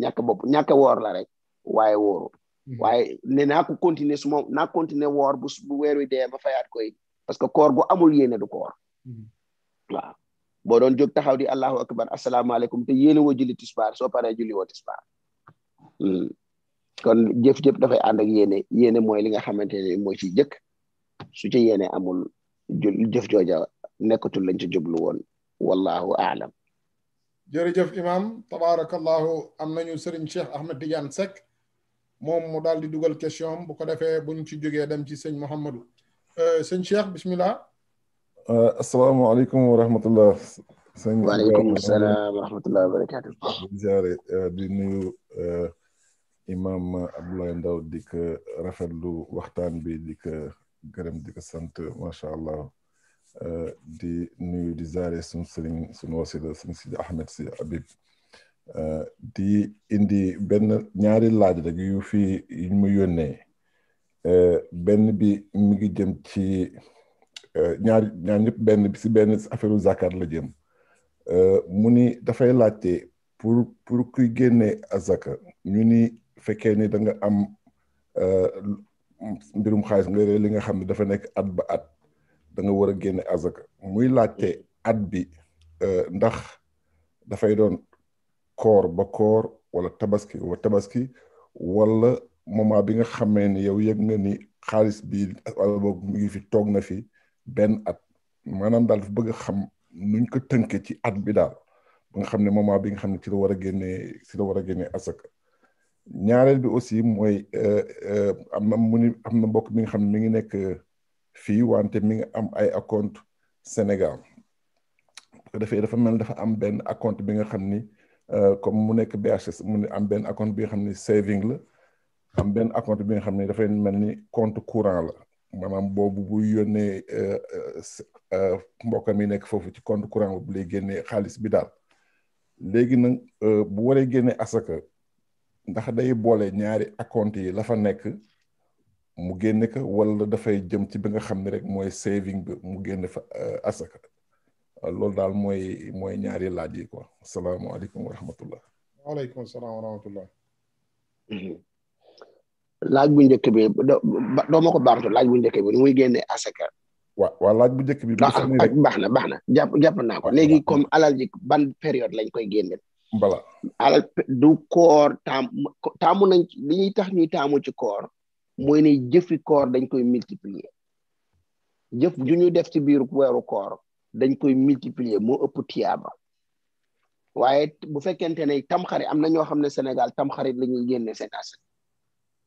ñàkk bopp ñàkk woor la rek waaye wóoru mhm. waaye ne naa ko continuer su moom naa continuer woor bu bu weer wi dee ma fayaat koy parce que koor gu amul yéene du koor mhm. waaw boo doon jóg taxaw di allahu akbar asalaamaaleykum te yéen a woo julli tisbaar soo paree juli woo tisbaar hmm. kon jëf-jëf dafay ànd ak yéene yéene mooy li nga xamante ne mooy ci jëkk su ci yéene amul jul jëf jooja nekkatul lañ ci jublu woon wallahu aalam jërëjëf imam tabarakallahu am nañu sëriñ Cheikh Ahmed Tidiane Seck moom mu daal di dugal question bu ko defee buñ ci jógee dem ci sëñ Mouhamadou euh, sëñ Cheikh bismillah Euh, asalaamaaleykum wa rahmatullah. sëñ waaleykum euh, di nuyu euh, imaam Abdoulaye Ndaw di ko rafetlu waxtaan bi di ko gërëm di ko sant macha allah di nuyu di jaare sunu sëriñ sunu wasila sëñ Sidi Ahmed si Habib. di indi benn ñaari laaj rek yu fi yu mu yónnee benn bi mi ngi jëm ci. ñaar ñaar ñëpp benn si benn affaire zakat la jëm mu ni dafay laajte pour pour kuy génne azaka ñu ni fekkee ni danga nga am euh, mbirum xaalis nga li nga xam ne dafa nekk at ba at da nga war a génne azaka muy laajte at bi euh, ndax dafay doon koor ba koor wala tabaski wa tabaski bi nga xamee ni yow yëg nga ni xaalis bi wala boog fi toog na fi ben at manam dal fa bëgg xam nuñ ko tënkee ci at bi daal ba nga xam ne moment bi nga xam ne ci la war a génnee ci la war a génnee asaka ñaareel bi aussi mooy am na mu ni am na mbokk mi nga xam ne mi ngi nekk fii wante mi ngi am ay account Sénégal bu ko defee dafa mel dafa am benn account bi nga xam ni comme mu nekk BHS mu am benn account bi nga xam ni saving la am benn account bi nga xam ni dafay mel ni compte courant la maanaam boobu bu yónnee euh, euh, euh, mbokkam yi nekk foofu ci compte courant bu lay génnee xaalis bi daal léegi nag bu waree génne asaka ndax day boole ñaari acompte yi la fa nekk mu génne ko wala dafay jëm ci bi nga xam ne rek mooy saving bi mu génne fa asaka loolu daal mooy mooy ñaari laaj yi quoi asalaamaaleykum wa rahmatullah waaleykum salaam mm-hmm. laaj bu njëkk bi doo ko baamtu laaj bu njëkk bi nu muy génne asaka. waaw waaw laaj bu njëkk bi. baax na baax na jàpp jàpp naa ko léegi comme alal ban période lañ koy génne. bala alal du koor taam taamu nañ ci li ñuy tax ñu taamu ci koor mooy ne jëfi koor dañ koy multiplier jëf ju ñu def ci biir weeru koor dañ koy multiplier moo ëpp tiyaaba waaye bu fekkente ne tamxarit am na ñoo xam ne Sénégal tamxarit la ñuy génne seen asaka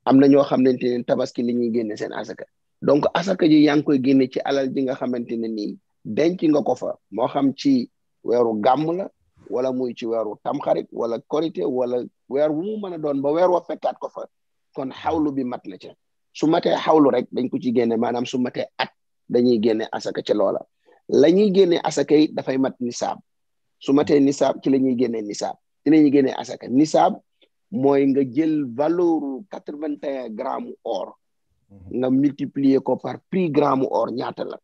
am na ñoo xamante ne tabaski li ñuy génne seen asaka donc asaka ji yaa koy génne ci alal ji nga xamante ne nii denc nga ko fa moo xam ci weeru gàmm la wala muy ci weeru tamxarit wala korite wala weer wu mu mën a doon ba weer wa fekkaat ko fa kon xawlu bi mat na ca su matee xawlu rek dañ ko ci génne maanaam su matee at dañuy génne asaka ca loola la ñuy génne asaka yi dafay mat nisaab su matee nisaab ci la ñuy génne nisaab ci la ñuy génne asaka nisaab mooy nga jël valeur quatre vingt et un gramme mhm. nga multiplier ko par prix gramme or ñaata la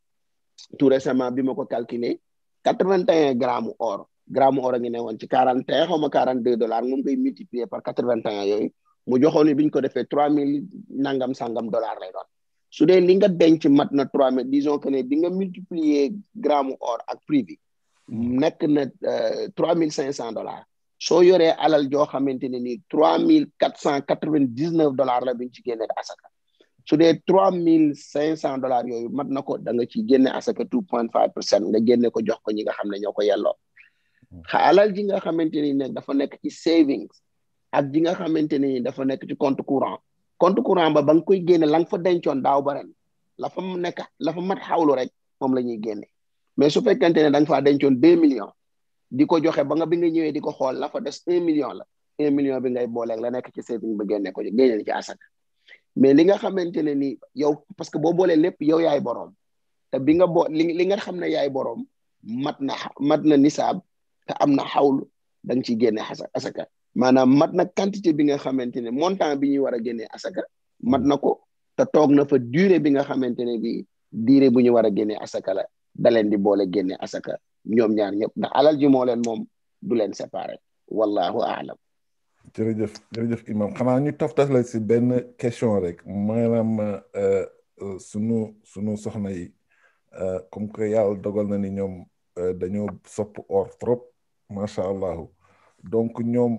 tout récemment bi ma ko calculer quatre vingt et un gramme or gramme a ngi ne woon ci quarante et un xaw ma quarante deux dollars moom ngay multiplier par quatre vingt et un yooyu mu joxoon ko defee trois mille nangam sangam dollars lay doon su dee li nga denc mat na trois mille disons que ne di nga multiplier gramme or ak prix bi mhm. nekk na euh, trois mille cinq cent dollars soo yoree alal joo xamante ne nii trois mille quatre cent quatre vingt dix neuf dollars la biñ ci génne asaka su dee trois mille cinq cent dollars yooyu mat na ko da nga ci génne asaka two point five pour cent nga génne ko jox ko ñi nga xam ne ñoo ko yelloo xa alal nga xamante ne dafa nekk ci savings ak ji nga xamante ne ni dafa nekk ci compte courant compte courant ba ba nga koy génne la nga fa dencoon daaw ba ren la fa nekk la mat xawlu rek moom la ñuy génne mais su fekkente ne da nga faa dencoon deux millions di ko joxe ba nga bi nga ñëwee di ko xool la fa des un million la un million bi ngay booleeg la nekk ci saving ba génne ko génne ci asaka mais li nga xamante ne ni yow parce que boo boolee lépp yow yaay boroom te bi nga boo li nga xam ne yaay boroom mat na mat na nisaab te am na xawlu da nga ciy génne asaka maanaam mat na quantité bi nga xamante ne montant bi ñuy war a génnee asaka mat na ko te toog na fa durée bi nga xamante ne bi durée bu ñu war a génnee asaka la da leen di boole génne asaka ñoom ñaar ñëpp ndax alal ji moo leen moom du leen séparé wallahu aalam jërëjëf jërëjëf imam xanaa ñu toftal la si benn question rek maanaam sunu sunu soxna yi comme que yàlla dogal na ni ñoom dañoo sopp or trop macha allahu donc ñoom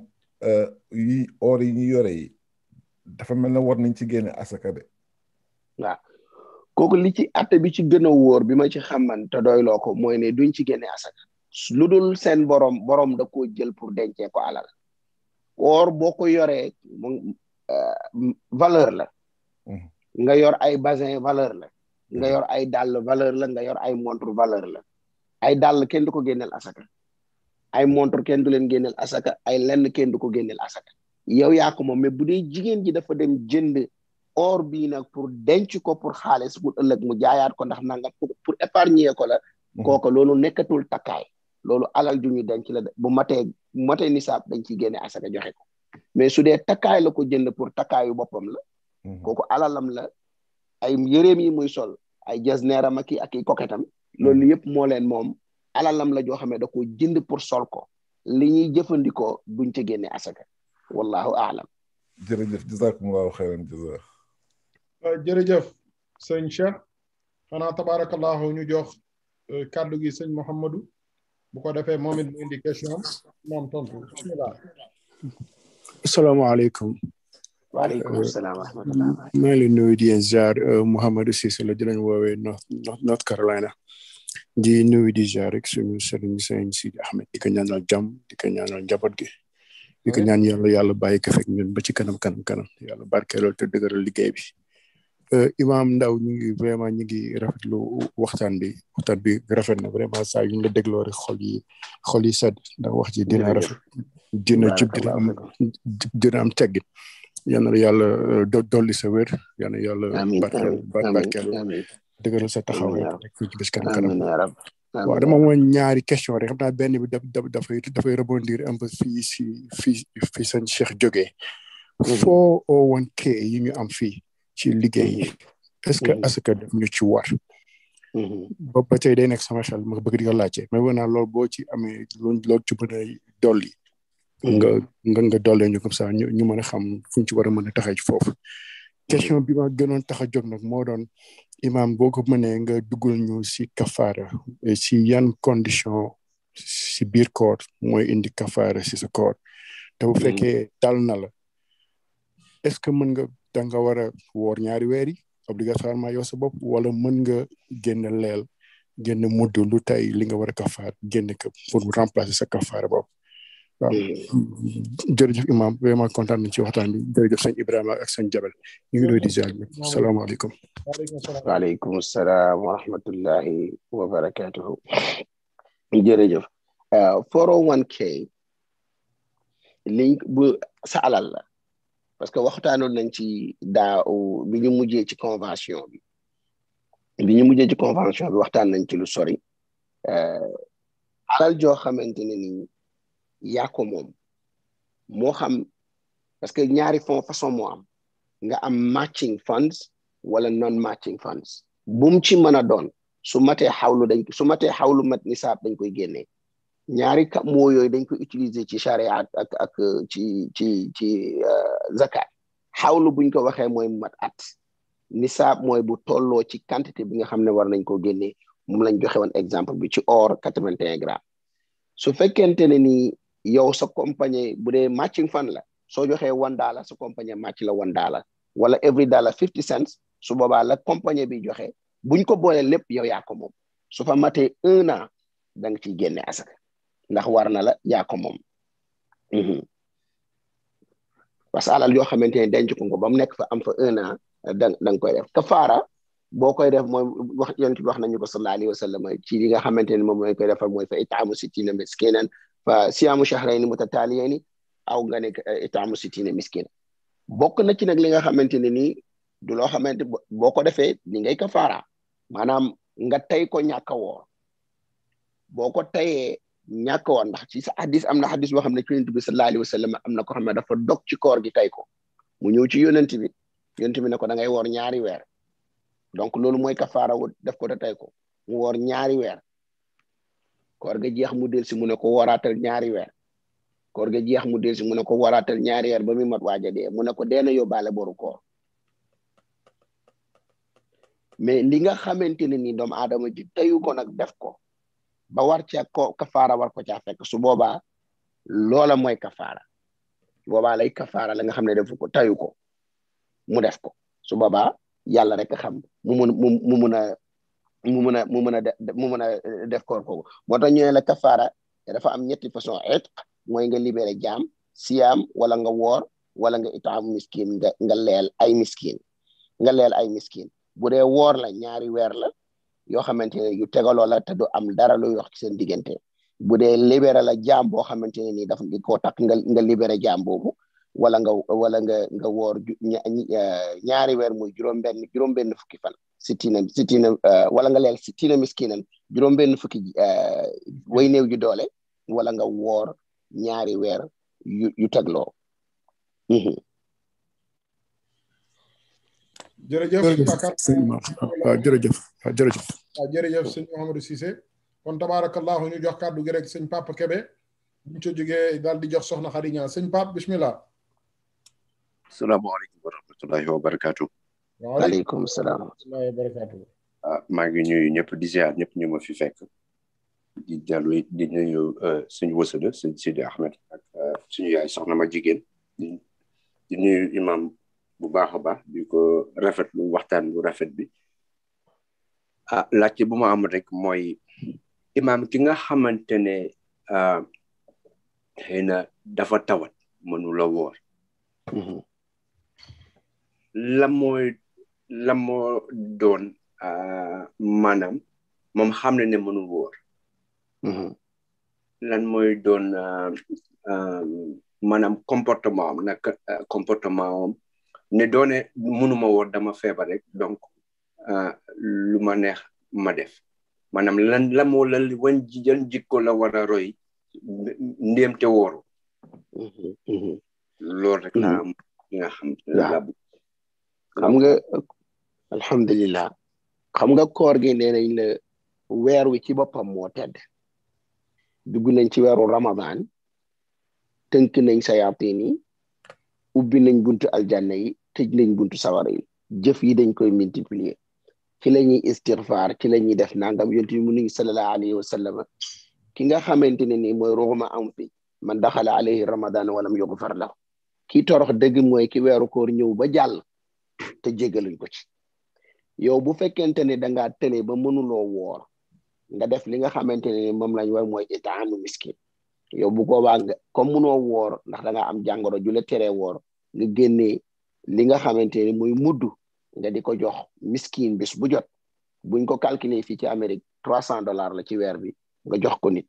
yi or yi ñu yore yi dafa mel na war nañ ci génne asaka de waaw kooku li ci atte bi ci gën a wóor bi ma ci xaman te doyloo ko moy ne duñ ci génne asaka lu dul seen borom borom da koo jël pour dencee ko alal or boo ko yoree euh, valeur la mm-hmm. nga yor ay basin valeur la nga mm-hmm. yor ay dàll valeur la nga yor ay montre valeur la ay dàll kenn du ko génneel asaka ay montre kenn du leen génneel asaka ay lenn kenn du ko génneel asaka yow yaa ko moom mais bu dee jigéen ji dem jënd or bii nag pour denc ko pour xaalis pour ëllëg mu jaayaat ko ndax nangam pour épargner ko la mhm. kooka loolu nekkatul takkaay loolu alal ju ñu denc la bu matee bu matee nisaab dañ ciy génne asaka joxe ko mais su dee takkaay la ko jënd pour takaayu boppam la mhm. kooku alalam la ay yëreem yi muy sol ay jasneeram ak i ak i koketam loolu yëpp moo leen moom alalam la joo xam ne da ko jënd pour sol ko li ñuy jëfandikoo duñ ci génne asaka wallahu aalam Eh, jërëjëf sëñ Cheikh xanaa tabaarakallaahu ñu jox eh, kàddu gi sëñ Mouhamadou bu ko defee moom it mu indi question moom tontu bismillah asalaamaaleykum eh, wa maa ngi leen nuyu di ziar la di woowee North North Carolina di nuyu di ziar rek suñu sëriñ sëñ si Ahmed di ko ñaanal jam, di ko ñaanal njaboot gi di ko ñaan yàlla yàlla bàyyi ko fekk ñun ba ci kanam kanam kanam yàlla barkeeloo te dëgëral liggéey bi Euh, Imaam Ndaw ñu ngi vraiment ñu ngi rafetlu waxtaan bi waxtaan bi rafet na vraiment saa yu ñu la dégloo rek xol yi xol yi sedd ndax wax ji dina rafet dina jub dina am dina am teggin yal na yàlla euh, dolli sa wér yal na yàlla barkeel barkeel dëgëral sa taxawaay rek fii ci bés kanam ñaari question rek xam naa benn bi dafay dafay rebondir un peu fii si fii fii sëñ Cheikh jógee mhm. woon yi ñu am fii ci liggéey yi est-ce que asaka daf ñu ci war ba ba tey day nekk sama xel ma bëgg di ko laajte mais wana lool boo ci amee lool ci mën a dolli nga nga nga dolle ñu comme ça ñu ñu mën a xam fuñ ci war a mën a taxee foofu question bi ma gënoon tax a jóg nag moo doon imam boo ko mënee nga dugal ñu si kafaara e, si yan condition si biir koor mooy um indi kafaara si sa koor te bu fekkee dal na la est ce que mën nga da nga war a woor ñaari weer yi obligatoirement yow sa bopp wala mën nga génn leel génn mudd lu tey li nga war a kafaar génn ko pour remplacer sa kafaar bopp waaw mm. jërëjëf imam vraiment content nañ ci waxtaan bi jërëjëf sëñ ibrahima ak sëñ jabel ñu ngi lay di ziar bi salaamaaleykum waaleykum salaam wa rahmatullahi wa barakatuhu jërëjëf 401k uh, liñ bu sa alal la parce que waxtaanoon nañ ci daaw bi ñu mujjee ci convention bi bi ñu mujjee ci convention bi waxtaan nañ ci lu sori euh, alal joo xamante ne ni yaa ko moom moo xam parce que ñaari fonds façon moo am nga am matching funds wala non matching funds bum ci mën a doon su matee xawlu dañ su matee xawlu mat nisaab dañ koy génnee ñaari ka moo yooyu dañ ko utiliser ci charia ak ak ak ci ci ci euh, zakat xawlu buñ ko waxee mooy mat at nisaab mooy bu tolloo ci quantité bi nga xam ne war nañ ko génnee moom lañ joxe woon exemple bi ci or quatre-vingt-un grammes su fekkente ne ni yow sa compagnie bu dee matching fan la soo joxee one dollar sa compagnie match la one dollar wala every dollar fifty cents su boobaa la compagnie bi joxe buñ ko boolee lépp yow yaa ko moom su fa matee un an da nga ciy génne asaka ndax war na la yaa ko moom mhm. parce que alal yoo xamante ne denc ko ba mu nekk fa am fa un an da nga koy def fara boo koy def mooy wax yonent bi wax nañu ko sallallahu alayhi wa sallam ci li nga xamante ne moom lañ koy defal mooy fa itaamu sittina miskinan fa siyaamu shahrayni mutataaliyaini aw nga ne eh, itaamu sittina miskina bokk na ci nag li nga xamante ne nii du loo xamante boo ko defee li ngay kafaara maanaam nga tey ko ñàkk a woor ko tayee ñàkk woon ndax ci sa hadis am na hadis boo xam ne ci yonent bi sallallahu alayhi wa am na ko xam ne dafa dog ci koor gi tey ko mu ñëw ci yonent bi yonent bi ne ko da ngay woor ñaari weer donc loolu mooy kafaara wu def ko te tey ko mu woor ñaari weer koor ga jeex mu del si mu ne ko wooraatal ñaari weer koor ga jeex mu del si mu ne ko wooraatal ñaari weer ba muy mat waaja dee mu ne ko dee na yóbbaale boru koor mais li nga xamante ne ni doomu aadama ji teyu ko nag def ko ba war caa ko kafaara war ko caa fekk su boobaa loola mooy kafaara su boobaa lay kafaara la nga xam ne defu ko tayu ko mu def ko su boobaa yàlla rek xam mu mun mu a mu mun a mu mun a mu mun a def koor ko moo tax ñu ne la kafaara dafa am ñetti façon itq mooy nga libéré jaam siyaam wala nga woor wala nga itaamu miskin nga nga leel ay miskin nga leel ay miskin bu dee woor la ñaari weer la yoo xamante ne tegaloo la te du am dara luy wax ci seen diggante bu dee libéré la jaam boo xamante ne nii daf di koo takk nga nga libéré jaam boobu wala nga wala nga nga woor euh, ñaari weer muy juróom-benn juróom-benn fukki fan sittina sittina euh, wala nga leel sittina miskinan juróom-benn fukki euh, way néew ju doole wala nga woor ñaari weer yu yu tegloo. Mm-hmm. waaw jërëjëf. waaw jërëjëf sëñ Mouhamadou Cissé kon tabaarakallaahu ñu jox kàddu gi rek sëñ Papa Kebe ñu ca daal di jox soxna Xadi Ñaan sëñ Papa bisimilah. salaamaaleykum wa rahmatullaahi wa barakaatu. waaleykum salaam wa ah, maa ngi ñuy ñëpp di ziar ñëpp ñu ma fi fekk. di dellu di nuyu euh, suñu wasila sëñ Sidi Ahmed ak euh, suñu yaay soxna ma jigéen di nuyu imam bu baax a baax di ko lu waxtaan bu rafet bi. ah laajte bu ma xam rek mooy maam ki nga xamante ne ah, xëy na dafa tawat mënu la woor mm-hmm. la mooy la moo doon ah, maanaam moom xam na ne mënu woor mm-hmm. lan mooy doon ah, maanaam comportement am nag comportement am ne doone mënuma woor dama feebar rek Euh, lu ma neex ma def maanaam lan la moo la wan jan jikko la war a roy ndéem te wóoru mhm, mhm. loolu rek laa mhm. am nga xam xam nga alhamdulilah xam nga koor gi nee nañ weer wi ci boppam moo tedd dugg nañ ci weeru ramadan tënk nañ sayaatiin yi ubbi nañ buntu aljanna yi tëj nañ buntu sawara yi jëf yi dañ koy multiplier ci la ñuy istigfaar ki la ñuy def nangam yonent bi mu ngi sallallahu alayhi wa sallam ki nga xamante ne nii mooy ruxuma am fi man daxala alayhi ramadan walam yugfar lahu ki torox dëgg mooy ki weeru koor ñëw ba jàll te jégaluñ ko ci yow bu fekkente ne da ngaa tële ba mënuloo woor nga def li nga xamante ne moom lañ war mooy itaamu miskin yow bu ko waa nga comme mënoo woor ndax da nga am jàngoro ju la teree woor nga génnee li nga xamante ne mooy muddu nga di ko jox miskin bis bu jot buñ ko calculer fii ci Amérique trois cent dollars la ci weer bi nga jox ko nit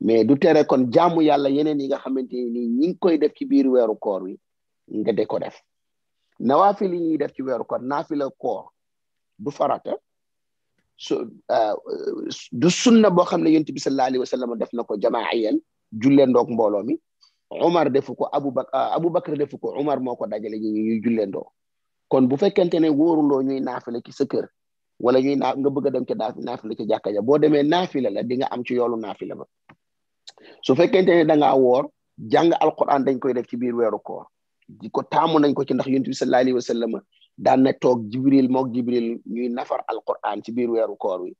mais du tere kon jaamu yàlla yeneen yi nga xamante ni ñi ngi koy def ci biir weeru koor wi nga de ko def nawaafil yi ñuy def ci weeru koor naafila koor du farata su euh, du sunna boo xam ne yonent bi sallallahu alayhi wa sallam def na ko jamaayan jullee ndoog mbooloo mi Umar defu ko Abu Bakr Abu Bakr defu ko Umar moo ko dajale ñi ñuy jullee kon bu fekkente ne wóoruloo ñuy naafila ci sa kër wala ñuy naa nga bëgg dem ci daf naafila ci jàkka ja boo demee la di nga am ci yoolu naafila ba su fekkente ne da ngaa woor jàng alquran dañ koy def ci biir weeru koor di ko taamu nañ ko ci ndax yonent bi sallallahu alayhi wa sallam daan na toog jibril moog jibril ñuy nafar alquran ci biir weeru koor wi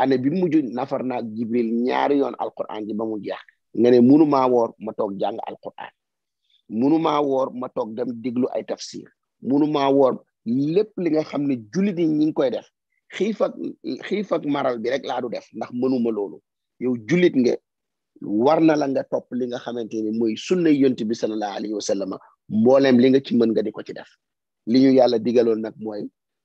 ane bi mujj nafar naag jibril ñaari yoon alquran ji ba mu jeex nga ne munu maa woor ma toog jàng alquran munu maa woor ma toog dem diglu ay tafsir munumaa woor lépp li nga xam ne jullit yi ñi ngi koy def xiif ak xiif ak maral bi rek laa def ndax mënuma loolu yow julit nga war na la nga topp li nga xamante ni mooy sunna yont bi sallallahu alayhi wa sallam mbooleem li nga ci mën nga di ko ci def li ñu yàlla digaloon nag mooy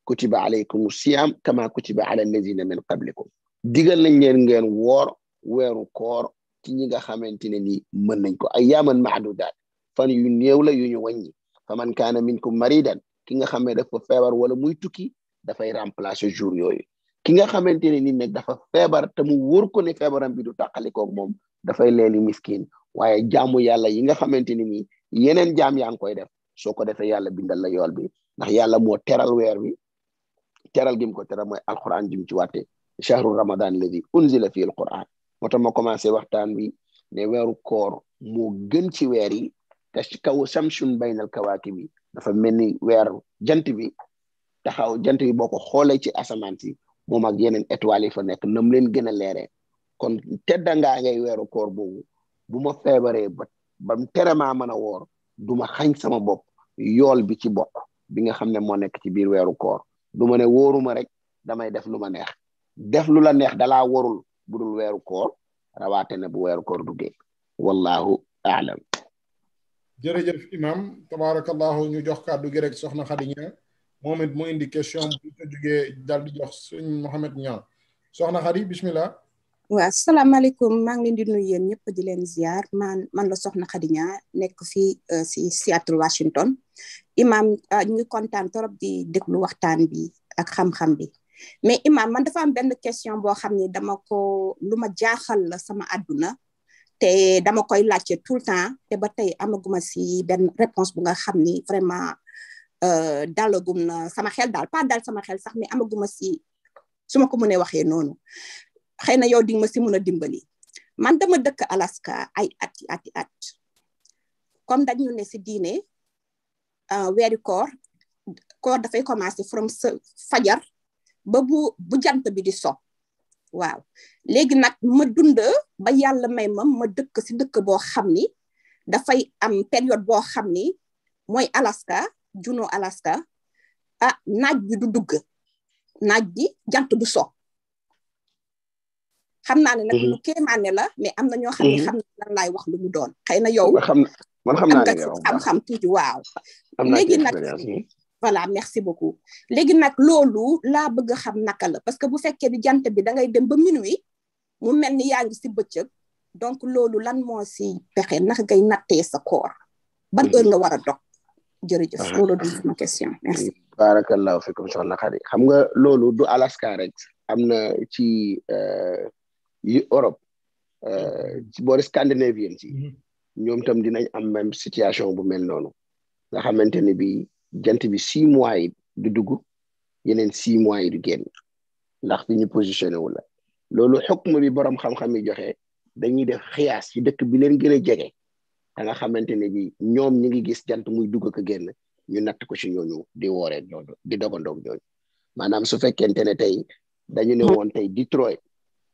kutiba alaykum siyaam kama kutiba ala allazina min qablikum digal nañ leen ngeen woor weeru koor ti ñi nga xamante ne ni mën nañ ko ay yaaman mahdudaat fan yu néew la yu ñu wàññi fa man kaana minkum maridan ki nga xam ne dafa feebar wala muy tukki dafay remplacer jour yooyu ki nga xamante ne ni nag dafa feebar ta mu wóor ko ne feebaram bi du tàqalikoog moom dafay leeli miskin waaye jaamu yàlla yi nga xamante ne ni yeneen jaam yaa ngi koy def soo ko defee yàlla bindal la yool bi ndax yàlla moo teral weer wi teral gim ko teral mooy alquran jim ci wàtte chahru ramadan alladi unzila fi alquran moo tax ma commencé waxtaan bi ne weeru koor moo gën ci weer yi te ci kaw samsun baynal kawaaki bi dafa mel ni weer jant bi taxaw jant bi boo ko xoolee ci asamaan si moom ak yeneen étoiles yi fa nekk nam leen gën a leeree kon tedda ngaa ngay weeru koor boobu bu ma feebaree ba bam terema mën a woor du ma xañ sama bopp yool bi ci bokk bi nga xam ne moo nekk ci biir weeru koor du ma ne wóoruma rek damay def lu ma neex def lu la neex dalaa warul budul weeru koor rawaate ne bu weeru koor duggee wallahu aalam jërëjëf imam tabarakallahu ñu jox kàddu gi rek soxna Khady Niang moom it mu indi question bu ko jógee daal di jox suñ Mohamed Niang soxna Khady bismillah waaw salaamaaleykum maa ngi leen di nuyu yéen ñëpp di leen ziar man man la soxna Khady Niang nekk fii euh, si Seattle Washington imam euh, ñu ngi kontaan torop di déglu waxtaan bi ak xam-xam bi mais imam man dafa am benn question boo xam ne dama ko lu ma jaaxal la sama àdduna te dama koy laccé tout temps te ba tay amaguma ci ben réponse bu nga xamni vraiment euh, dalagum na sama xel dal pas dal sama xel sax mais amaguma ci suma ko mune waxé xeyna yow ding ma ci mëna dimbali man dama dëkk alaska ay ati ati at comme ñu né si diiné euh wéri koor koor fay commencé from fajar ba bu bu jant bi di sopp waaw léegi nag ma dund ba yàlla may ma ma dëkk si dëkk boo xam ni dafay am période boo xam ni mooy Alaska Juneau Alaska ah naaj bi du dugg naaj bi jant du so xam naa ne nag mhm. lu kéemaane la mais am na ñoo xam ne mhm. xam na lan wax lu mu doon xëy na yow man xam naa ne yow xam-xam tuuti waaw léegi nag voilà merci beaucoup léegi nag loolu laa bëgg a xam naka la parce que bu fekkee ni jante bi da ngay dem ba minuit mu mel ni yaa si bëccëg donc loolu lan moo si pexe nax kay nattee sa koor ban mm-hmm. heure nga war a dog jërëjëf ah. loolu doon sama question merci barakallahu fikum soxna Khady xam nga loolu du Alaska rek am na ci euh, yi Europe euh, ci boori Scandinavian si mm-hmm. ñoom tam dinañ am même situation bu mel noonu nga xamante ni jant bi six mois yi du dugg yeneen six mois yi du génn ndax fi ñu positionné wu la loolu xukma bi borom xam-xam yi joxe dañuy def xiyaas ci dëkk bi leen gën a jege da nga xamante ne bi ñoom ñu ngi gis jant muy dugg ak génn ñu natt ko ci ñooñu di woore ñooñu di dogandoog ñooñu maanaam su fekkente ne tey dañu ne woon tey di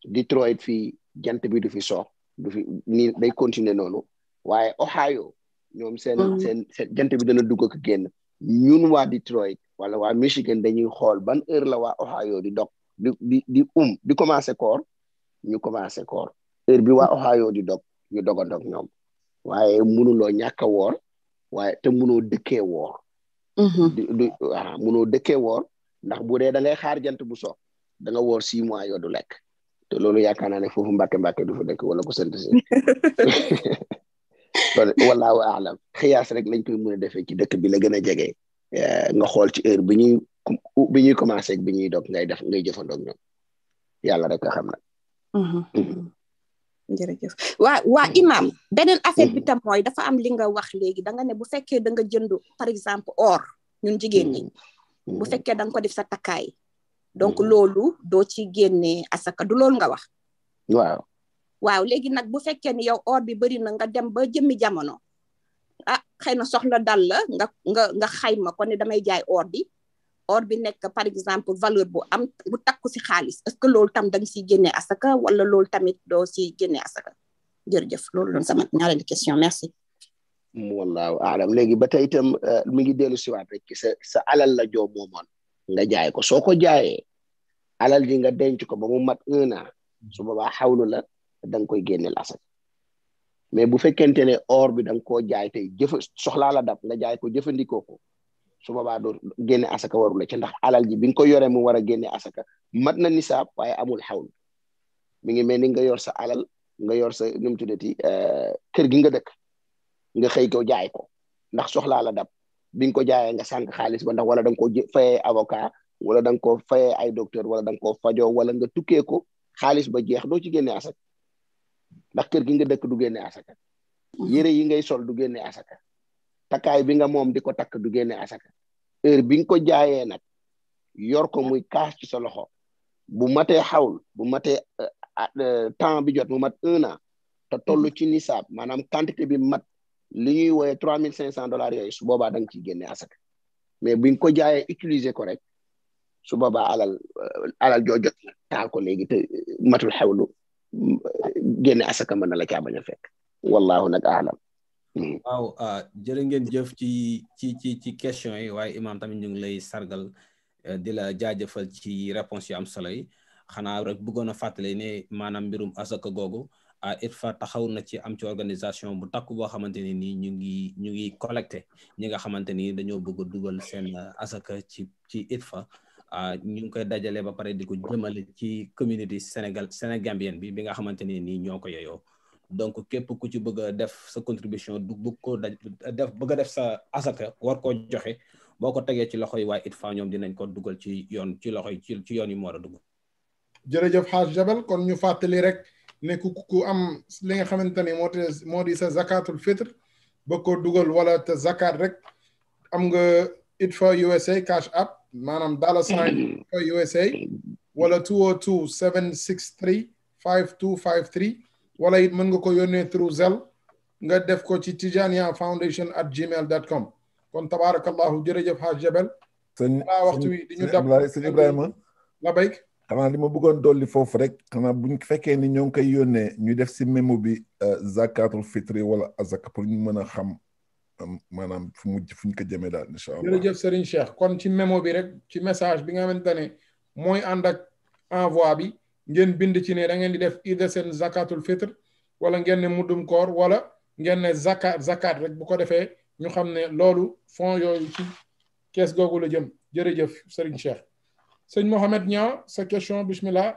Detroit fii jant bi du fi soox du fi nii day continuer noonu waaye Ohio ñoom seen mm. seen seen jant bi dana dugg ak génn ñun waa Detroit wala waa Michigan dañuy xool ban heure la waa Ohio di dog di di um di commencé koor ñu commencé koor heure bi waa Ohio di dog ñu dogandog ñoom waaye mënuloo ñàkk a woor waaye te mënoo dëkkee woor mm-hmm. du waaw dëkkee woor ndax bu dee da xaar jant bu so da nga woor six mois yoo du lekk te loolu yaakaar naa ne foofu mbake mbake du fo dëkk wala ko sant si wallahu a'lam xiyaas rek lañ koy mën a defee ci dëkk bi la gën a jege eh, nga xool ci heure bi ñuy bi ñuy commencé ak bi ñuy dog ngay def ngay rek xam mm-hmm. Mm-hmm. jërëjëf mm-hmm. imam beneen affaire bi tam mooy dafa am li nga wax léegi da nga ne bu fekkee da nga jënd par exemple or ñun jigéen ñi bu fekkee da nga ko def sa takkaay donc loolu doo ci asaka du nga wax waaw waaw léegi nag bu fekkee ni yow or bi bëri na nga dem ba jëmmi jamono ah xëy na soxla dal la nga nga nga xayma ko ne damay jaay or bi or bi nekk par exemple valeur bo am bu takku si xaalis est que loolu tam da nga siy génnee asaka wala lool tamit doo si génnee asaka jërëjëf loolu doon sama ñaareelu question merci. wallahu alam léegi ba tey itam euh, mi ngi dellu siwaat rek sa sa alal la joo moomoon nga jaay ko soo ko jaayee alal ji nga denc ko ba mu mat un an su boobaa xawlu la da nga koy génneel asaka mais bu fekkente ne or bi da nga koo jaay tey soxlaa la dab nga jaay ko jëfandikoo ko su boobaa doo génne asaka waru la ci ndax alal ji bi nga ko yoree mu war a génne asaka mat na nisaab waaye amul xawlu mi ngi mel ni nga yor sa alal nga yor sa nu mu tuddati euh, kër gi nga dëkk nga xëy ko jaay ko ndax soxlaa la dab bi nga ko jaayee nga sànq xaalis ba ndax wala da nga ko fayee avocat wala da nga ko fayee ay docteur wala da nga ko fajoo wala nga tukkee ko xaalis ba jeex doo ci génne asaka ndax kër gi nga dëkk du génne asaka mhm. yëre yi ngay sol du génne asaka takaay bi nga moom di ko takk du génne asaka heure bi nga ko jaayee nag yor ko muy kaas ci sa loxo bu matee xawul bu matee eh, ah, eh, temps bi jot mu mat un an te toll mhm. ci nisaab maanaam quantité bi mat li ñuy wooye trois mille cinq cent dollars yooyu su boobaa da nga ciy génne asaka mais buñ ko jaayee utiliser ko rek su boobaa alal eh, alal joo jot na matul xewlu génne asaka mën na la caa fekk wallahu nag aalam hmm. waaw ah, jërë ngeen jëf ci ci ci ci question yi waaye imaam tamit ñu ngi lay sargal eh, di la jaajëfal ci réponse yu am solo yi xanaa rek bëggoon a fàttali ne maanaam mbirum asaka googu ah, ITFA taxaw na ci am ci organisation bu takku boo xamante ne nii ñu ngi ñu ngi collecté ñi nga xamante ni dañoo bëgg a dugal seen ah, asaka ci ci fa Ah, ñu ngi koy dajale ba pare di ko jëmale ci communauté Sénégal sénégambienne bi bi nga xamante ne nii ñoo ko yeyoo donc képp ku ci bëgg a def sa contribution du bëgg ko daj def bëgg def sa asaka war koo joxe boo ko tegee ci loxo yi waaye it fa ñoom dinañ ko dugal ci yoon ci loxo yi ci ci yoon yi mu war a dugg. jërëjëf xaaj Jabel kon ñu fàttali rek ne ku ku am li nga xamante ne moo moo di sa zakatul fitr bëgg ko dugal wala te zakat rek am nga ITFA USA cash app. maanaam dollar sign USA wala 202 763 5253 wala it mën nga ko yónnee through Zelle nga def ko ci Tijaniya foundation at gmail dot com kon tabaarakallahu jërëjëf Haaj Jabel. sëñ waxtu wi di ñu dab sëñ Ibrahima la béyk xanaa li ma bëggoon dolli foofu rek xanaa buñ fekkee ni ñoo ngi koy yónnee ñu def si mémo bi euh, zakatul fitri wala azak pour ñu mën a xam am maanaam fu mujj fu ñu ko jëmee daal incha allah jërëjëf Serigne kon ci mémo bi rek ci message bi nga xamante ne mooy ànd ak envoi bi ngeen bind ci ne da ngeen di def idée seen zakatul fitr wala ngeen ne muddum koor wala ngeen ne zakat zakat rek bu ko defee ñu xam ne loolu fonds yooyu ci kees googu jëm jërëjëf Serigne Cheikh sëñ Mohamed Niang sa question bismillah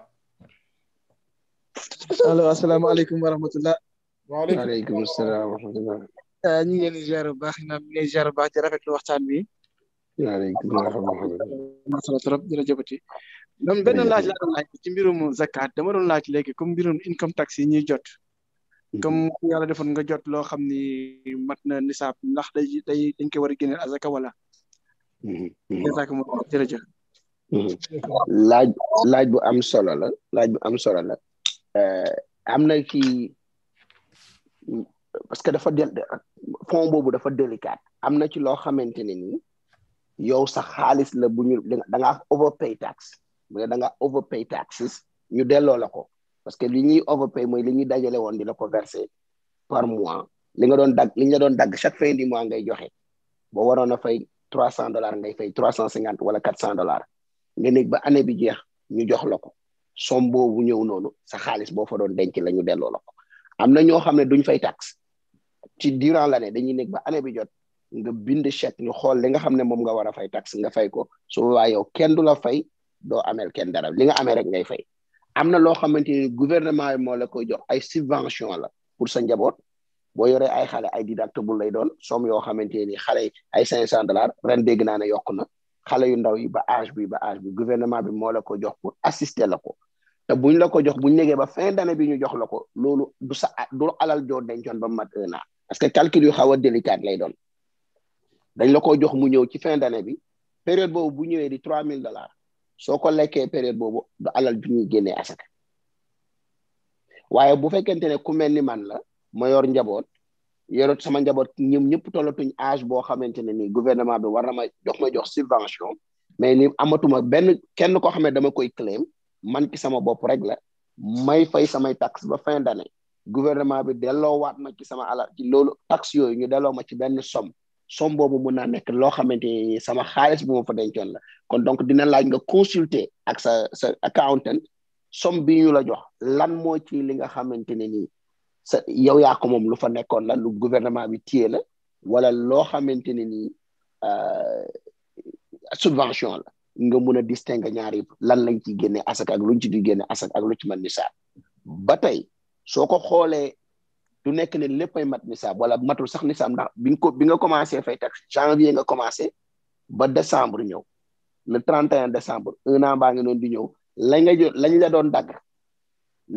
allo asalaamaaleykum wa rahmatullah Euh, ñu ngi leen di ziar bu baax ñu ngi leen di ziar bu baax di rafetlu waxtaan bi. yaa ngi leen trop dina jëbati. donc benn laaj laa doon laaj ci mbirum zakat dama doon laaj léegi comme mbirum income tax yi ñuy jot. Mhm. comme yàlla defoon nga jot loo xam ni mat na nisaab ndax day day dañ koy war a génneel azaka wala. Mhm, mhm. jërëjëf. laaj laaj bu am solo la laaj bu am solo la euh, am na kii. parce que dafa del fond bobu dafa délicat amna ci lo xamanteni ni yow sa xaalis la bu ñu da nga overpay tax mu ne da nga overpay taxes ñu delloo la ko parce que li ñi overpay moy li ñi dajale won di la ko verser par mois li nga don dag li nga don dag chaque fin du mois ngay joxe bo warona fay 300 dollars ngay fay 350 wala 400 dollars nga nek ba année bi jeex ñu jox la ko som boobu ñew nonu sa xaalis bo fa don denc la ñu delloo la ko amna ño ñoo duñ fay taxes ci durant l'année dañuy nekk ba année bi jot nga bind chèque ñu xool li nga xam ne moom nga war a fay taxe nga fay ko su boobaa yow kenn du la fay doo amel kenn dara li nga amee rek ngay fay am na loo xamante ni gouvernement yi moo la koy jox ay subvention la pour sa njaboot boo yoree ay xale ay deductible lay doon somme yoo xamante ni xale yi ay cinq cent ren dégg naa ne yokk na xale yu ndaw yi ba âge bi ba âge bi gouvernement bi moo la ko jox pour assister la ko te buñ la ko jox buñ negee ba fin d'année bi ñu jox la ko loolu du sa du alal joo dencoon ba mat un an parce que calcul yu xaw a délicat lay doon dañ la ko jox mu ñëw ci fin d'année bi période boobu bu ñëwee di trois mille dollars soo ko lekkee période boobu du alal bi ñuy génnee asaka waaye bu fekkente ne ku mel ni man la ma njaboot yorot sama njaboot ñoom ñëpp tollatuñ age boo xamante ne nii gouvernement bi war na ma jox ma jox subvention mais ni amatuma benn kenn koo xam ne dama koy claim man ki sama bopp rek la may fay samay taxe ba fin d'année gouvernement bi delloowaat ma ci sama alal ci loolu taxe yooyu ñu delloo ma ci benn somme somme boobu mun naa nekk loo xamante ni sama xaalis bu ma fa dencoon la kon donc dina laaj nga consulter ak sa sa accountant somme bi ñu la jox lan moo ci li nga xamante ne nii sa yow yaa moom lu fa nekkoon la lu gouvernement bi téye la wala loo xamante ne nii euh, subvention la nga mun a distinguer ñaari lan lañ ciy génne asak ak luñ ci du génne asak ak lu ci mën misaal ba tey soko xolé a du nek ne leppay mat nisaab wala matul sax ndax bi commencé fay janvier nga commencé ba décembre le 31 décembre un an ba di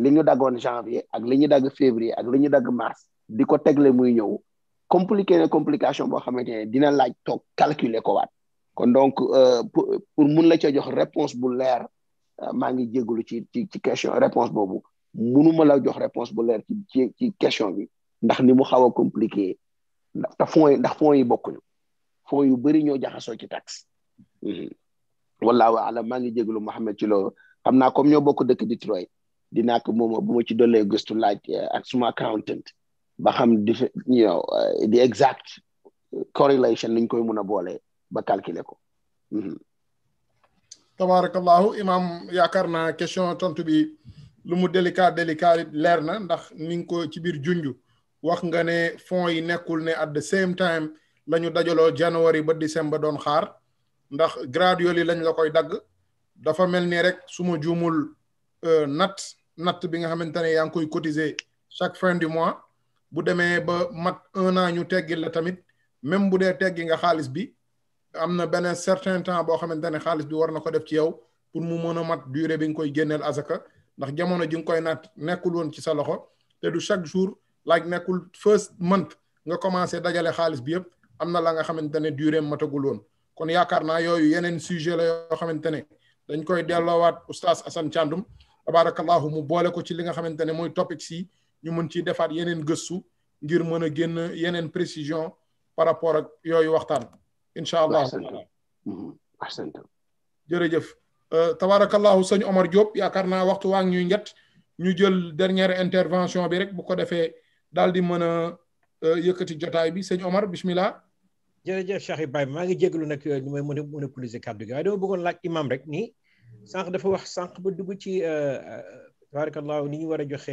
nga la janvier ak d'ag février ak liñu d'ag mars diko tegle muy compliqué na complication dina calculer donc euh, pour mun la ci jox réponse bu euh, réponse mënuma la jox réponse bu leer ci ci question bi ndax ni mu xaw a compliqué ndax te fonds ndax fonds yi bokkuñu fonds yu bëri ñoo jaxasoo ci taxe mhm. wallahu alam maa ngi jéglu Mouhamed ci loolu xam naa comme ñoo bokk dëkk Detroit dinaa ko moom bu ma ci dollee gëstu laaj eh, ak suma accountant ba xam di you know the eh, exact correlation niñ koy mun a boole ba calculer ko mhm. tabaarakallahu imam yaakaar naa question tontu bi lu mu délicat délicat leer na ndax ni nga ko ci biir junj wax nga ne fonds yi nekkul ne at the same time la ñu dajaloo January ba décembre doon xaar ndax gradually lañ la koy dagg dafa mel ni rek suma jumul juumul euh, natt natt bi nga xamante ne yaa ngi koy cotiser chaque fin du mois bu demee ba mat un an ñu teggil la tamit même bu dee teggi nga xaalis bi am na beneen certain temps boo xamante ne xaalis bi war na ko def ci yow pour mu mën a mat durée bi nga koy génneel azaka ndax jamono ji nga koy naat nekkul woon ci sa loxo te du chaque jour laaj nekkul first month nga commencé dajale xaalis bi yëpp am na la nga xamante ne durée matagul woon kon yaakaar naa yooyu yeneen sujet la yoo xamante ne dañ koy delloowaat oustaz Assane Thiandoum tabarakallahu mu boole ko ci li nga xamante ne mooy topic si ñu mën ciy defaat yeneen gëstu ngir mën a génn yeneen précision par rapport ak yooyu waxtaan incha allah ahsantum jërëjëf Euh, tabarakallahu sëñ Omar Diop yaakaar naa waxtu waa ngi ñuy njët ñu jël dernière intervention bi rek bu ko defee daal di mën a euh, yëkkati jotaay bi sëñ Omar bismillah jërëjëf Cheikh Ibrahima maa ngi jégalu nag euh, ñu may mën a monopoliser kàddu gi waaye dama bëggoon laaj imam rek nii sànq dafa wax sànq ba dugg ci tabarakallahu ni ñu war a joxe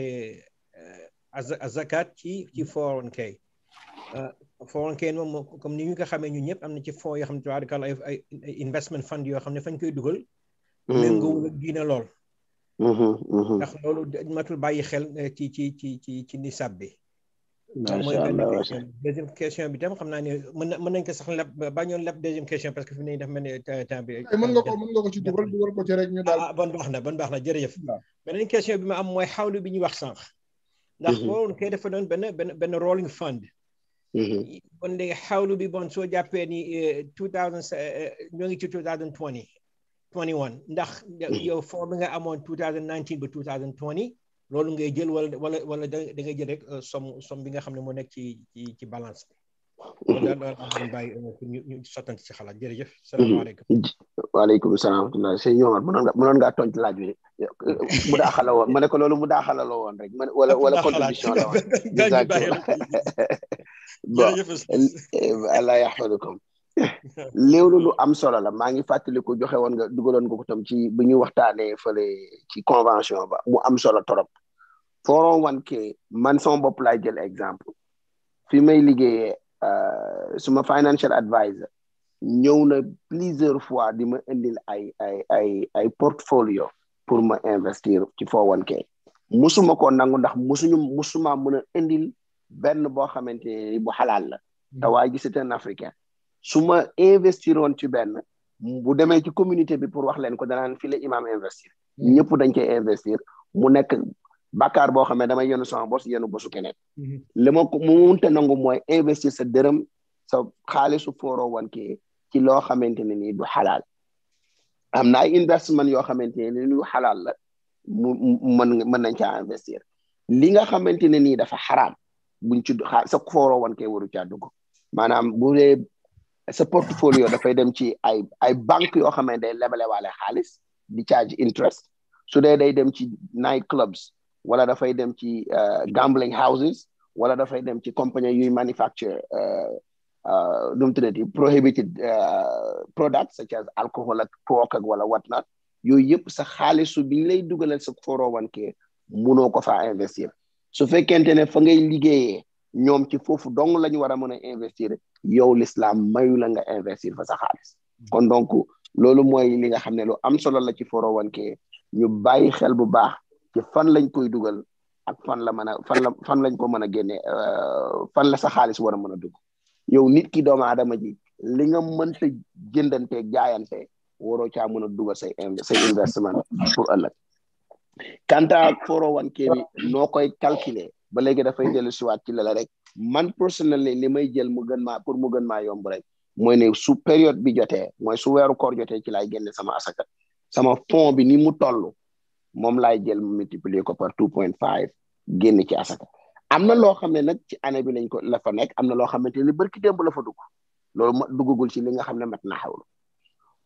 azakat ci ci 401k 401k moom comme ni ñu ko xamee ñun ñëpp am na ci fonds yoo xam ne tabarakallahu ay investment fund yoo xam ne fañ koy dugal méngoowul ak diina lool ndax loolu matul bàyyi xel ci ci ci ci ci nisab bi mooy deuxième question bi tam xam naa ne mën mën nañ ko sax leb bañoon leb deuxième question parce que fi ne daf mel ne temps bi mën nga ko mën nga ko ci dugal dugal ko ci rek ñu daal bon baax na bon baax na jërëjëf beneen question bi ma am mooy xawlu bi ñuy wax sànq ndax boobu kay dafa doon benn benn benn rolling fund bon léegi xawlu bi bon soo jàppee ni two thousand ñoo ngi ci two 21 ndax hmm. yow form nga 2019 ba 2020 loolu ngay jël wala wala wala da ngay jël rek som euh, som bi nga xam ne moo ci ci ci balance bi euh, hmm. waaleykum salaam sëñ Omar mënoon mënoon ngaa tontu laaj bi mu daaxala woon ma ko mu rek wala wala contribution la Allah léewlu lu am solo la maa ngi fàttaliku joxe woon nga dugaloon nga ko tam ci bu ñuy waxtaanee fële ci convention ba mu am solo trop foron wan man sama bopp laay jël exemple fi may liggéeyee euh, suma financial advisor ñëw na plusieurs fois di ma indil ay ay ay ay portfolio pour ma investir ci foron wan ke musuma ko nangu ndax musuñu musuma mën indil benn boo xamante ne bu xalaal la hmm. te waaye gi africain su ma investir woon ci benn bu demee ci communauté bi pour wax leen ko danaan fii la imaam investir hmm. ñëpp dañ koy investir mu nekk bàkkaar boo xam ne damay yenu sama bos yenu bosu keneen hmm. li ma ko mu munte nangu mooy investir sa dërëm sa su fooroo wan kii ci loo xamante ne nii du xalaal am na ay investment yoo xamante ne nii lu xalaal la mu mën mën nañ caa investir li nga xamante ne nii dafa xaraam buñ ci xa sa fooroo wan kii waru caa dugg maanaam bu dee sa portfolio dafay dem ci ay ay banques yoo xam ne day lebale waale xaalis di charge interest su dee day dem ci night clubs wala dafay dem ci uh, gambling houses wala dafay dem ci company yuy manufacture uh, uh, nu mu tuddati prohibited products such as alcohol ak pork ak wala what not yooyu yëpp sa xaalisu bi lay dugalal sa 401k munoo ko faa investir su fekkente ne fa ngay liggéeyee ñoom ci foofu dong lañu wara mëna investir yow l'islam mayu la nga investir fa sa xaalis kon donc loolu mooy li nga xamne lu am solo la ci forowanke oh ñu bayyi xel bu baax ci fan lañ koy duggal ak fan la mëna fan la fan lañ ko mëna génné euh fan la sa xaalis wara mëna dugg yow nit ki doom adama ji li nga mënta jëndante jaayante waroo caa mën a dugal say say investment pour ëllëg kanta foro oh forowanke bi nokoy calculer ba léegi dafay dellu siwaat ci la rek man personnellement li may jël mu gën maa pour mu maa yomb rek mooy ne su période bi jotee mooy su weeru koor jotee ci laay génne sama asaka sama fond bi ni mu toll moom laay jël mu multiplier ko par two point five génn ci asaka am na loo xam ne nag ci année bi lañ ko la fa nekk am na loo xamante ni barki démb la fa dugg loolu ma duggagul ci li nga xam ne mat na xawlu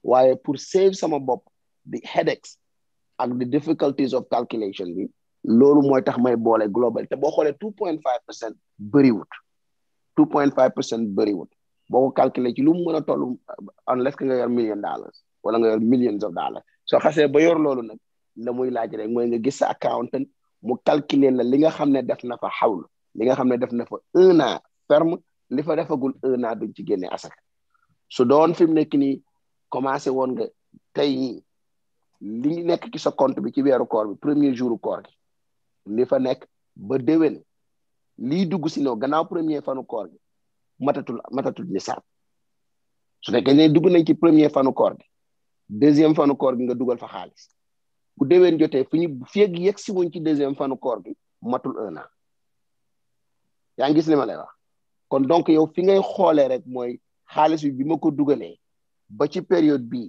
waaye pour save sama bopp di headaches ak the difficulties of calculation bi loolu mooy tax may boole global te boo xoolee two point five pour cent bëriwut two point five pour cent bëriwut boo ko calculer ci lu mu mën a toll unless que nga yor million dollars wala nga yor millions of dollars soo xasee ba yor loolu nag la muy laaj rek mooy nga gis sa accountant mu calculer la li nga xam ne def na fa xawlu li nga xam ne def na fa un an ferme li fa defagul un an duñ ci génne asaka su doon fi mu nekk nii commencé woon nga tey li nekk ci sa compte bi ci weeru koor bi premier jour koor li fa nekk ba déwén lii dugg si ñëw gannaaw premier fanu koor gi matatul matatul nisaab su fekkee ne dugg nañ ci premier fanu koor gi deuxième fanu koor gi nga dugal fa xaalis bu dewen jotee fu ñu feeg yegg si wuñ ci deuxième fanu koor gi matul un an yaa ngi gis li ma kon donc yow fi ngay xoolee rek mooy xaalis bi bi ma ko dugalee ba ci période bi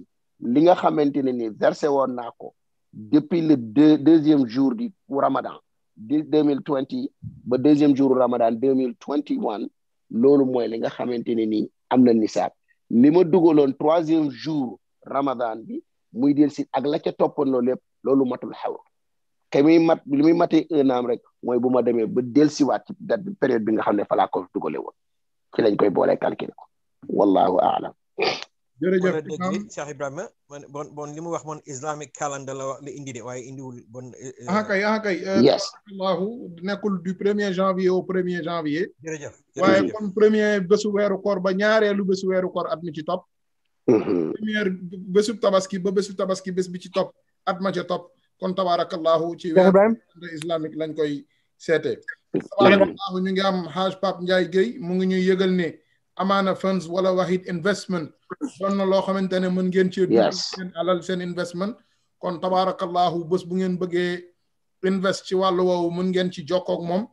li nga xamante ne ni versé woon naa ko depuis le deux deuxième jour di Ramadan di deux mille twenty ba deuxième jour Ramadan deux mille twenty one loolu mooy li nga xamante ne nii am na nisaab li ma dugaloon troisième jour Ramadan bi muy del si ak la ca toppandoo lépp loolu matul xew ke mat li muy matee un rek mooy bu ma demee ba del siwaat ci date période bi nga xam ne falaa ko dugale woon ci lañ koy boolee calculer ko wallahu aalam jërëjëf dégg Cheikh Ibrahima bon bon li mu wax man islamic calendar la la indi de waaye indiwul bon. Euh, euh, ah kay ah, euh, nekkul du premier janvier au premier janvier. jërëjëf waaye premier bésu weeru koor ba ñaareelu bésu weeru koor at mi ci topp. Mm-hmm. première bésu tabaski ba bésu tabaski bés bi ci top at ma ca topp kon tabaarakallahu ci weeru islamique lañ koy seete. tabaarakallahu ñu ngi am Haj Pape Ndiaye Guèye mu ngi ñuy yëgal ne. amaana funds wala waxit investment doon na loo xamante ne mën ngeen ci seen alal seen investment kon tabaarakallahu bés bu ngeen bëggee invest ci wàllu woowu mën ngeen ci jokkoog moom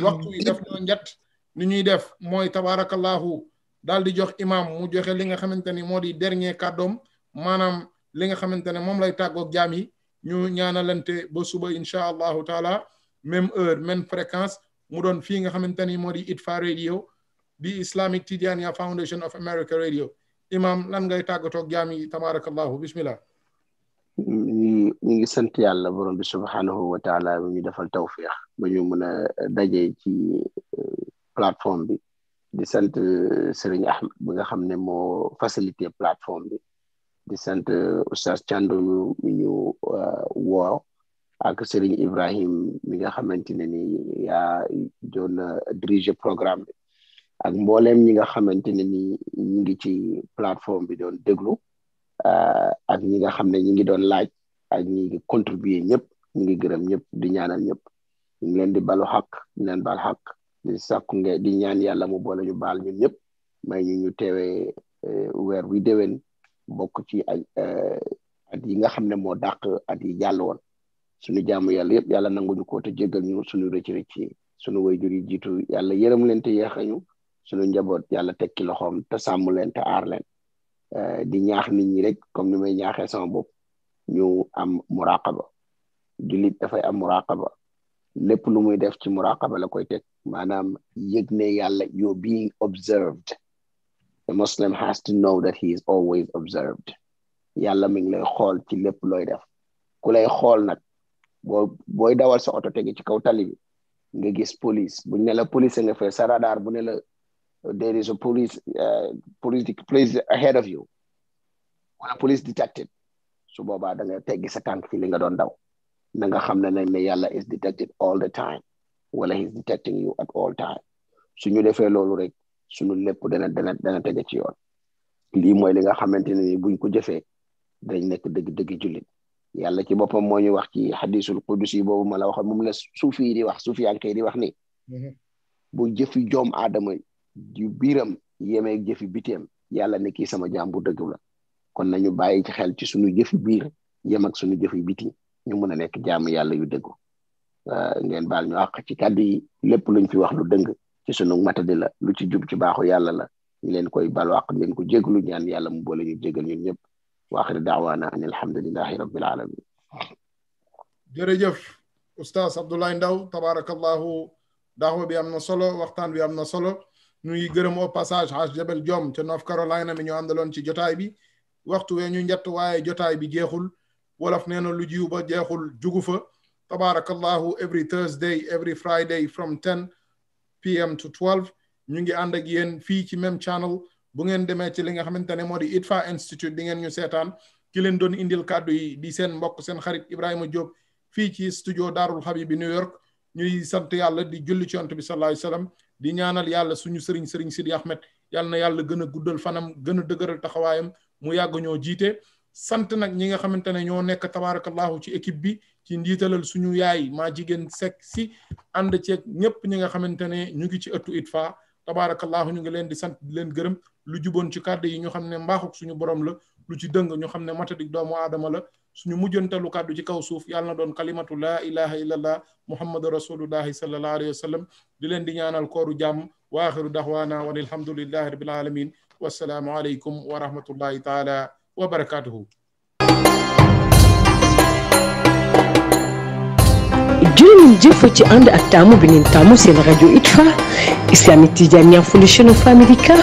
waxtu yi def ñoo njat ni ñuy def mooy tabaarakallahu daal di jox imam mu joxe li nga xamante ni moo di dernier kàddoom maanaam li nga xamante ne moom lay tàggoog jaam yi ñu ñaanalante ba suba incha allahu taala même heure même fréquence mu doon fii nga xamante ni moo di Itfa Radio bi Islamic Tidjaniya Foundation of America Radio imam lan ngay tàggatoog jaam yi tabaarakallahu bismillah ñu ngi sant yàlla borom bi subhaanahu wa bu ñu defal tawfiq ba ñu mën a daje ci euh, plateforme bi di sant euh, Serigne Ahmed bi nga xam ne moo facilité plateforme bi di sant euh, Oustaz Thiandoum mi ñu woo ak Serigne Ibrahim mi nga xamante ne ni yaa doon programme ak mbooleem ñi nga xamante ne ni ñu ngi ci plateforme bi doon déglu euh, ak ñi nga xam ne ñi ngi doon laaj ak ñi ngi contribuer ñëpp ñi ngi gërëm ñëpp di ñaanal ñëpp ñu ngi leen di balu xaq di leen bal xaq di sàkku nge di ñaan yàlla mu boole ñu baal ñun ñëpp may ñu ñu teewee euh, weer wi déwén bokk ci ay euh, at yi nga xam ne moo dàq at yi jàll woon suñu jaamu yàlla yëpp yàlla nanguñu ko te jéggal ñu suñu rëcc rëcc suñu way jur yi jiitu yàlla yërëm leen te yeexañu suñu njaboot yàlla tekki loxoom te sàmm leen te aar leen di ñaax nit ñi rek comme ni may ñaaxee sama bopp ñu am muraqaba jullit dafay am muraqaba lépp lu muy def ci muraqaba la koy teg maanaam yëg ne yàlla you're being observed the Muslim has to know that he is always observed yàlla mi ngi lay xool ci lépp looy def ku lay xool nag boo booy dawal sa oto tege ci kaw tali bi nga gis police bu ne la police nga fay sa radar bu ne la there is a police uh, police police ahead of you wala police detective su boobaa da nga teggi sa tànk fi li nga doon daw na nga xam ne nañ yàlla is detected all the time wala he's detecting you at all time suñu defee loolu rek suñu lépp dana dana dana tege ci yoon lii mooy li nga xamante ne ni buñ ko jëfee dañ nekk dëgg dëgg jullit yàlla ci boppam moo ñu wax ci xadisul qudusi boobu ma la waxoon moom la suufi di wax suufiyanke di wax ni mm-hmm. bu jëfi joom aadama ju biiram yemee jëfi biteem yàlla ne kii sama jaam bu dëgg la kon nañu bàyyi ci xel ci suñu jëfi biir yem ak suñu jëfi biti ñu mun a nekk jaamu yàlla yu dëggu euh, ngeen baal ñu àq ci kàddu yi lépp luñ fi wax lu dëng ci sunu matadi la lu ci jub ci baaxu yàlla la ñu leen koy balu àq ngeen ko jéglu ñaan yàlla mu boole ñu jégal ñun ñëpp wa axiri daawaana an alhamdulillahi rabbil alamin jërëjëf oustaz Abdoulaye Ndaw tabarakallahu daawa bi am na solo waxtaan bi am na ñuy gërëm au passage xaaj Jabel Diom ca North Carolina mi ñu àndaloon ci jotaay bi waxtu wee ñu njett waaye jotaay bi jeexul wolof nee na lu jiw ba jeexul jugu fa tabarakallahu every Thursday every Friday from 10 pm to 12 ñu ngi ànd ak yéen fii ci même channel bu ngeen demee ci li nga xamantene ne moo di ITFA Institute di ngeen ñu seetaan ki leen doon indil kàddu yi di seen mbokk seen xarit Ibrahima Diop fii ci studio Darul Habibi New York ñuy sant yàlla di julli ci yonent bi sallallahu alayhi wa sallam di ñaanal yàlla suñu sëriñ sëriñ Sidi Ahmed yàlla na yàlla gën a guddal fanam gën a dëgëral taxawaayam mu yàgg ñoo jiitee sant nag ñi nga xamante ne ñoo nekk tabaarakallaahu ci équipe bi ci njiitalal suñu yaay maa jigéen sek si ànd ceeg ñëpp ñi nga xamante ne ñu ngi ci ëttu ITFA tabaarakallaahu ñu ngi leen di sant leen gërëm lu juboon ci kàddu yi ñu xam ne mbaaxuk suñu borom la lu ci dëng ñu xam ne matadik doomu aadama la suñu mujjantalu kàddu ci kaw suuf yàlla na doon kalimatu la ilaha illallah muhammadu rasulullahi sallallahu alayhi wasallam di leen di ñaanal kooru jàmm wa akhiru daxwaana wa alhamdulillahi rabbil alamin wassalaamu alaykum wa rahmatullahi taala wa barakatuhu jërëjëf jëf ci ànd ak taamu bi ngeen taamu seen rajo ITFA Islamic Tijaniya Foundation of America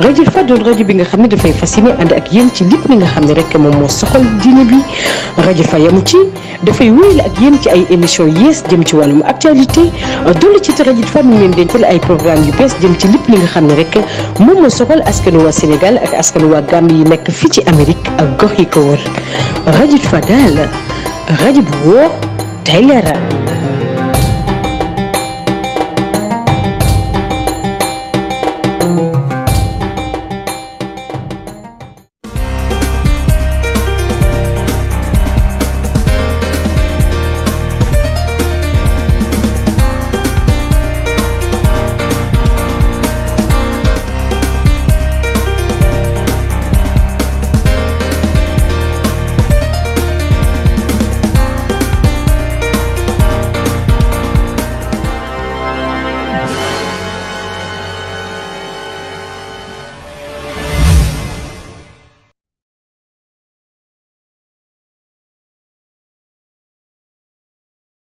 rajo Alfayda doon rajo bi nga xam ne dafay fasciné ànd ak yéen ci lépp li nga xam ne rek moom moo soxal diine bi rajo Alfayda mu ci dafay wéyale ak yéen ci ay émissions yees jëm ci wàllum actualité dolli ci rajo Alfayda mu ngi leen ay programme yu bees jëm ci lépp li nga xam ne rek moom moo soxal askanu waa Sénégal ak askanu waa Gambie yi nekk fii ci améric ak gox yi ko wër rajo Alfayda daal rajo bu wóor tey leeral